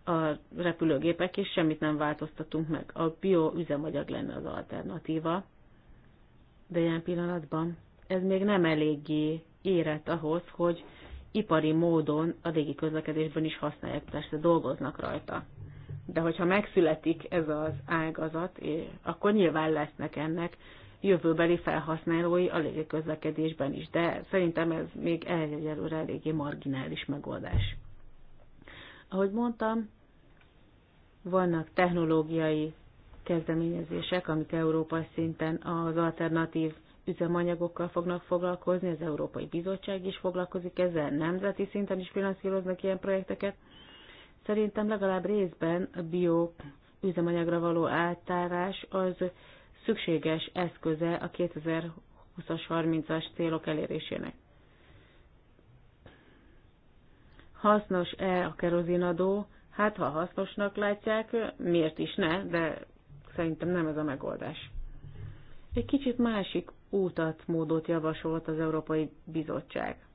a repülőgépek, és semmit nem változtatunk meg. A bioüzemanyag lenne az alternatíva, de ilyen pillanatban ez még nem eléggé érett ahhoz, hogy ipari módon a légi közlekedésben is használják, persze dolgoznak rajta de hogyha megszületik ez az ágazat, akkor nyilván lesznek ennek jövőbeli felhasználói a légiközlekedésben is, de szerintem ez még egyelőre eléggé marginális megoldás. Ahogy mondtam, vannak technológiai kezdeményezések, amik Európa szinten az alternatív üzemanyagokkal fognak foglalkozni, az Európai Bizottság is foglalkozik ezzel, nemzeti szinten is finanszíroznak ilyen projekteket, Szerintem legalább részben a bio üzemanyagra való átállás az szükséges eszköze a 2020-as, 30-as célok elérésének. Hasznos-e a kerozinadó? Hát, ha hasznosnak látják, miért is ne, de szerintem nem ez a megoldás. Egy kicsit másik útat, módot javasolt az Európai Bizottság.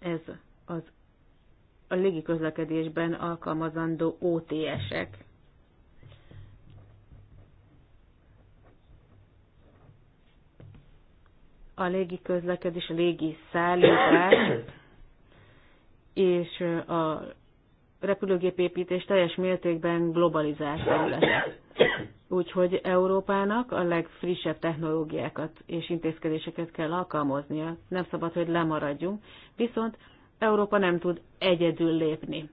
Ez az a légiközlekedésben alkalmazandó OTS-ek. A légiközlekedés, a légi szállítás és a repülőgépépítés teljes mértékben globalizált területek. Úgyhogy Európának a legfrissebb technológiákat és intézkedéseket kell alkalmaznia, nem szabad, hogy lemaradjunk, viszont Európa nem tud egyedül lépni.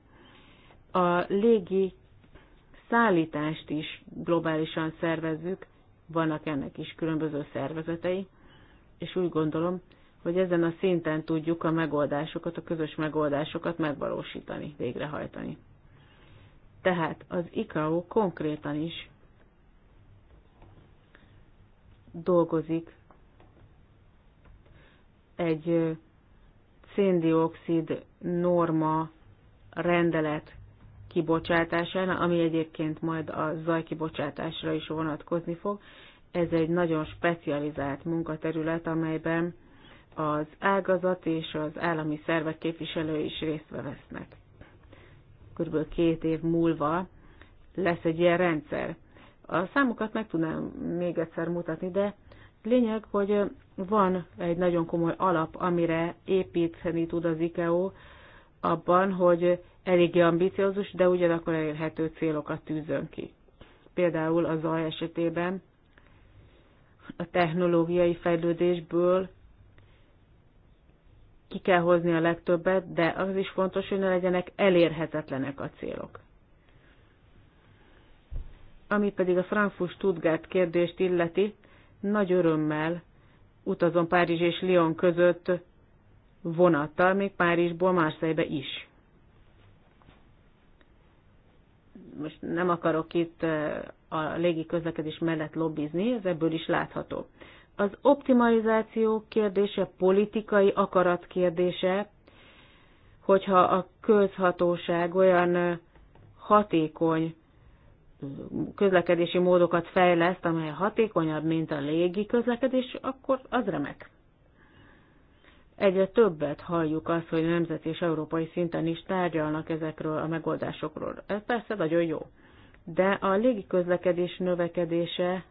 A légi szállítást is globálisan szervezzük, vannak ennek is különböző szervezetei, és úgy gondolom, hogy ezen a szinten tudjuk a megoldásokat, a közös megoldásokat megvalósítani, végrehajtani. Tehát az ICAO konkrétan is dolgozik egy széndiokszid norma rendelet kibocsátására, ami egyébként majd a zajkibocsátásra is vonatkozni fog. Ez egy nagyon specializált munkaterület, amelyben az ágazat és az állami szervek képviselői is részt vesznek. Körülbelül két év múlva lesz egy ilyen rendszer. A számokat meg tudnám még egyszer mutatni, de Lényeg, hogy van egy nagyon komoly alap, amire építeni tud az IKEO abban, hogy eléggé ambiciózus, de ugyanakkor elérhető célokat tűzön ki. Például a zaj esetében a technológiai fejlődésből ki kell hozni a legtöbbet, de az is fontos, hogy ne legyenek elérhetetlenek a célok. Ami pedig a Frankfurt Stuttgart kérdést illeti, nagy örömmel utazom Párizs és Lyon között vonattal, még Párizsból Marseille-be is. Most nem akarok itt eh, a légi közlekedés mellett lobbizni, ez ebből is látható. Az optimalizáció kérdése, politikai akarat kérdése, hogyha a közhatóság olyan eh, hatékony közlekedési módokat fejleszt, amely hatékonyabb, mint a légi közlekedés, akkor az remek. Egyre többet halljuk azt, hogy nemzeti és európai szinten is tárgyalnak ezekről a megoldásokról. Ez persze nagyon jó. De a légi közlekedés növekedése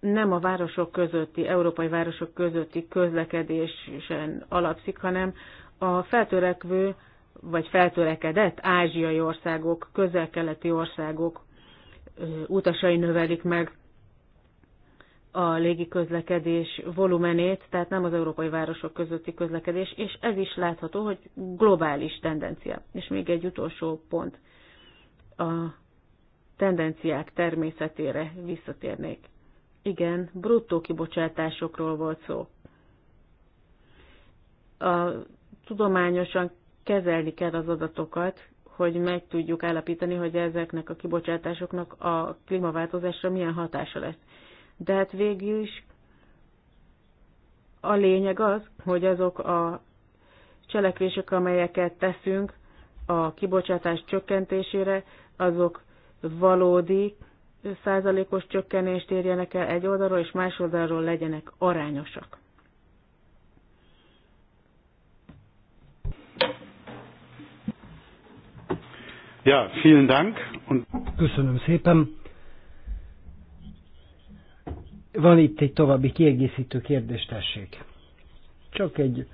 nem a városok közötti, európai városok közötti közlekedésen alapszik, hanem a feltörekvő vagy feltörekedett ázsiai országok, közel-keleti országok utasai növelik meg a légiközlekedés volumenét, tehát nem az európai városok közötti közlekedés, és ez is látható, hogy globális tendencia. És még egy utolsó pont. A tendenciák természetére visszatérnék. Igen, bruttó kibocsátásokról volt szó. A tudományosan kezelni kell az adatokat, hogy meg tudjuk állapítani, hogy ezeknek a kibocsátásoknak a klímaváltozásra milyen hatása lesz. De hát végül is a lényeg az, hogy azok a cselekvések, amelyeket teszünk a kibocsátás csökkentésére, azok valódi százalékos csökkenést érjenek el egy oldalról, és más oldalról legyenek arányosak. Ja, vielen Dank. Und Köszönöm szépen. Van itt egy további kiegészítő kérdés, tessék. Csak egy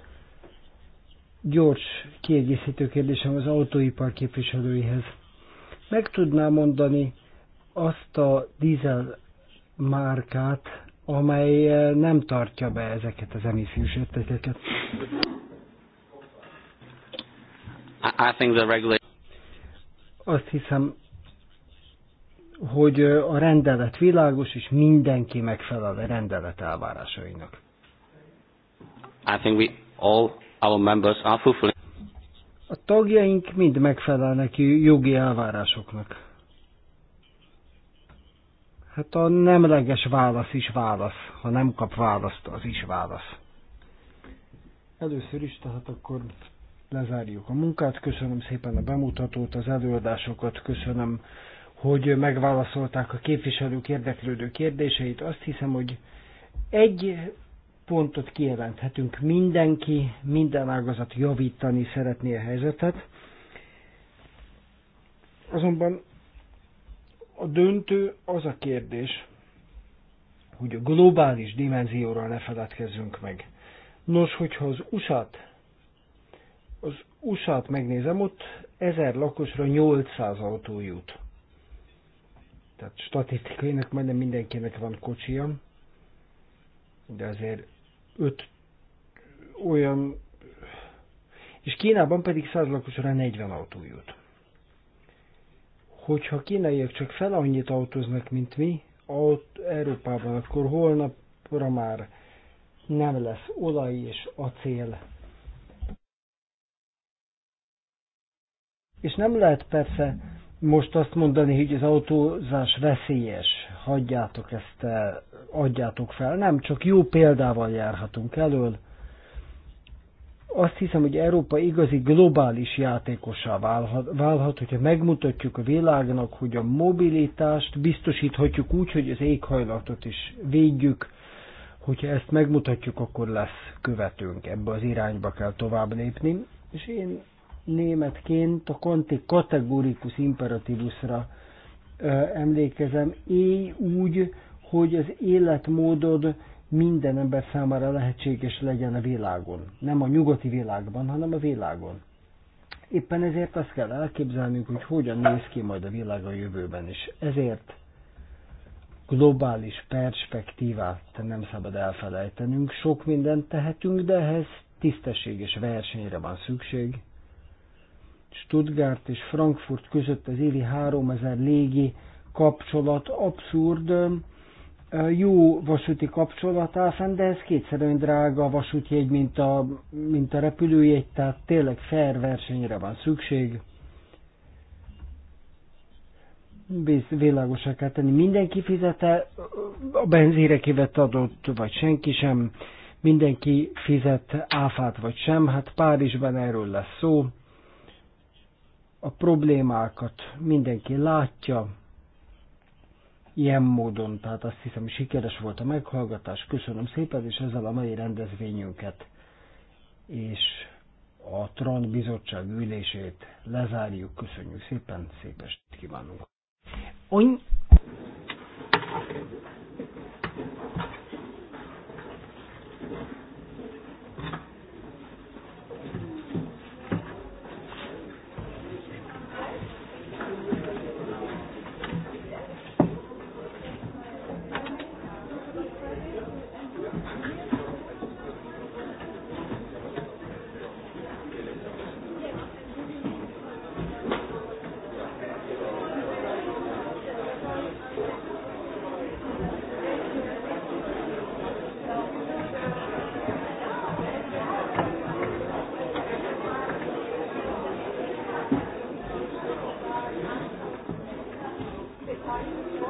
gyors kiegészítő kérdésem az autóipar képviselőihez. Meg tudná mondani azt a dízel márkát, amely nem tartja be ezeket az emissziós ötleteket? I think the regulation azt hiszem, hogy a rendelet világos, és mindenki megfelel a rendelet elvárásainak. I think we all our members are fulfilling. A tagjaink mind megfelelnek jogi elvárásoknak. Hát a nemleges válasz is válasz. Ha nem kap választ, az is válasz. Először is, tehát akkor lezárjuk a munkát. Köszönöm szépen a bemutatót, az előadásokat, köszönöm, hogy megválaszolták a képviselők érdeklődő kérdéseit. Azt hiszem, hogy egy pontot kijelenthetünk. Mindenki, minden ágazat javítani szeretné a helyzetet. Azonban a döntő az a kérdés, hogy a globális dimenzióra ne feledkezzünk meg. Nos, hogyha az usa USA-t megnézem, ott 1000 lakosra 800 autó jut. Tehát statisztikainak majdnem mindenkinek van kocsia, de azért 5 olyan, és Kínában pedig 100 lakosra 40 autó jut. Hogyha kínaiak csak fel annyit autóznak, mint mi, ott Európában, akkor holnapra már nem lesz olaj és acél És nem lehet persze most azt mondani, hogy az autózás veszélyes, hagyjátok ezt, adjátok fel. Nem, csak jó példával járhatunk elől. Azt hiszem, hogy Európa igazi globális játékossá válhat, válhat, hogyha megmutatjuk a világnak, hogy a mobilitást biztosíthatjuk úgy, hogy az éghajlatot is védjük. Hogyha ezt megmutatjuk, akkor lesz követünk. Ebbe az irányba kell tovább lépni. És én németként a konti kategorikus imperatívusra emlékezem. Éj úgy, hogy az életmódod minden ember számára lehetséges legyen a világon. Nem a nyugati világban, hanem a világon. Éppen ezért azt kell elképzelnünk, hogy hogyan néz ki majd a világ a jövőben is. Ezért globális perspektívát nem szabad elfelejtenünk. Sok mindent tehetünk, de ehhez tisztességes versenyre van szükség. Stuttgart és Frankfurt között az évi 3000 légi kapcsolat abszurd, jó vasúti kapcsolat áll fenn, de ez kétszer olyan drága a vasútjegy, mint a, mint a repülőjegy, tehát tényleg fair versenyre van szükség. Világosra kell tenni, mindenki fizete, a benzére kivett adott, vagy senki sem, mindenki fizet áfát, vagy sem, hát Párizsban erről lesz szó a problémákat mindenki látja, ilyen módon, tehát azt hiszem sikeres volt a meghallgatás, köszönöm szépen, és ezzel a mai rendezvényünket és a Tron bizottság ülését lezárjuk, köszönjük szépen, szép estét kívánunk!